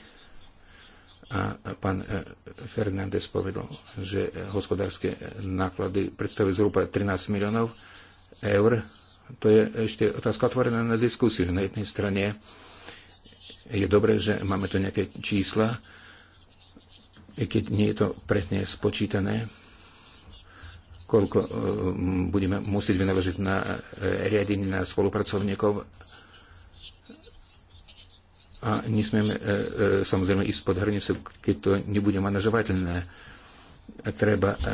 A pán e, Fernández povedal, že hospodárske náklady predstavujú zhruba 13 miliónov eur. To je ešte otázka otvorená na diskusiu. Na jednej strane je dobré, že máme tu nejaké čísla, i keď nie je to presne spočítané koľko e, budeme musieť vynaložiť na e, riadenie na spolupracovníkov a nesmieme e, e, samozrejme ísť pod hranicu, keď to nebude manažovateľné. Treba e, e,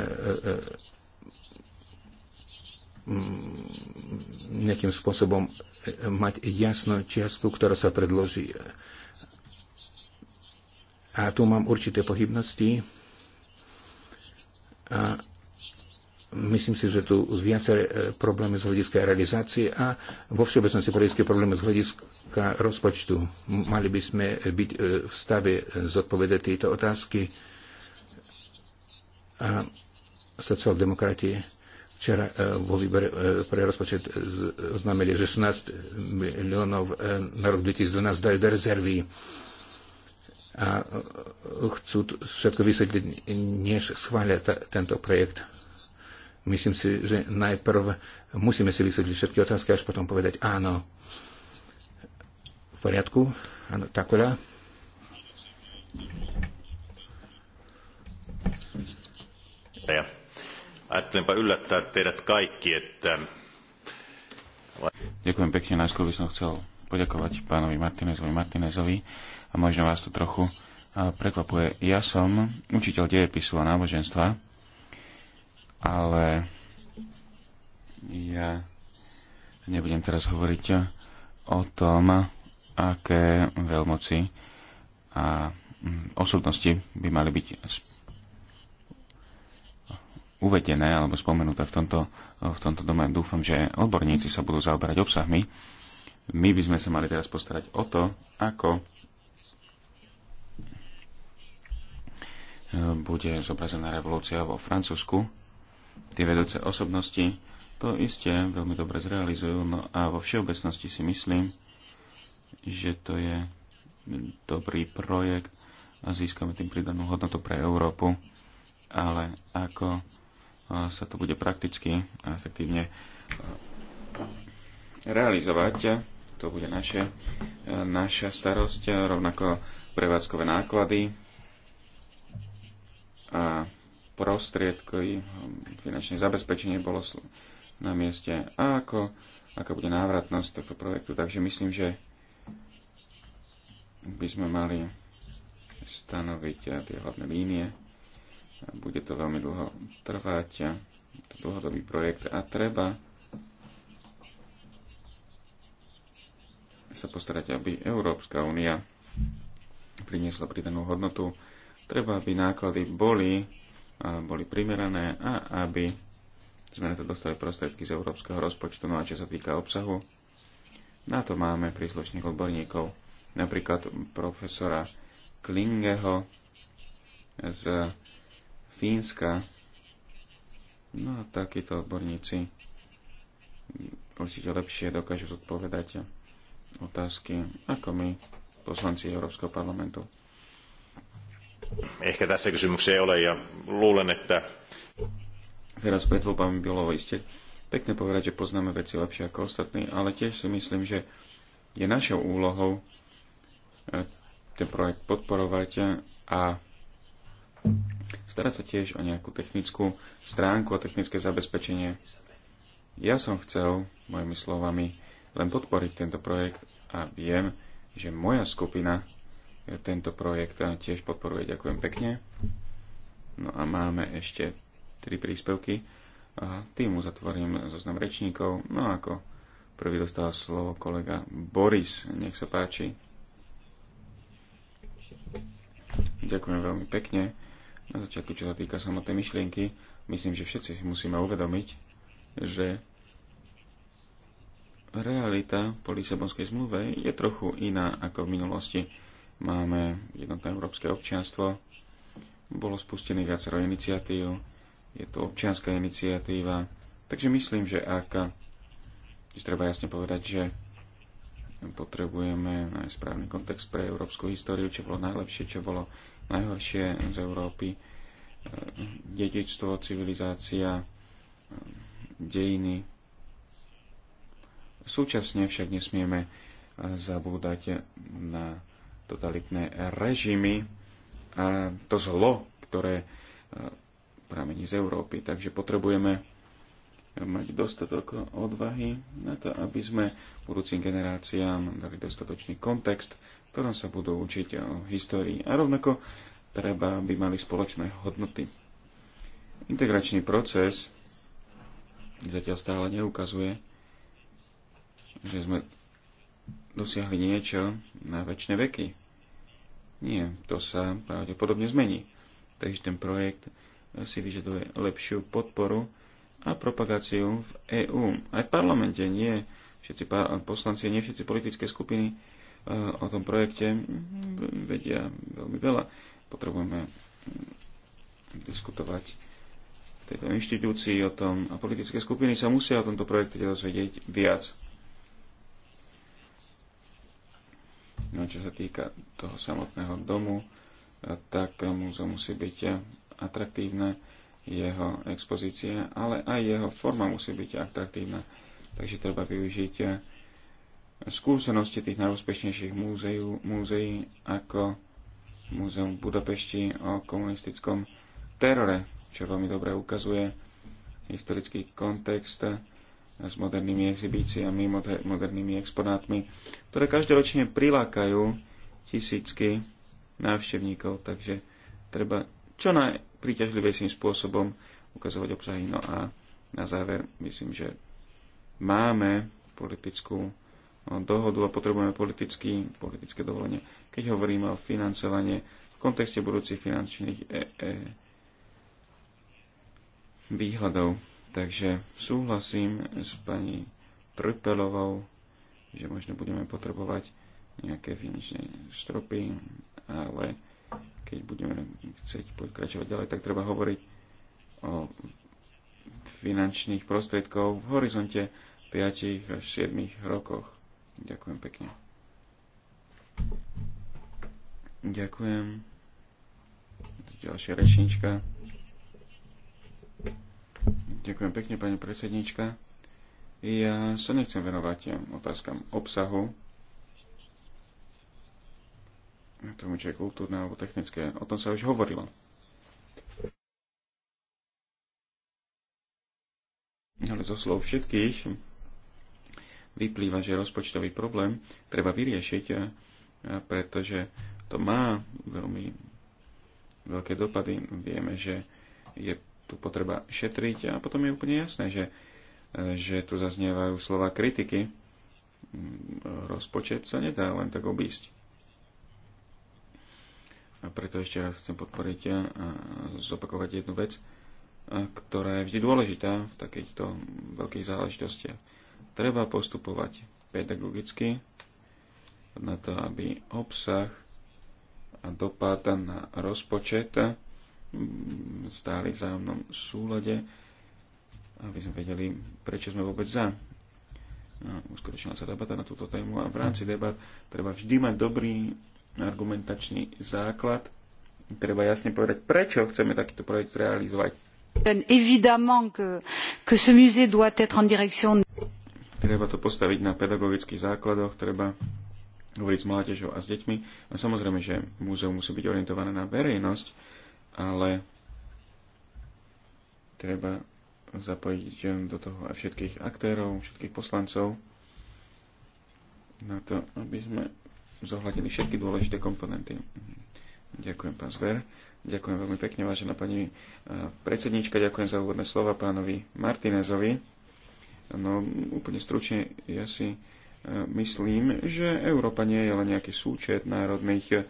mm, nejakým spôsobom e, mať jasnú čiastku, ktorá sa predloží. A tu mám určité pohybnosti. A Myslím si, že tu viaceré e, problémy z hľadiska realizácie a vo všeobecnosti politické problémy z hľadiska rozpočtu. Mali by sme byť e, v stave zodpovedať tieto otázky. A sociáldemokratie včera e, vo výbere pre rozpočet oznámili, že 16 miliónov na rok 2012 dajú do rezervy a chcú všetko vysvetliť, než schvália tento projekt. Myslím si, že najprv musíme si vysvetliť všetky otázky, až potom povedať áno. V poriadku? Áno, takoľa. Ďakujem pekne. Najskôr by som chcel poďakovať pánovi Martinezovi Martinezovi a možno vás to trochu eh, prekvapuje. Ja som učiteľ dejepisu a náboženstva ale ja nebudem teraz hovoriť o tom, aké veľmoci a mm, osobnosti by mali byť uvedené alebo spomenuté v tomto, v tomto dome. Dúfam, že odborníci sa budú zaoberať obsahmi. My by sme sa mali teraz postarať o to, ako e, bude zobrazená revolúcia vo Francúzsku tie vedúce osobnosti to iste veľmi dobre zrealizujú. No a vo všeobecnosti si myslím, že to je dobrý projekt a získame tým pridanú hodnotu pre Európu. Ale ako sa to bude prakticky a efektívne realizovať, to bude naše, naša starosť, rovnako prevádzkové náklady a prostriedky, finančné zabezpečenie bolo na mieste a ako, ako bude návratnosť tohto projektu. Takže myslím, že by sme mali stanoviť eh, tie hlavné línie. Bude to veľmi dlho trvať, eh, to dlhodobý projekt a treba sa postarať, aby Európska únia priniesla pridanú hodnotu. Treba, aby náklady boli boli primerané a aby sme na to dostali prostriedky z európskeho rozpočtu. No a čo sa týka obsahu, na to máme príslušných odborníkov, napríklad profesora Klingeho z Fínska. No a takíto odborníci určite lepšie dokážu zodpovedať otázky ako my, poslanci Európskeho parlamentu. Ehkä tässä kysymyksiä ei ole ja luulen, että... Teraz pred voľbami bolo iste pekné povedať, že poznáme veci lepšie ako ostatní, ale tiež si myslím, že je našou úlohou e, ten projekt podporovať a starať sa tiež o nejakú technickú stránku a technické zabezpečenie. Ja som chcel, mojimi slovami, len podporiť tento projekt a viem, že moja skupina tento projekt tiež podporuje. Ďakujem pekne. No a máme ešte tri príspevky. A tým uzatvorím zoznam rečníkov. No ako prvý dostal slovo kolega Boris. Nech sa páči. Ďakujem veľmi pekne. Na začiatku, čo sa týka samotnej myšlienky, myslím, že všetci si musíme uvedomiť, že realita po Lisabonskej zmluve je trochu iná ako v minulosti máme jednotné európske občianstvo. Bolo spustených viacero iniciatív, je to občianská iniciatíva. Takže myslím, že ak treba jasne povedať, že potrebujeme aj správny kontext pre európsku históriu, čo bolo najlepšie, čo bolo najhoršie z Európy, eh, dedičstvo, civilizácia, eh, dejiny. Súčasne však nesmieme eh, zabúdať na totalitné režimy a to zlo, ktoré e, pramení z Európy. Takže potrebujeme mať dostatok odvahy na to, aby sme budúcim generáciám dali dostatočný kontext, v ktorom sa budú učiť o histórii. A rovnako treba, aby mali spoločné hodnoty. Integračný proces zatiaľ stále neukazuje, že sme dosiahli niečo na väčšie veky. Nie, to sa pravdepodobne zmení. Takže ten projekt si vyžaduje lepšiu podporu a propagáciu v EÚ. Aj v parlamente nie všetci poslanci, nie všetci politické skupiny e, o tom projekte vedia veľmi veľa. Potrebujeme diskutovať v tejto inštitúcii o tom a politické skupiny sa musia o tomto projekte dozvedieť viac. No, čo sa týka toho samotného domu, tak múzeum musí byť atraktívne, jeho expozícia, ale aj jeho forma musí byť atraktívna. Takže treba využiť skúsenosti tých najúspešnejších múzeí, múzeí ako Múzeum v Budapešti o komunistickom terore, čo veľmi dobre ukazuje historický kontext s modernými exhibíciami, moder, modernými exponátmi, ktoré každoročne prilákajú tisícky návštevníkov, takže treba čo najpríťažlivejším spôsobom ukazovať obsahy. No a na záver myslím, že máme politickú no, dohodu a potrebujeme politický, politické dovolenie. Keď hovoríme o financovanie v kontexte budúcich finančných e, e, výhľadov, Takže súhlasím s pani Prpelovou, že možno budeme potrebovať nejaké finančné stropy, ale keď budeme chcieť pokračovať ďalej, tak treba hovoriť o finančných prostriedkov v horizonte 5 až 7 rokoch. Ďakujem pekne. Ďakujem. Ďalšia rečnička. Ďakujem pekne, pani predsednička. Ja sa nechcem venovať otázkam obsahu, tomu, čo je kultúrne alebo technické. O tom sa už hovorilo. Ale zo slov všetkých vyplýva, že rozpočtový problém treba vyriešiť, pretože to má veľmi veľké dopady. Vieme, že je tu potreba šetriť a potom je úplne jasné, že, že tu zaznievajú slova kritiky. Rozpočet sa nedá len tak obísť. A preto ešte raz chcem podporiť a zopakovať jednu vec, ktorá je vždy dôležitá v takýchto veľkých záležitostiach. Treba postupovať pedagogicky na to, aby obsah a dopad na rozpočet stáli v zájomnom súlade, aby sme vedeli, prečo sme vôbec za. No, uskutočnila sa debata na túto tému a v rámci debat treba vždy mať dobrý argumentačný základ. Treba jasne povedať, prečo chceme takýto projekt zrealizovať. Treba to postaviť na pedagogických základoch, treba hovoriť s mládežou a s deťmi. A samozrejme, že múzeum musí byť orientované na verejnosť, ale treba zapojiť do toho aj všetkých aktérov, všetkých poslancov, na to, aby sme zohľadili všetky dôležité komponenty. Mhm. Ďakujem, pán Zver. Ďakujem veľmi pekne, vážená pani e, predsednička. Ďakujem za úvodné slova pánovi Martinezovi. No, úplne stručne, ja si myslím, že Európa nie je len nejaký súčet národných,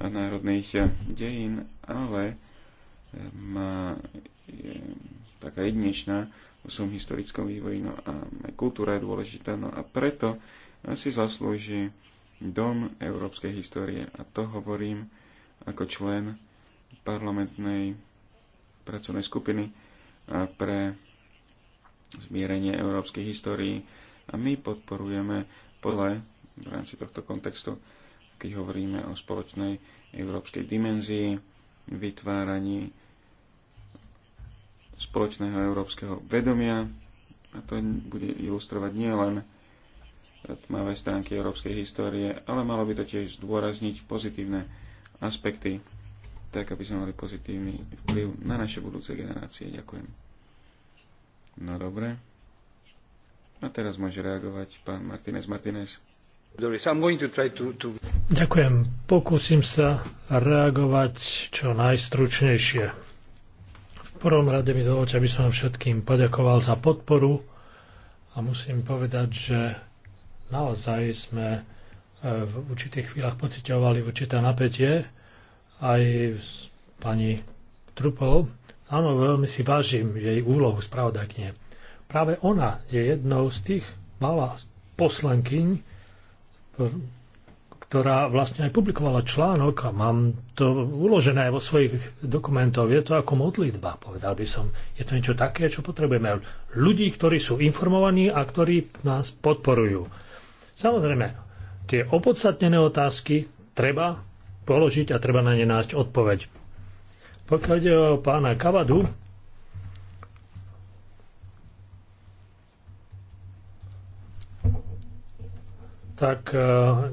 národných dejín, ale má je taká jedinečná v svojom historickom vývoji. No a aj kultúra je dôležitá. No a preto si zaslúži Dom európskej histórie. A to hovorím ako člen parlamentnej pracovnej skupiny pre zmierenie európskej histórii a my podporujeme podľa v rámci tohto kontextu, keď hovoríme o spoločnej európskej dimenzii, vytváraní spoločného európskeho vedomia a to bude ilustrovať nielen tmavé stránky európskej histórie, ale malo by to tiež zdôrazniť pozitívne aspekty, tak aby sme mali pozitívny vplyv na naše budúce generácie. Ďakujem. No dobre. A teraz môže reagovať pán Martinez Martinez. Ďakujem. Pokúsim sa reagovať čo najstručnejšie. V prvom rade mi dovolte, aby som všetkým poďakoval za podporu a musím povedať, že naozaj sme e, v určitých chvíľach pocitovali určité napätie aj s pani Trupol. Áno, veľmi si vážim jej úlohu spravodajkne práve ona je jednou z tých malá poslankyň, ktorá vlastne aj publikovala článok a mám to uložené vo svojich dokumentov. Je to ako modlitba, povedal by som. Je to niečo také, čo potrebujeme. Ľudí, ktorí sú informovaní a ktorí nás podporujú. Samozrejme, tie opodstatnené otázky treba položiť a treba na ne nájsť odpoveď. Pokiaľ ide o pána Kavadu, tak e,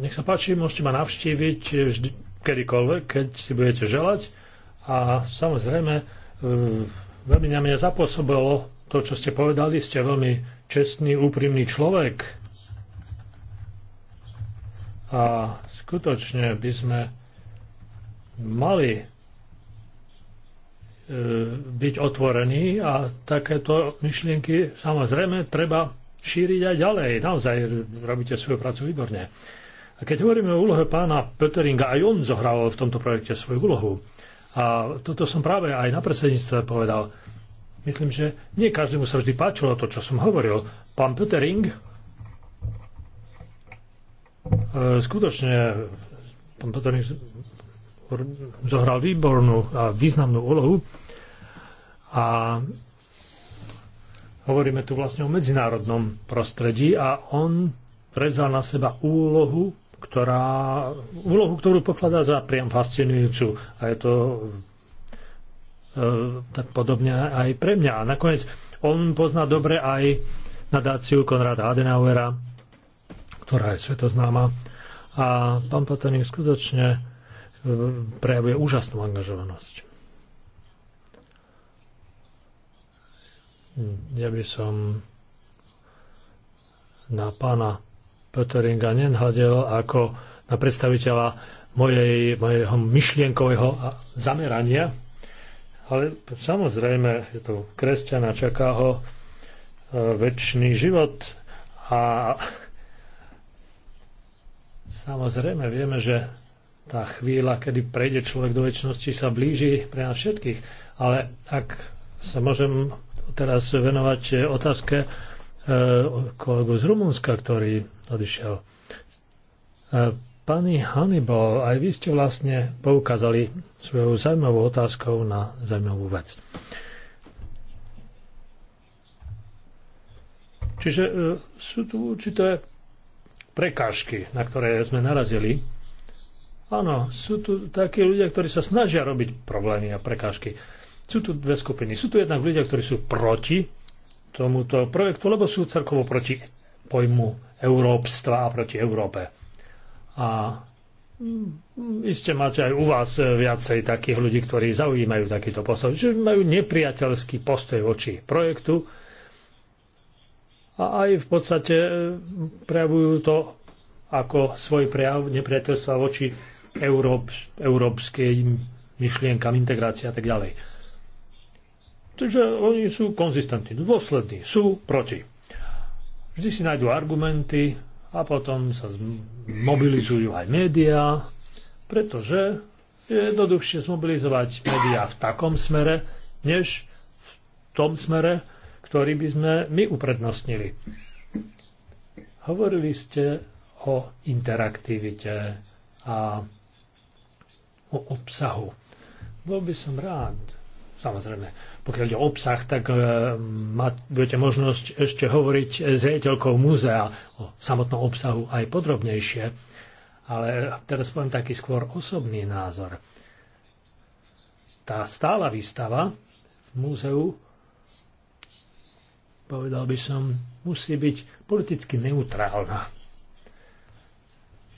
nech sa páči, môžete ma navštíviť vždy, kedykoľvek, keď si budete želať. A samozrejme, e, veľmi na mňa zapôsobilo to, čo ste povedali. Ste veľmi čestný, úprimný človek. A skutočne by sme mali e, byť otvorení a takéto myšlienky samozrejme treba šíriť aj ďalej. Naozaj robíte svoju prácu výborne. A keď hovoríme o úlohe pána Pöteringa, aj on zohral v tomto projekte svoju úlohu. A toto som práve aj na predsedníctve povedal. Myslím, že nie každému sa vždy páčilo to, čo som hovoril. Pán Pötering e, skutočne pán Pötering zohral výbornú a významnú úlohu a Hovoríme tu vlastne o medzinárodnom prostredí a on prezal na seba úlohu, ktorá, úlohu, ktorú pokladá za priam fascinujúcu. A je to e, tak podobne aj pre mňa. A nakoniec on pozná dobre aj nadáciu Konrada Adenauera, ktorá je svetoznáma. A pán Pataník skutočne e, prejavuje úžasnú angažovanosť. Hm, ja by som na pána Pöteringa nenhadel ako na predstaviteľa mojej, mojeho myšlienkového zamerania, ale samozrejme je to a čaká ho e, väčší život a samozrejme vieme, že tá chvíľa, kedy prejde človek do väčšnosti, sa blíži pre nás všetkých. Ale ak sa môžem teraz venovať otázke e, kolegu z Rumunska, ktorý odišiel. E, pani Hannibal, aj vy ste vlastne poukázali svojou zaujímavou otázkou na zaujímavú vec. Čiže e, sú tu určité prekážky, na ktoré sme narazili. Áno, sú tu takí ľudia, ktorí sa snažia robiť problémy a prekážky. Sú tu dve skupiny. Sú tu jednak ľudia, ktorí sú proti tomuto projektu, lebo sú celkovo proti pojmu európstva a proti Európe. A mm, iste máte aj u vás viacej takých ľudí, ktorí zaujímajú takýto postoj, že majú nepriateľský postoj voči projektu a aj v podstate e, prejavujú to ako svoj prejav nepriateľstva voči európskej myšlienkam integrácie a tak ďalej. Takže oni sú konzistentní, dôslední, sú proti. Vždy si nájdú argumenty a potom sa mobilizujú aj médiá, pretože je jednoduchšie zmobilizovať médiá v takom smere, než v tom smere, ktorý by sme my uprednostnili. Hovorili ste o interaktivite a o obsahu. Bol by som rád, Samozrejme, pokiaľ ide o obsah, tak e, mať, budete možnosť ešte hovoriť s rejiteľkou múzea o samotnom obsahu aj podrobnejšie. Ale teraz poviem taký skôr osobný názor. Tá stála výstava v múzeu, povedal by som, musí byť politicky neutrálna.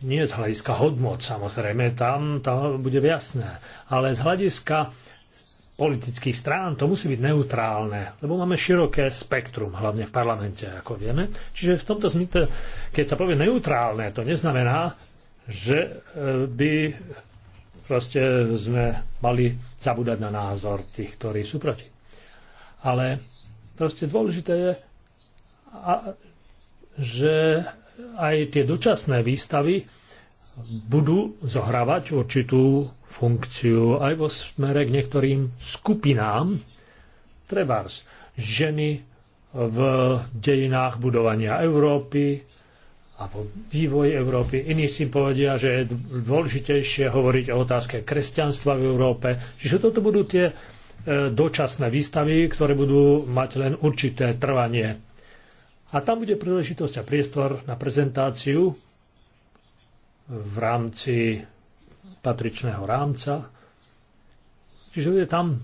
Nie z hľadiska hodnot, samozrejme, tam to bude jasné, ale z hľadiska politických strán, to musí byť neutrálne, lebo máme široké spektrum, hlavne v parlamente, ako vieme. Čiže v tomto zmysle, keď sa povie neutrálne, to neznamená, že e, by proste sme mali zabúdať na názor tých, ktorí sú proti. Ale proste dôležité je, že aj tie dočasné výstavy budú zohrávať určitú funkciu aj vo smere k niektorým skupinám, trebárs ženy v dejinách budovania Európy a vo vývoji Európy. Iní si povedia, že je dôležitejšie hovoriť o otázke kresťanstva v Európe. Čiže toto budú tie e, dočasné výstavy, ktoré budú mať len určité trvanie. A tam bude príležitosť a priestor na prezentáciu v rámci patričného rámca. Čiže je tam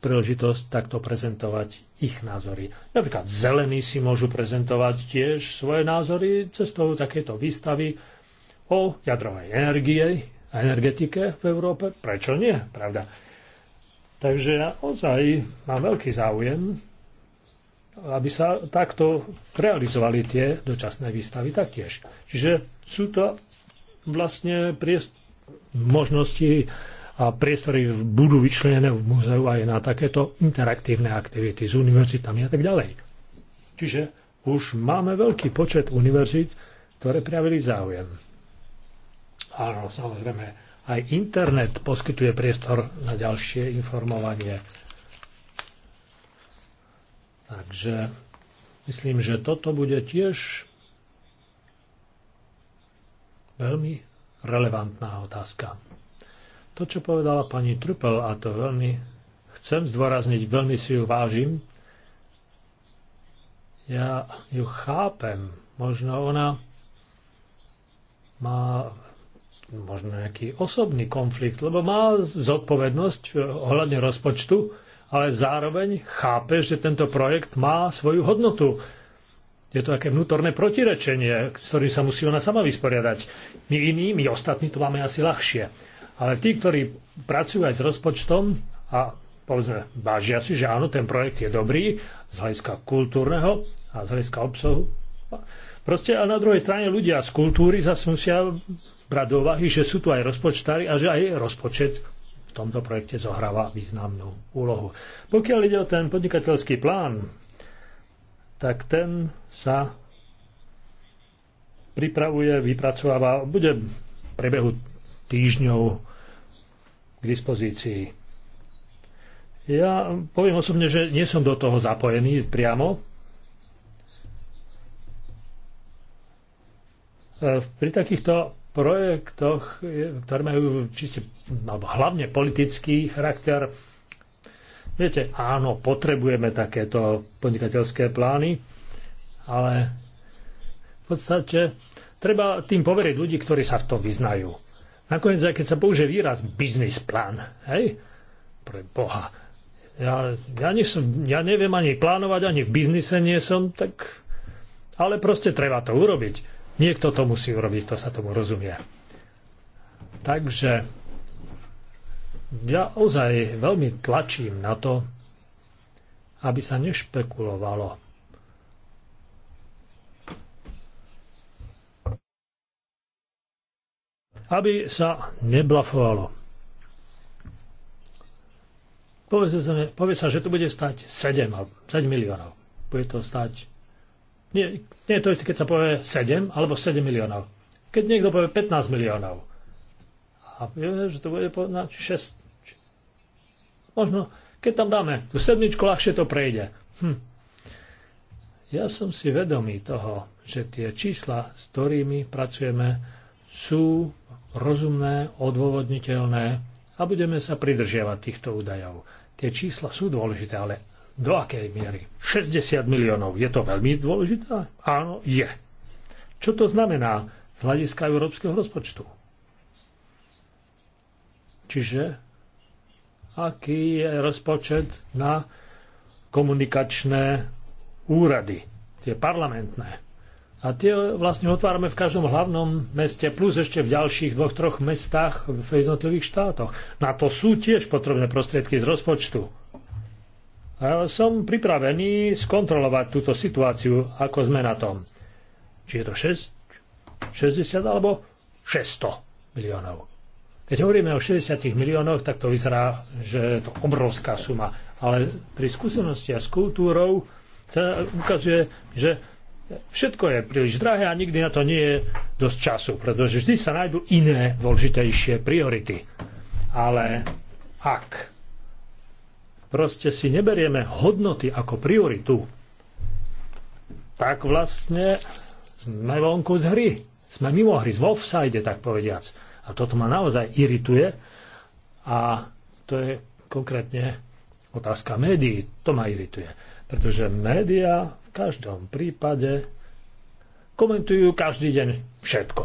príležitosť takto prezentovať ich názory. Napríklad zelení si môžu prezentovať tiež svoje názory cestou takéto výstavy o jadrovej energie a energetike v Európe. Prečo nie? Pravda. Takže ozaj mám veľký záujem, aby sa takto realizovali tie dočasné výstavy taktiež. Čiže sú to vlastne priest- možnosti a priestory budú vyčlenené v múzeu aj na takéto interaktívne aktivity s univerzitami a tak ďalej. Čiže už máme veľký počet univerzít, ktoré prijavili záujem. Áno, samozrejme, aj internet poskytuje priestor na ďalšie informovanie. Takže myslím, že toto bude tiež Veľmi relevantná otázka. To, čo povedala pani Trupel, a to veľmi chcem zdôrazniť, veľmi si ju vážim, ja ju chápem. Možno ona má možno nejaký osobný konflikt, lebo má zodpovednosť eh, ohľadne rozpočtu, ale zároveň chápe, že tento projekt má svoju hodnotu je to také vnútorné protirečenie, s ktorým sa musí ona sama vysporiadať. My iní, my ostatní to máme asi ľahšie. Ale tí, ktorí pracujú aj s rozpočtom a povedzme, vážia si, že áno, ten projekt je dobrý z hľadiska kultúrneho a z hľadiska obsahu. Proste a na druhej strane ľudia z kultúry zase musia brať do úvahy, že sú tu aj rozpočtári a že aj rozpočet v tomto projekte zohráva významnú úlohu. Pokiaľ ide o ten podnikateľský plán, tak ten sa pripravuje, vypracováva, bude v priebehu týždňov k dispozícii. Ja poviem osobne, že nie som do toho zapojený priamo. E, pri takýchto projektoch, ktoré majú čiste, alebo hlavne politický charakter, Viete, áno, potrebujeme takéto podnikateľské plány, ale v podstate treba tým poveriť ľudí, ktorí sa v tom vyznajú. Nakoniec, aj keď sa použije výraz business plán, hej, pre Boha, ja, ja, nie som, ja neviem ani plánovať, ani v biznise nie som, tak... Ale proste treba to urobiť. Niekto to musí urobiť, to sa tomu rozumie. Takže ja ozaj veľmi tlačím na to, aby sa nešpekulovalo. Aby sa neblafovalo. Povie sa, povie sa, že to bude stať 7, 7 miliónov. Bude to stať... Nie, nie je to isté, keď sa povie 7 alebo 7 miliónov. Keď niekto povie 15 miliónov, a vieme, že to bude na 6 Možno, keď tam dáme tú sedmičku, ľahšie to prejde. Hm. Ja som si vedomý toho, že tie čísla, s ktorými pracujeme, sú rozumné, odôvodniteľné a budeme sa pridržiavať týchto údajov. Tie čísla sú dôležité, ale do akej miery? 60 miliónov. Je to veľmi dôležité? Áno, je. Čo to znamená z hľadiska európskeho rozpočtu? Čiže aký je rozpočet na komunikačné úrady, tie parlamentné. A tie vlastne otvárame v každom hlavnom meste, plus ešte v ďalších dvoch, troch mestách v jednotlivých štátoch. Na to sú tiež potrebné prostriedky z rozpočtu. A som pripravený skontrolovať túto situáciu, ako sme na tom. Či je to 6, 60 alebo 600 miliónov. Keď hovoríme o 60 miliónoch, tak to vyzerá, že je to obrovská suma. Ale pri skúsenosti a s kultúrou sa ukazuje, že všetko je príliš drahé a nikdy na to nie je dosť času, pretože vždy sa nájdú iné dôležitejšie priority. Ale ak proste si neberieme hodnoty ako prioritu, tak vlastne sme vonku z hry. Sme mimo hry, z offside, tak povediac. A toto ma naozaj irituje a to je konkrétne otázka médií. To ma irituje. Pretože médiá v každom prípade komentujú každý deň všetko.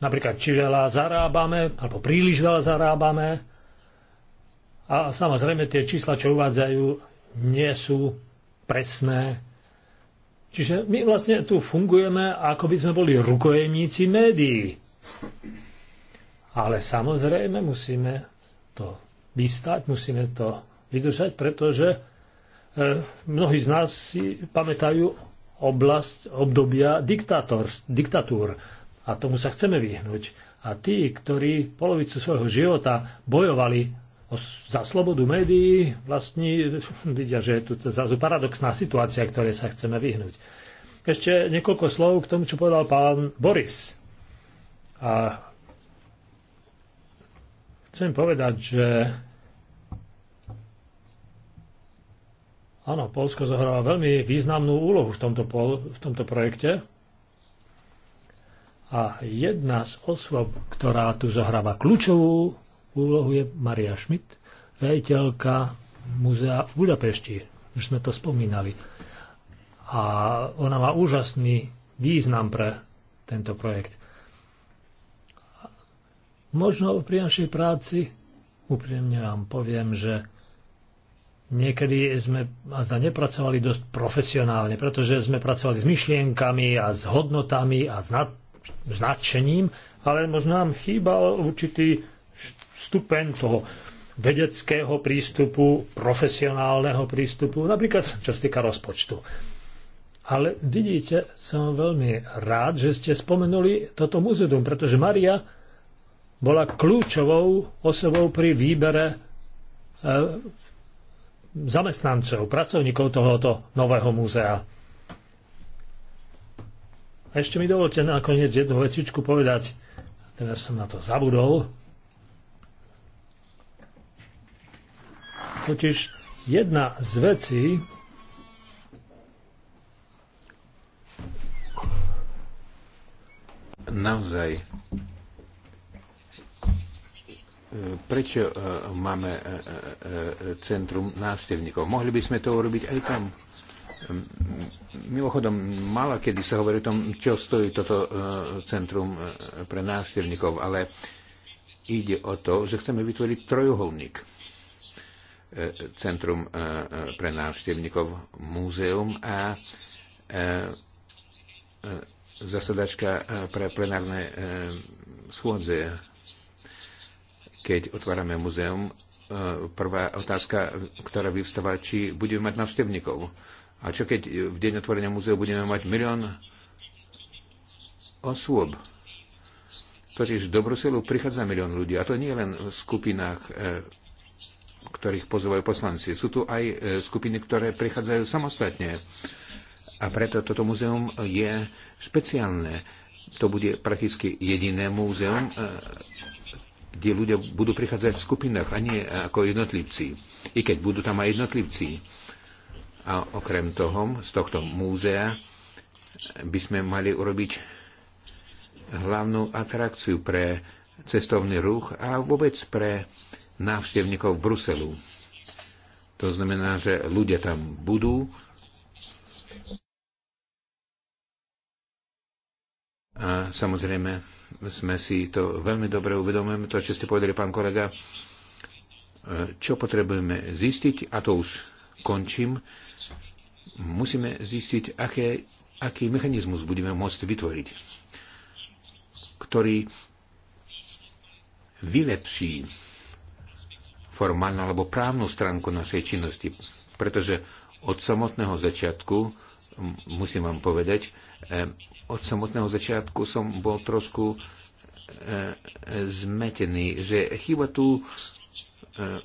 Napríklad, či veľa zarábame, alebo príliš veľa zarábame. A samozrejme tie čísla, čo uvádzajú, nie sú presné Čiže my vlastne tu fungujeme, ako by sme boli rukojemníci médií. Ale samozrejme musíme to vystať, musíme to vydržať, pretože e, mnohí z nás si pamätajú oblasť obdobia diktátor, diktatúr. A tomu sa chceme vyhnúť. A tí, ktorí polovicu svojho života bojovali za slobodu médií vlastní vidia, že je tu paradoxná situácia, ktorej sa chceme vyhnúť. Ešte niekoľko slov k tomu, čo povedal pán Boris. A chcem povedať, že áno, Polsko zohráva veľmi významnú úlohu v tomto, pol, v tomto projekte. A jedna z osôb, ktorá tu zohráva kľúčovú úlohu je Maria Schmidt, rejiteľka muzea v Budapešti. Už sme to spomínali. A ona má úžasný význam pre tento projekt. Možno pri našej práci, úprimne vám poviem, že niekedy sme azda nepracovali dosť profesionálne, pretože sme pracovali s myšlienkami a s hodnotami a s, nad, s nadšením, ale možno nám chýbal určitý stupeň toho vedeckého prístupu, profesionálneho prístupu, napríklad čo sa týka rozpočtu. Ale vidíte, som veľmi rád, že ste spomenuli toto muzeum, pretože Maria bola kľúčovou osobou pri výbere e, zamestnancov, pracovníkov tohoto nového múzea. A ešte mi dovolte nakoniec jednu vecičku povedať, teraz som na to zabudol. Totiž jedna z vecí, naozaj e, prečo e, máme e, centrum návštevníkov. Mohli by sme to urobiť aj tam. Mimochodom, málo kedy sa hovorí o tom, čo stojí toto centrum pre návštevníkov, ale ide o to, že chceme vytvoriť trojuholník centrum e, e, pre návštevníkov múzeum a e, zasadačka pre plenárne schôdze. Keď otvárame múzeum, prvá otázka, ktorá vyvstáva, či budeme mať návštevníkov. A čo keď v deň otvorenia múzeu budeme mať milión osôb? Totiž do Bruselu prichádza milión ľudí. A to nie len v skupinách ktorých pozývajú poslanci. Sú tu aj e, skupiny, ktoré prichádzajú samostatne. A preto toto muzeum je špeciálne. To bude prakticky jediné múzeum, e, kde ľudia budú prichádzať v skupinách a nie ako jednotlivci. I keď budú tam aj jednotlivci. A okrem toho, z tohto múzea by sme mali urobiť hlavnú atrakciu pre cestovný ruch a vôbec pre návštevníkov v Bruselu. To znamená, že ľudia tam budú a samozrejme sme si to veľmi dobre uvedomujeme, to, čo ste povedali, pán kolega, e, čo potrebujeme zistiť, a to už končím, musíme zistiť, aké, aký mechanizmus budeme môcť vytvoriť, ktorý vylepší formálnu alebo právnu stránku našej činnosti, pretože od samotného začiatku, musím vám povedať, e, od samotného začiatku som bol trošku e, zmetený, že chyba tu e,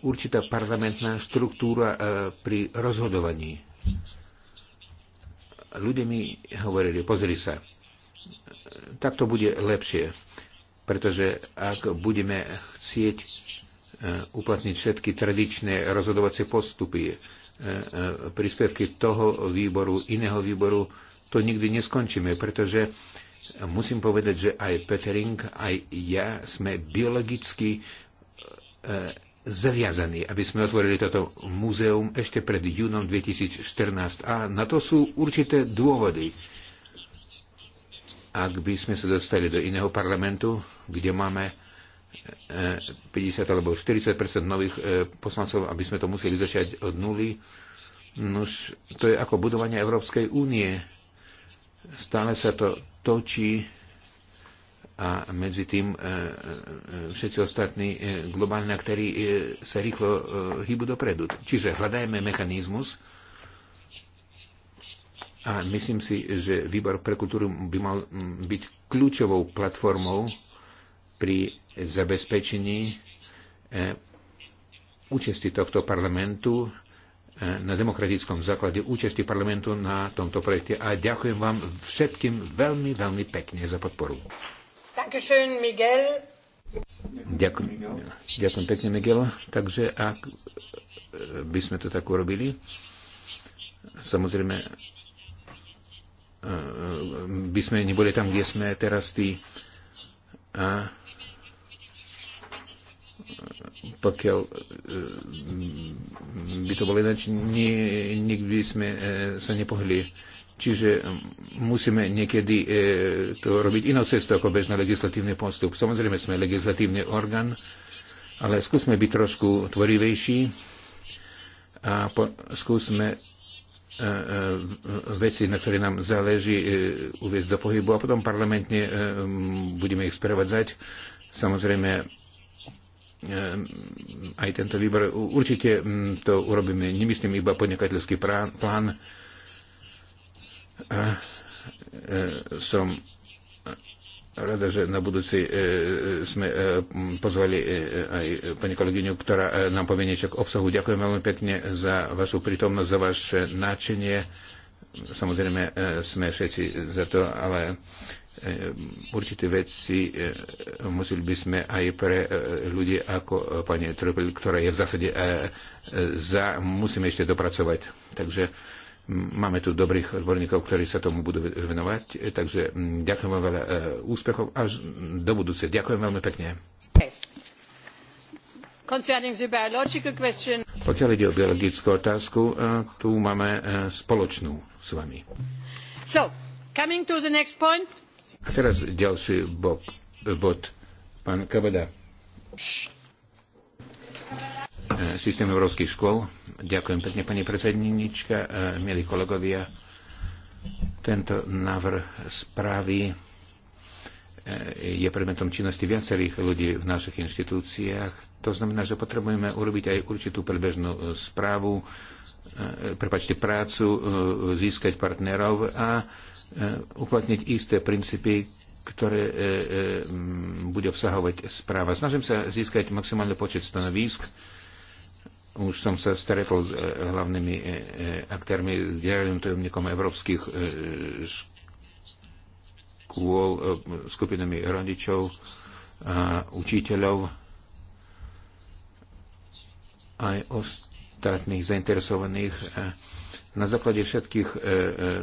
určitá parlamentná štruktúra pri rozhodovaní. Ľudia mi hovorili, pozri sa, tak to bude lepšie, pretože ak budeme chcieť E, uplatniť všetky tradičné rozhodovacie postupy, e, e, príspevky toho výboru, iného výboru, to nikdy neskončíme, pretože musím povedať, že aj Petering, aj ja sme biologicky zaviazaní, aby sme otvorili toto múzeum ešte pred júnom 2014. A na to sú určité dôvody. Ak by sme sa dostali do iného parlamentu, kde máme 50 alebo 40 nových e, poslancov, aby sme to museli začať od nuly. Nož, to je ako budovanie Európskej únie. Stále sa to točí a medzi tým e, e, všetci ostatní globálni aktéry sa rýchlo hýbu dopredu. Čiže hľadajme mechanizmus a myslím si, že výbor pre kultúru by mal byť kľúčovou platformou pri zabezpečení e, účasti tohto parlamentu e, na demokratickom základe účasti parlamentu na tomto projekte a ďakujem vám všetkým veľmi, veľmi pekne za podporu. Dankeschön, Miguel. Ďakujem, ďakujem pekne, Miguel. Takže ak e, by sme to tak urobili, samozrejme by sme neboli tam, kde sme teraz tí. A pokiaľ e, by to bolo ináč, nikdy sme e, sa nepohli. Čiže musíme niekedy e, to robiť inou cestou ako bežný legislatívny postup. Samozrejme sme legislatívny orgán, ale skúsme byť trošku tvorivejší a po, skúsme veci, na ktoré nám záleží, uviezť do pohybu a potom parlamentne budeme ich sprevádzať. Samozrejme, Ehm, aj tento výbor. Určite mm, to urobíme, nemyslím iba podnikateľský plán. E, som rada, že na budúci e, sme e, pozvali aj pani kolegyňu, ktorá nám povie niečo k obsahu. Ďakujem veľmi pekne za vašu prítomnosť, za vaše náčenie. Samozrejme, sme všetci za to, ale E, určité veci e, museli by sme aj pre e, ľudí ako pani Trupel, ktorá je v zásade za, musíme ešte dopracovať. Takže máme tu dobrých odborníkov, ktorí sa tomu budú venovať. Takže ďakujem vám veľa úspechov až do budúce. Ďakujem veľmi pekne. Pokiaľ ide o biologickú otázku, tu máme spoločnú s vami. So, coming to the next point. A teraz ďalší bod. bod. Pán Kavada. E, systém európskych škôl. Ďakujem pekne, pani predsedníčka, e, milí kolegovia. Tento návrh správy e, je predmetom činnosti viacerých ľudí v našich inštitúciách. To znamená, že potrebujeme urobiť aj určitú predbežnú správu, prepačte, prácu, získať partnerov a E, uplatniť isté princípy, ktoré e, e, bude obsahovať správa. Snažím sa získať maximálny počet stanovísk. Už som sa stretol s e, hlavnými e, e aktérmi, generálnym tajomníkom európskych e, škôl, e, skupinami rodičov a učiteľov aj ostatných zainteresovaných. E, na základe všetkých e, e,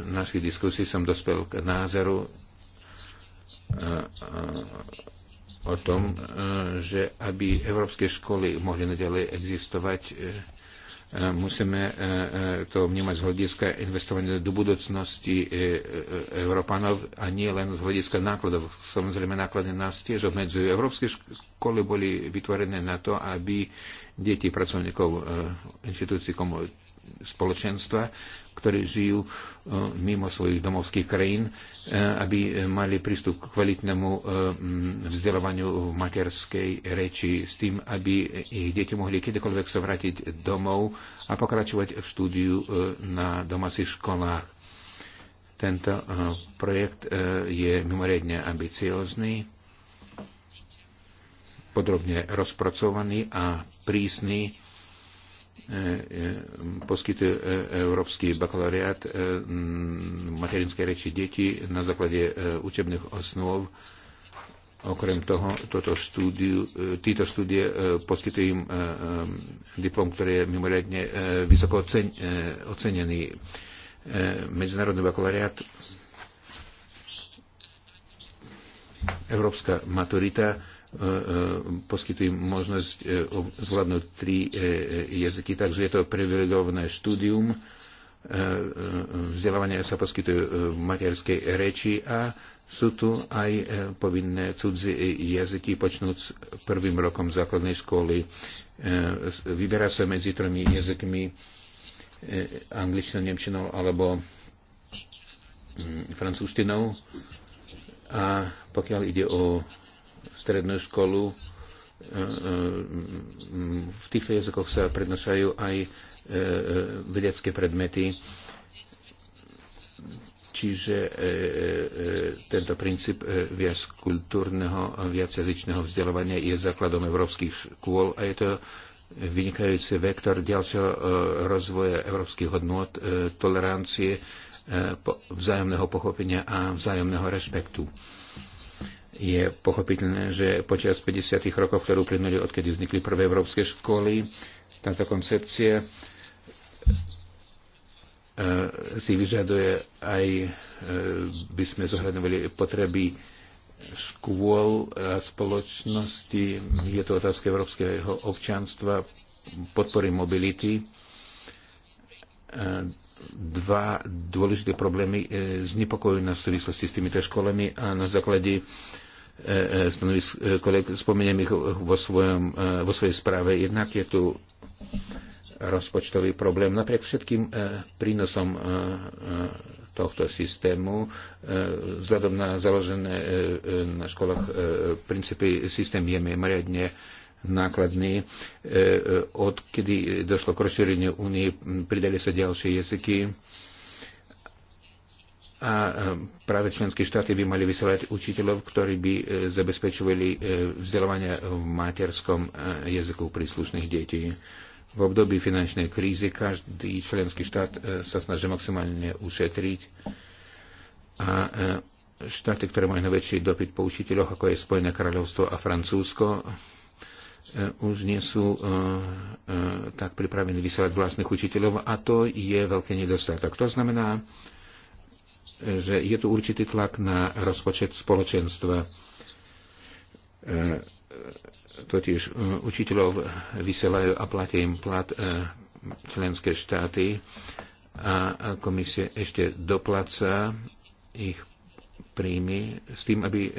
našich diskusí som dospel k názoru e, e, o tom, e, že aby európske školy mohli nadalej existovať, e, e musíme e, e, to vnímať z hľadiska investovania do budúcnosti Európanov a nie len z hľadiska nákladov. Samozrejme, náklady nás tiež obmedzujú. Európske školy boli vytvorené na to, aby deti pracovníkov inštitúcií spoločenstva, ktorí žijú e, mimo svojich domovských krajín, e, aby mali prístup k kvalitnému e, vzdelávaniu v materskej reči s tým, aby ich deti mohli kedykoľvek sa vrátiť domov a pokračovať v štúdiu na domácich školách. Tento projekt je mimoriadne ambiciózny, podrobne rozpracovaný a prísny E, e, poskytuje e, Európsky bakalariát materinskej reči deti na základe učebných osnov. Okrem toho, toto štúdiu, títo štúdie poskytujú im diplom, ktorý je mimoriadne vysoko ocenený. Medzinárodný bakalariát, Európska maturita, E, e, poskytujú možnosť e, zvládnuť tri jazyky, takže je to privilegované štúdium. Vzdelávanie sa poskytujú v materskej reči a sú tu aj povinné cudzie jazyky, počnúc prvým rokom základnej školy. Vyberá sa medzi tromi jazykmi angličtinou, nemčinou alebo mm, francúzštinou. A pokiaľ ide o strednú školu. E, e, v týchto jazykoch sa prednášajú aj e, vedecké predmety. Čiže tento princíp viac kultúrneho, viac jazyčného vzdelávania je základom európskych škôl a je to vynikajúci vektor ďalšieho rozvoja európskych hodnot, tolerancie, vzájomného pochopenia a vzájomného rešpektu. Je pochopiteľné, že počas 50. rokov, ktorú uplynuli, odkedy vznikli prvé európske školy, táto koncepcia e, si vyžaduje aj, e, by sme zohľadnovali potreby škôl a spoločnosti. Je to otázka európskeho občanstva, podpory mobility. E, dva dôležité problémy znepokojujú nás v súvislosti s týmito školami a na základe E, e, stanovisk e, koleg, spomeniem ich vo, svojom, vo svojej správe. Jednak je tu rozpočtový problém. Napriek všetkým prínosom tohto systému, vzhľadom na založené na školách princípy systém je mimoriadne nákladný. Odkedy došlo k rozšíreniu únie, pridali sa ďalšie jazyky a e, práve členské štáty by mali vysielať učiteľov, ktorí by e, zabezpečovali e, vzdelávanie v materskom jazyku príslušných detí. V období finančnej krízy každý členský štát sa snaží maximálne ušetriť a štáty, ktoré majú najväčší dopyt po učiteľoch, ako je Spojené kráľovstvo a Francúzsko, už nie sú uh, uh, tak pripravení vysielať vlastných učiteľov a to je veľký nedostatok. To znamená, že je tu určitý tlak na rozpočet spoločenstva. E, totiž e, učiteľov vyselajú a platia im plat e, členské štáty a komisie ešte dopláca ich príjmy s tým, aby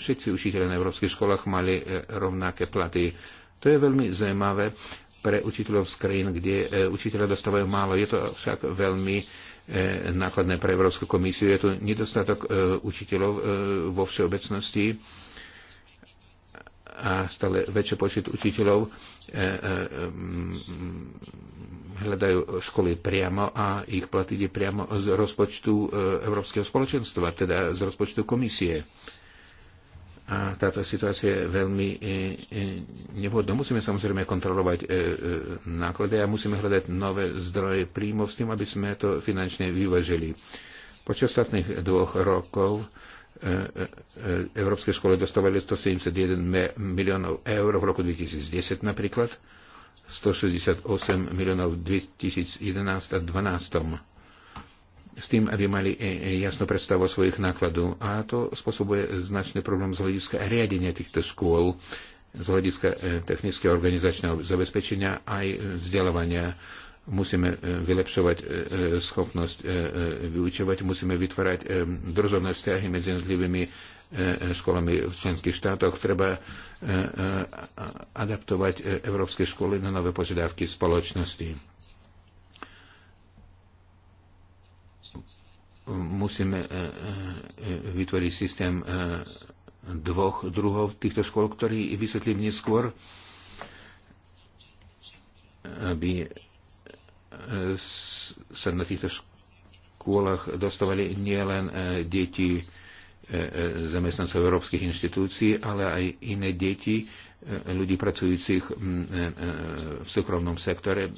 všetci učiteľe na európskych školách mali rovnaké platy. To je veľmi zaujímavé pre učiteľov z krajín, kde učiteľe dostávajú málo. Je to však veľmi E, nákladné pre Európsku komisiu. Je tu nedostatok e, učiteľov e, vo všeobecnosti a stále väčší počet učiteľov mm, hľadajú školy priamo a ich platí priamo z rozpočtu Európskeho spoločenstva, teda z rozpočtu komisie. A táto situácia je veľmi e, e, nevhodná. Musíme samozrejme kontrolovať e, náklady a musíme hľadať nové zdroje príjmov s tým, aby sme to finančne vyvažili. Počas ostatných dvoch rokov európske školy dostávali 171 miliónov eur v roku 2010 napríklad, 168 miliónov v 2011 a 2012 s tým, aby mali e, e, jasnú predstavu o svojich nákladu. A to spôsobuje značný problém z hľadiska riadenia týchto škôl, z hľadiska e, technického organizačného zabezpečenia aj vzdelávania. Musíme vylepšovať schopnosť vyučovať, musíme vytvárať dozorné vzťahy medzi jednotlivými školami v členských štátoch. Treba adaptovať európske školy na nové požiadavky spoločnosti musíme e, e, e, vytvoriť systém dvoch druhov týchto škôl, ktorý vysvetlím neskôr, aby sa na týchto škôlach dostávali nielen deti zamestnancov európskych inštitúcií, ale aj iné deti, ľudí pracujúcich v súkromnom sektore,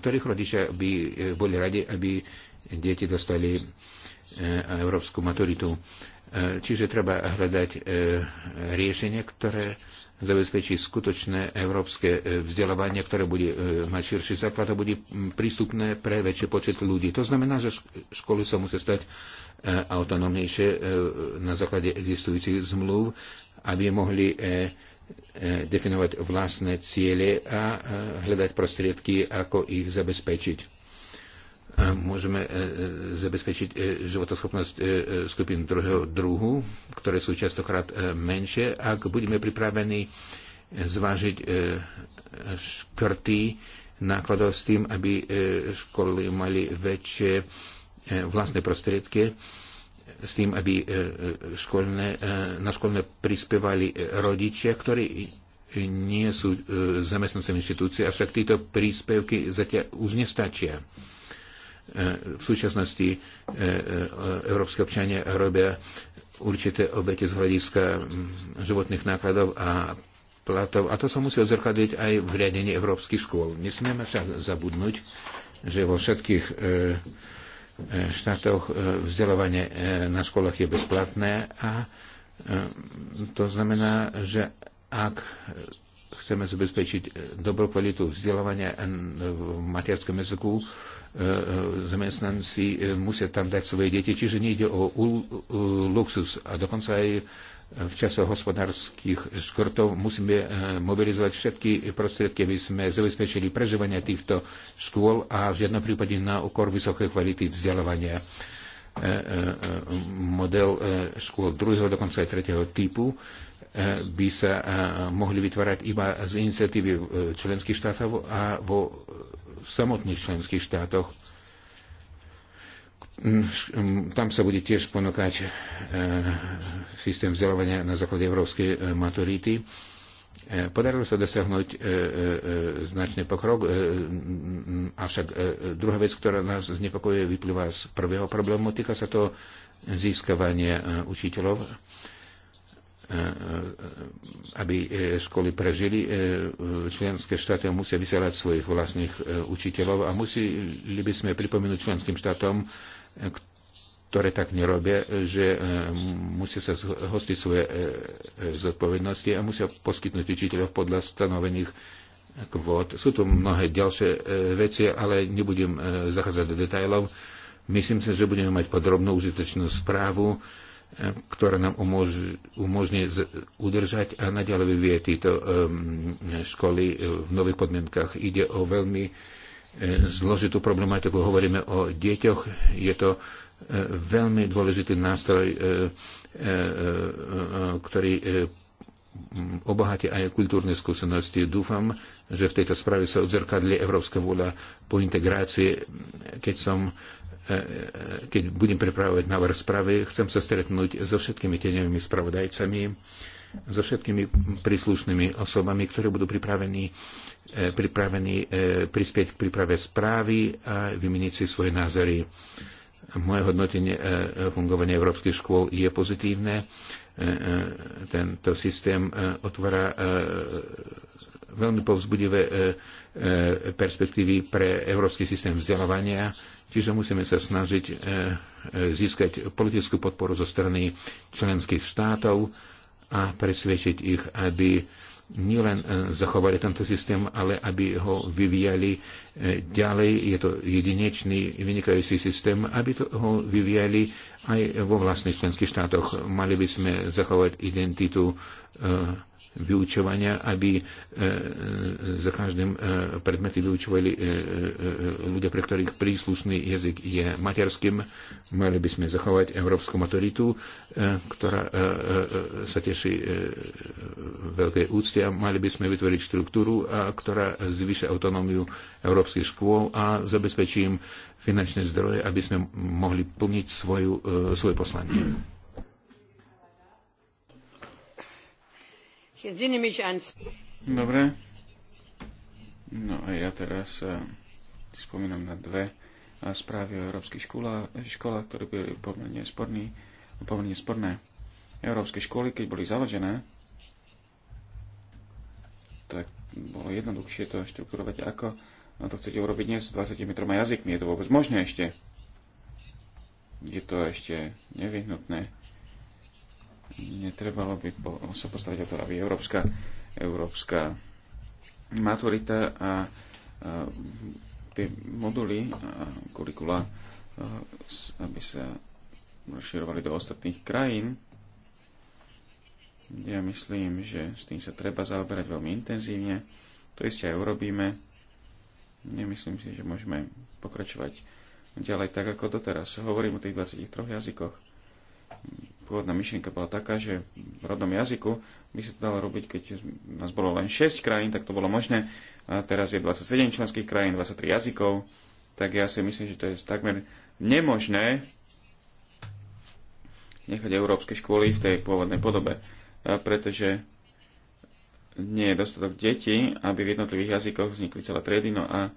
ktorých rodičia by boli radi, aby deti dostali E, a európsku maturitu. E, čiže treba hľadať e, riešenie, ktoré zabezpečí skutočné európske vzdelávanie, ktoré bude mať širší základ a bude prístupné pre väčší počet ľudí. To znamená, že školy sa musia stať autonómnejšie na základe existujúcich zmluv, aby mohli definovať vlastné ciele a hľadať prostriedky, ako ich zabezpečiť môžeme e, e, zabezpečiť e, životoschopnosť skupín druhého druhu, ktoré sú častokrát menšie, ak budeme pripravení zvážiť škrty nákladov s tým, aby školy mali väčšie vlastné prostriedky, s tým, aby školné, na školné prispievali rodičia, ktorí nie sú zamestnancami inštitúcie, avšak títo príspevky zatiaľ už nestačia. E, v súčasnosti e, e, európske občania robia určité obete z hľadiska mm, životných nákladov a platov. A to sa musí odzrkadliť aj v riadení európskych škôl. Nesmieme však zabudnúť, že vo všetkých štátoch vzdelávanie na školách je bezplatné a to znamená, že ak chceme zabezpečiť dobrú kvalitu vzdelávania v materskom jazyku, E, e, zamestnanci e, musia tam dať svoje deti, čiže nejde o luxus. A dokonca aj v čase hospodárskych škrtov musíme mobilizovať všetky prostriedky, aby sme zabezpečili prežívanie týchto škôl a v žiadnom prípade na okor vysokej kvality vzdelávania model škôl druhého, dokonca aj tretieho typu by sa mohli vytvárať iba z iniciatívy členských štátov a vo v samotných členských štátoch. Mm, mm, tam sa bude tiež ponúkať e, systém vzdelávania na základe európskej e, maturity. E, podarilo sa dosiahnuť značný pokrok, mm, avšak druhá vec, ktorá nás znepokojuje, vyplýva z prvého problému, týka sa to získavania učiteľov E, e, aby e, školy prežili, členské štáty musia vysielať svojich vlastných učiteľov a museli by sme pripomenúť členským štátom, ktoré tak nerobia, že musia sa hostiť svoje zodpovednosti a musia poskytnúť učiteľov podľa stanovených kvót. Sú tu mnohé ďalšie veci, ale nebudem zachádzať do detajlov. Myslím si, že budeme mať podrobnú užitočnú správu ktoré nám umož, umožní udržať a naďalej vyvieť tieto školy e, v nových podmienkach. Ide o veľmi e, zložitú problematiku. Hovoríme o deťoch. Je to e, veľmi dôležitý nástroj, ktorý obohatí aj kultúrne skúsenosti. Dúfam, že v tejto správe sa odzrkadli Európska vôľa po integrácii. Keď som E, e, keď budem pripravovať návrh správy, chcem sa stretnúť so všetkými tenevými spravodajcami, so všetkými príslušnými osobami, ktoré budú pripravení, e, pripravení prispieť k príprave správy a vymeniť si svoje názory. Moje hodnotenie fungovania európskych škôl je pozitívne. Tento systém otvára veľmi povzbudivé perspektívy pre európsky systém vzdelávania Čiže musíme sa snažiť e, e, získať politickú podporu zo strany členských štátov a presvedčiť ich, aby nielen e, zachovali tento systém, ale aby ho vyvíjali ďalej. Je to jedinečný, vynikajúci systém, aby to ho vyvíjali aj vo vlastných členských štátoch. Mali by sme zachovať identitu vyučovania, aby e, e, za každým e, predmety vyučovali ľudia, pre ktorých príslušný jazyk je materským. Mali by sme zachovať európsku maturitu, ktorá sa teší veľkej úcte a mali by sme vytvoriť štruktúru, ktorá zvyšuje autonómiu európskych škôl a zabezpečí im finančné zdroje, aby sme mohli plniť svoju, svoje poslanie. Dobre. No a ja teraz e, spomínam na dve e, správy o európskych školách, škola, ktoré boli pomerne, sporný, pomerne sporné. Európske školy, keď boli založené, tak bolo jednoduchšie to štruktúrovať ako a to chcete urobiť dnes s 23 jazykmi. Je to vôbec možné ešte? Je to ešte nevyhnutné netrebalo by po, sa postaviť o to, aby európska, európska maturita a, a tie moduly a kurikula, a, aby sa rozširovali do ostatných krajín. Ja myslím, že s tým sa treba zaoberať veľmi intenzívne. To isté aj urobíme. Nemyslím si, že môžeme pokračovať ďalej tak ako doteraz. Hovorím o tých 23 jazykoch pôvodná myšlienka bola taká, že v rodnom jazyku by sa to dalo robiť, keď nás bolo len 6 krajín, tak to bolo možné. A teraz je 27 členských krajín, 23 jazykov, tak ja si myslím, že to je takmer nemožné nechať európske školy v tej pôvodnej podobe, pretože nie je dostatok detí, aby v jednotlivých jazykoch vznikli celé triedy, no a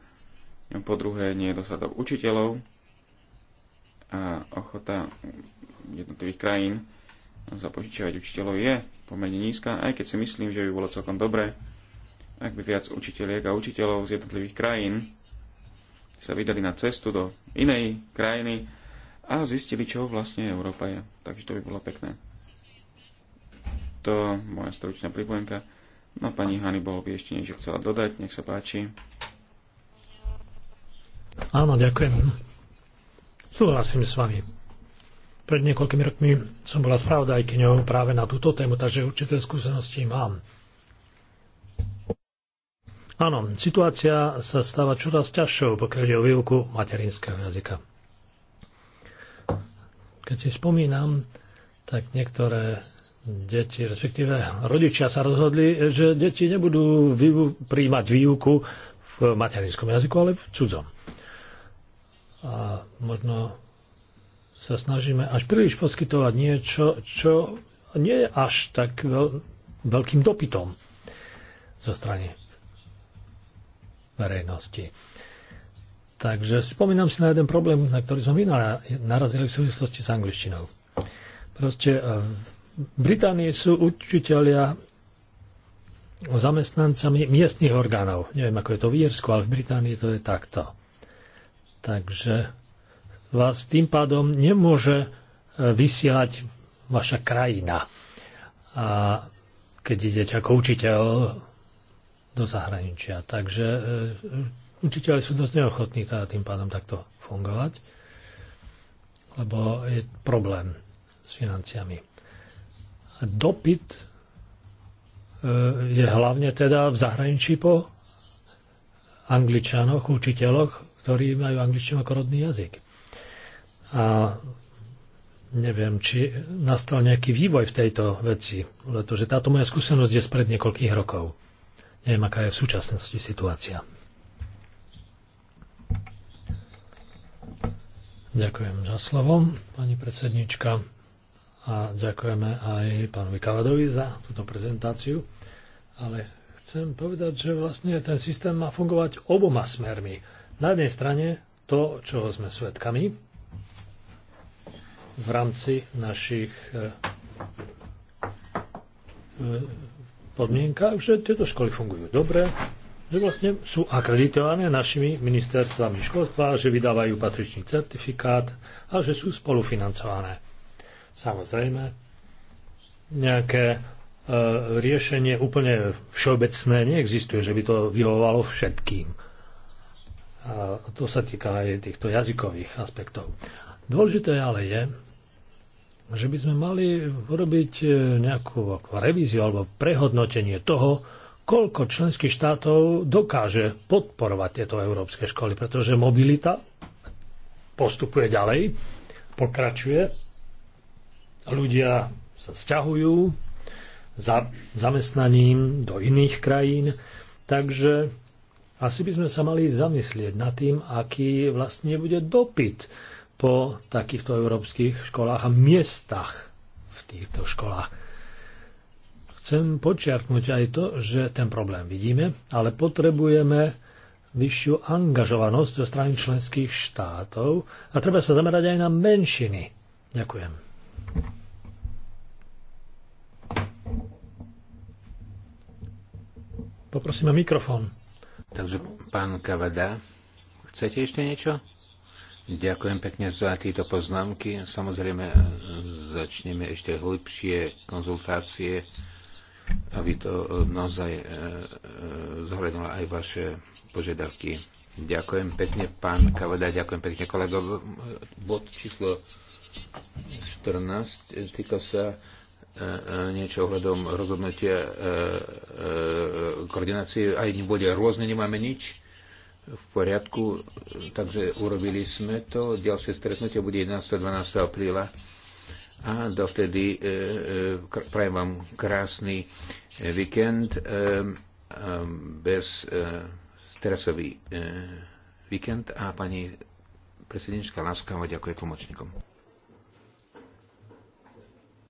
po druhé nie je dostatok učiteľov, a ochota jednotlivých krajín zapožičiavať učiteľov je pomerne nízka, aj keď si myslím, že by bolo celkom dobré, ak by viac učiteľiek a učiteľov z jednotlivých krajín sa vydali na cestu do inej krajiny a zistili, čo vlastne Európa je. Takže to by bolo pekné. To moja stručná pripojenka. No pani Hany, bolo by ešte niečo chcela dodať, nech sa páči. Áno, ďakujem. Súhlasím s vami. Pred niekoľkými rokmi som bola spravodajkyňou práve na túto tému, takže určité skúsenosti mám. Áno, situácia sa stáva čoraz ťažšou, pokiaľ ide o výuku materinského jazyka. Keď si spomínam, tak niektoré deti, respektíve rodičia sa rozhodli, že deti nebudú výu- príjmať výuku v materinskom jazyku, ale v cudzom a možno sa snažíme až príliš poskytovať niečo, čo nie je až tak veľ, veľkým dopytom zo strany verejnosti. Takže spomínam si na jeden problém, na ktorý sme my narazili v súvislosti s angličtinou. Proste e, v Británii sú učiteľia zamestnancami miestnych orgánov. Neviem, ako je to v Írsku, ale v Británii to je takto. Takže vás tým pádom nemôže e, vysielať vaša krajina. A keď idete ako učiteľ do zahraničia. Takže učiteľ učiteľi sú dosť neochotní teda tým pádom takto fungovať, lebo je problém s financiami. Dopyt e, je hlavne teda v zahraničí po angličanoch, učiteľoch, ktorí majú angličtinu ako rodný jazyk. A neviem, či nastal nejaký vývoj v tejto veci, pretože táto moja skúsenosť je spred niekoľkých rokov. Neviem, aká je v súčasnosti situácia. Ďakujem za slovo, pani predsednička, a ďakujeme aj pánovi Kavadovi za túto prezentáciu. Ale chcem povedať, že vlastne ten systém má fungovať oboma smermi na jednej strane to, čoho sme svedkami v rámci našich e, e, podmienkach, že tieto školy fungujú dobre, že vlastne sú akreditované našimi ministerstvami školstva, že vydávajú patričný certifikát a že sú spolufinancované. Samozrejme, nejaké e, riešenie úplne všeobecné neexistuje, že by to vyhovovalo všetkým. A to sa týka aj týchto jazykových aspektov. Dôležité ale je, že by sme mali urobiť e, nejakú revíziu alebo prehodnotenie toho, koľko členských štátov dokáže podporovať tieto európske školy, pretože mobilita postupuje ďalej, pokračuje, ľudia sa stiahujú za zamestnaním do iných krajín, takže asi by sme sa mali zamyslieť nad tým, aký vlastne bude dopyt po takýchto európskych školách a miestach v týchto školách. Chcem počiarknúť aj to, že ten problém vidíme, ale potrebujeme vyššiu angažovanosť zo strany členských štátov a treba sa zamerať aj na menšiny. Ďakujem. o mikrofón. Takže, pán Kavada, chcete ešte niečo? Ďakujem pekne za tieto poznámky. Samozrejme, začneme ešte hĺbšie konzultácie, aby to naozaj e, e, zohľadnilo aj vaše požiadavky. Ďakujem pekne, pán Kavada, ďakujem pekne, kolegov. Bod číslo 14 e, týka sa E, e, niečo ohľadom rozhodnutia e, koordinácie. Aj bude rôzne, nemáme nič v poriadku, takže urobili sme to. Ďalšie stretnutie bude 11. 12. apríla a dovtedy prajem vám krásny víkend bez stresový víkend a pani predsednička láskavo ďakuje tlmočníkom.